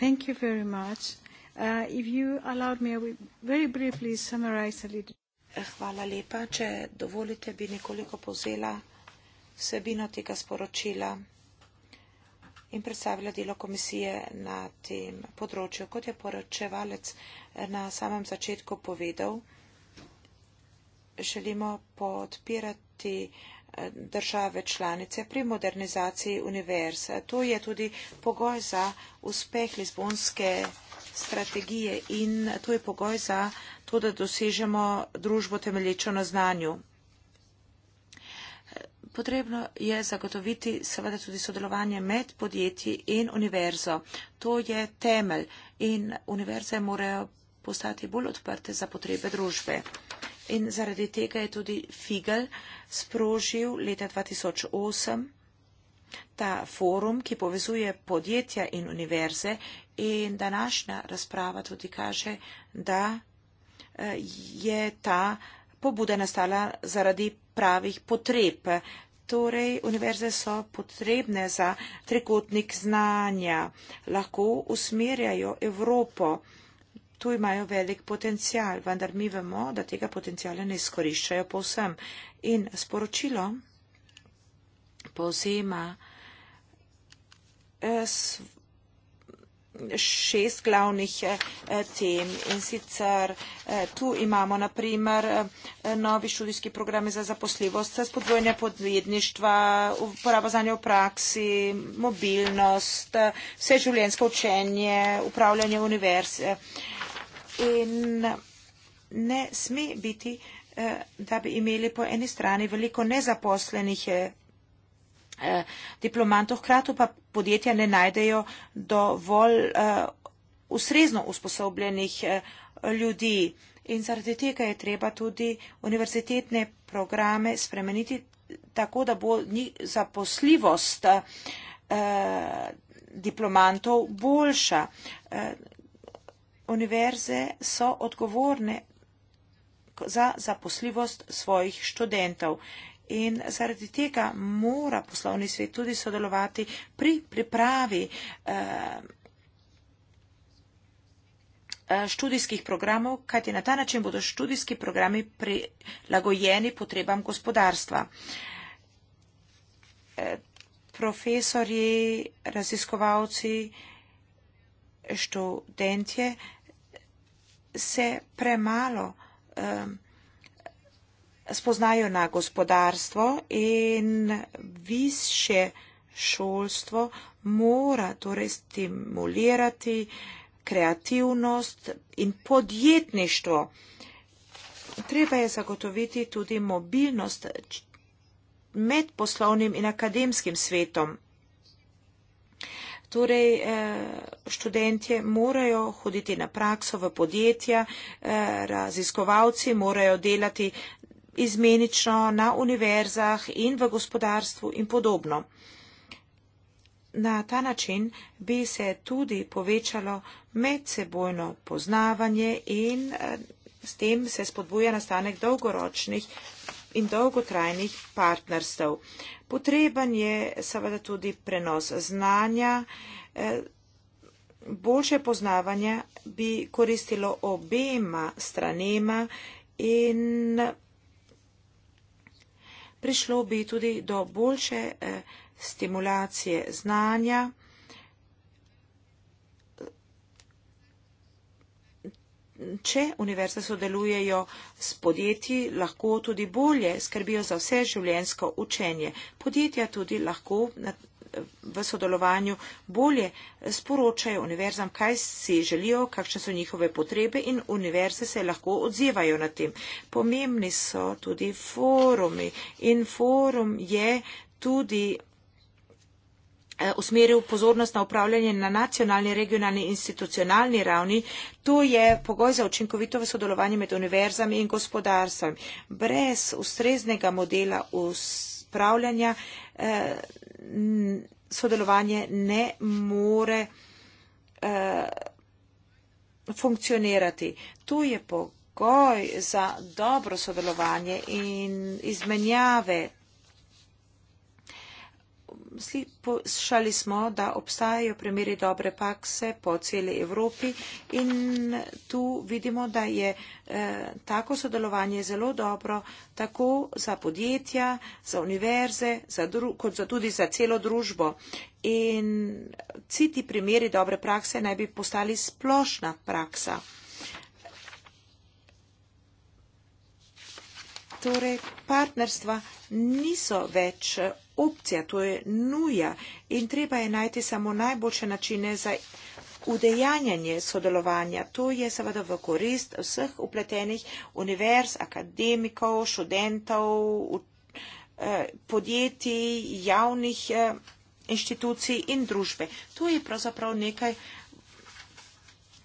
Thank you very much. Uh, if you allowed me, I will very briefly summarize a little. Eh, hvala lepa. Če dovolite, bi nekoliko povzela vsebino tega sporočila in predstavila delo komisije na tem področju. Kot je poročevalec eh, na samem začetku povedal, želimo podpirati eh, države članice pri modernizaciji univerz. To je tudi pogoj za uspeh Lizbonske strategije in to je pogoj za to, da dosežemo družbo temelječo na znanju. Potrebno je zagotoviti seveda tudi sodelovanje med podjetji in univerzo. To je temelj in univerze morajo postati bolj odprte za potrebe družbe. In zaradi tega je tudi Figel sprožil leta 2008 ta forum, ki povezuje podjetja in univerze in današnja razprava tudi kaže, da eh, je ta pobuda nastala zaradi pravih potreb. Torej, univerze so potrebne za trikotnik znanja, lahko usmerjajo Evropo. Tu imajo velik potencial, vendar mi vemo, da tega potencijala ne izkoriščajo povsem. In sporočilo povzema eh, šest glavnih eh, eh, tem. In sicer eh, tu imamo na primer novi študijski program za zaposljivost, spodbojanje podjedništva, uporaba znanja v praksi, mobilnost, vse življenjsko učenje, upravljanje univerze. In ne sme biti da bi imeli po eni strani veliko nezaposlenih Eh, diplomantov, hkrati pa podjetja ne najdejo dovolj eh, ustrezno usposobljenih eh, ljudi. In zaradi tega je treba tudi univerzitetne programe spremeniti tako, da bo zaposljivost diplomantov boljša. Univerze so odgovorne za zaposljivost svojih študentov in zaradi tega mora poslovni svet tudi sodelovati pri pripravi eh, eh, študijskih programov, kajti na ta način bodo študijski programi prilagojeni potrebam gospodarstva. Eh, Profesori, raziskovalci, študentje se premalo um, spoznajo na gospodarstvo in višje šolstvo mora torej stimulirati kreativnost in podjetništvo. Treba je zagotoviti tudi mobilnost med poslovnim in akademskim svetom. Torej, eh, študentje morajo hoditi na prakso v podjetja, eh, raziskovalci morajo delati izmenično na univerzah in v gospodarstvu in podobno. Na ta način bi se tudi povečalo medsebojno poznavanje in eh, s tem se spodbuja nastanek dolgoročnih in dolgotrajnih partnerstv. Potreben je seveda tudi prenos znanja. Eh, boljše poznavanje bi koristilo obema stranema in prišlo bi tudi do boljše eh, stimulacije znanja, Če univerze sodelujejo s podjetji, lahko tudi bolje skrbijo za vse življenjsko učenje. Podjetja tudi lahko v sodelovanju bolje sporočajo univerzam, kaj si želijo, kakšne so njihove potrebe in univerze se lahko odzivajo na tem. Pomembni so tudi forumi in forum je tudi eh, usmeril pozornost na upravljanje na nacionalni, regionalni in institucionalni ravni. To je pogoj za učinkovito sodelovanje med univerzami in gospodarstvom. Brez ustreznega modela upravljanja eh, sodelovanje ne more eh, funkcionirati. Tu je pogoj za dobro sodelovanje in izmenjave Slišali smo, da obstajajo primeri dobre pakse po celi Evropi in tu vidimo, da je eh, tako sodelovanje zelo dobro, tako za podjetja, za univerze, za kot za tudi za celo družbo. In vsi ti primeri dobre prakse naj bi postali splošna praksa. Torej, partnerstva niso več opcija, to je nuja in treba je najti samo najboljše načine za udejanjanje sodelovanja. To je seveda v korist vseh upletenih univerz, akademikov, študentov, eh, podjetij, javnih eh, inštitucij in družbe. To je pravzaprav nekaj,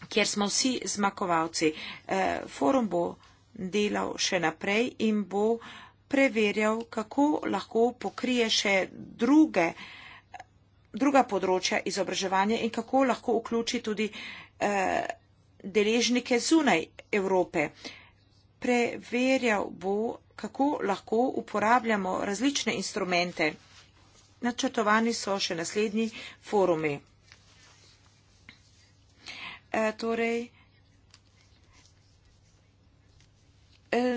kjer smo vsi zmakovalci. Eh, forum bo delal še naprej in bo preverjal, kako lahko pokrije še druge, druga področja izobraževanja in kako lahko vključi tudi eh, deležnike zunaj Evrope. Preverjal bo, kako lahko uporabljamo različne instrumente. Načrtovani so še naslednji forumi. Eh, torej,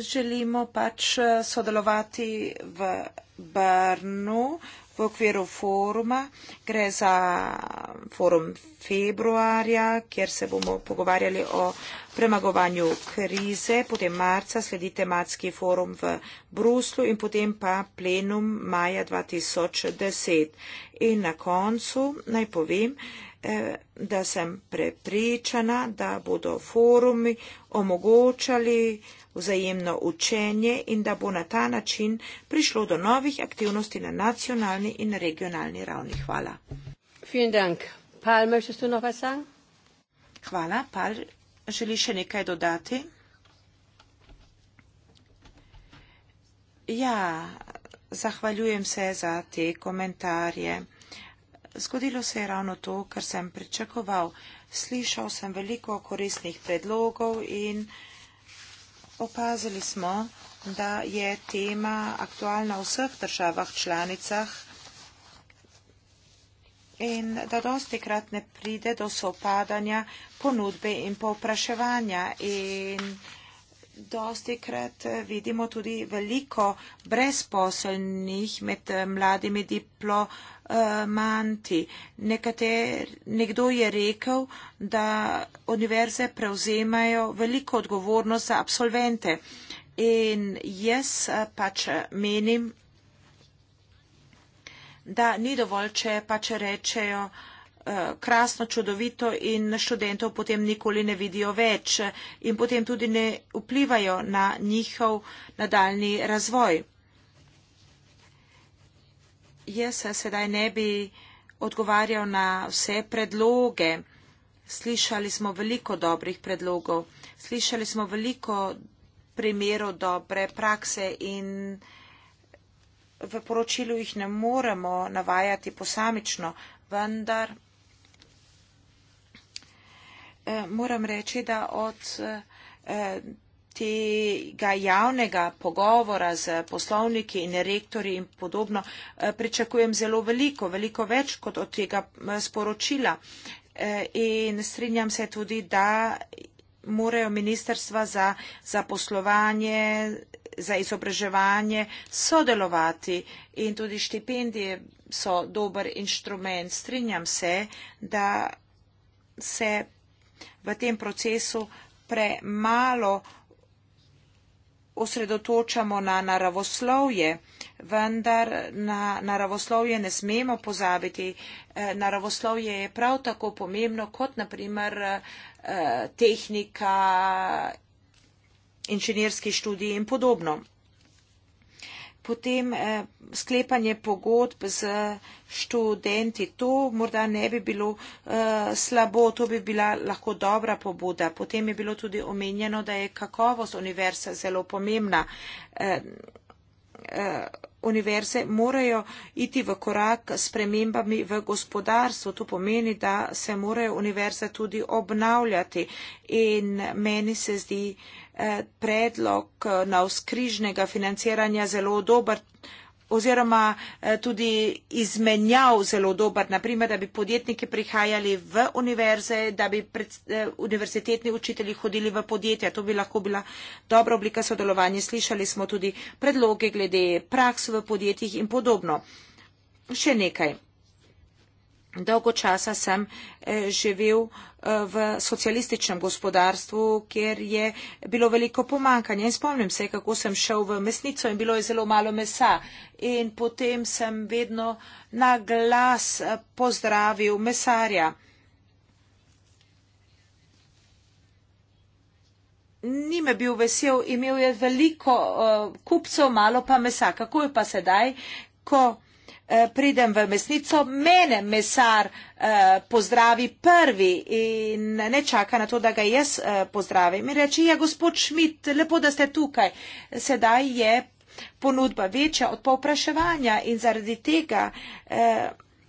Želimo pač eh, sodelovati v Brnu v okviru foruma. Gre za forum februarja, kjer se bomo pogovarjali o premagovanju krize, potem marca sledi tematski forum v Bruslu in potem pa plenum maja 2010. In na koncu naj povem, eh, da sem prepričana, da bodo forumi omogočali vzajemno učenje in da bo na ta način prišlo do novih aktivnosti na nacionalni in regionalni ravni. Hvala. Hvala. Pal, želi še nekaj dodati? Ja, zahvaljujem se za te komentarje. Zgodilo se je ravno to, kar sem pričakoval. Slišal sem veliko koristnih predlogov in opazili smo, da je tema aktualna v vseh državah članicah in da dosti krat ne pride do sopadanja ponudbe in povpraševanja. In dosti krat vidimo tudi veliko brezposelnih med eh, mladimi diplomanti. Nekater, nekdo je rekel, da univerze prevzemajo veliko odgovornost za absolvente. In jaz eh, pač menim, da ni dovolj, če pa če rečejo eh, krasno, čudovito in študentov potem nikoli ne vidijo več in potem tudi ne vplivajo na njihov nadaljni razvoj. Jaz sedaj ne bi odgovarjal na vse predloge. Slišali smo veliko dobrih predlogov, slišali smo veliko primerov dobre prakse in v poročilu jih ne moremo navajati posamično, vendar eh, moram reči, da od eh, tega javnega pogovora z poslovniki in rektori in podobno eh, pričakujem zelo veliko, veliko več kot od tega sporočila. In strinjam se tudi, da morajo ministerstva za zaposlovanje, za izobraževanje sodelovati in tudi štipendije so dober inštrument. Strinjam se, da se v tem procesu premalo osredotočamo na naravoslovje, vendar na naravoslovje ne smemo pozabiti. Eh, naravoslovje je prav tako pomembno kot naprimer eh, Eh, tehnika, inženirski študij in podobno. Potem eh, sklepanje pogodb z študenti, to morda ne bi bilo eh, slabo, to bi bila lahko dobra pobuda. Potem je bilo tudi omenjeno, da je kakovost univerza zelo pomembna. Eh, eh, univerze morajo iti v korak s premembami v gospodarstvu. To pomeni, da se morajo univerze tudi obnavljati. In meni se zdi eh, predlog eh, na vzkrižnega financiranja zelo dober oziroma eh, tudi izmenjav zelo dober. Naprimer, da bi podjetniki prihajali v univerze, da bi pred, eh, univerzitetni učitelji hodili v podjetja. To bi lahko bila dobra oblika sodelovanja. Slišali smo tudi predloge glede praks v podjetjih in podobno. Še nekaj. Dolgo časa sem eh, živel eh, v socialističnem gospodarstvu, kjer je bilo veliko pomankanja. In spomnim se, kako sem šel v mesnico in bilo je zelo malo mesa. In potem sem vedno na glas eh, pozdravil mesarja. Ni me bil vesel, imel je veliko kupcev, malo pa mesa. Kako je pa sedaj, ko. Eh, pridem v mesnico, mene mesar eh, pozdravi prvi in ne čaka na to, da ga jaz eh, pozdravim. In reči, ja, gospod Šmit, lepo, da ste tukaj. Sedaj je ponudba večja od povpraševanja in zaradi tega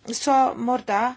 so morda.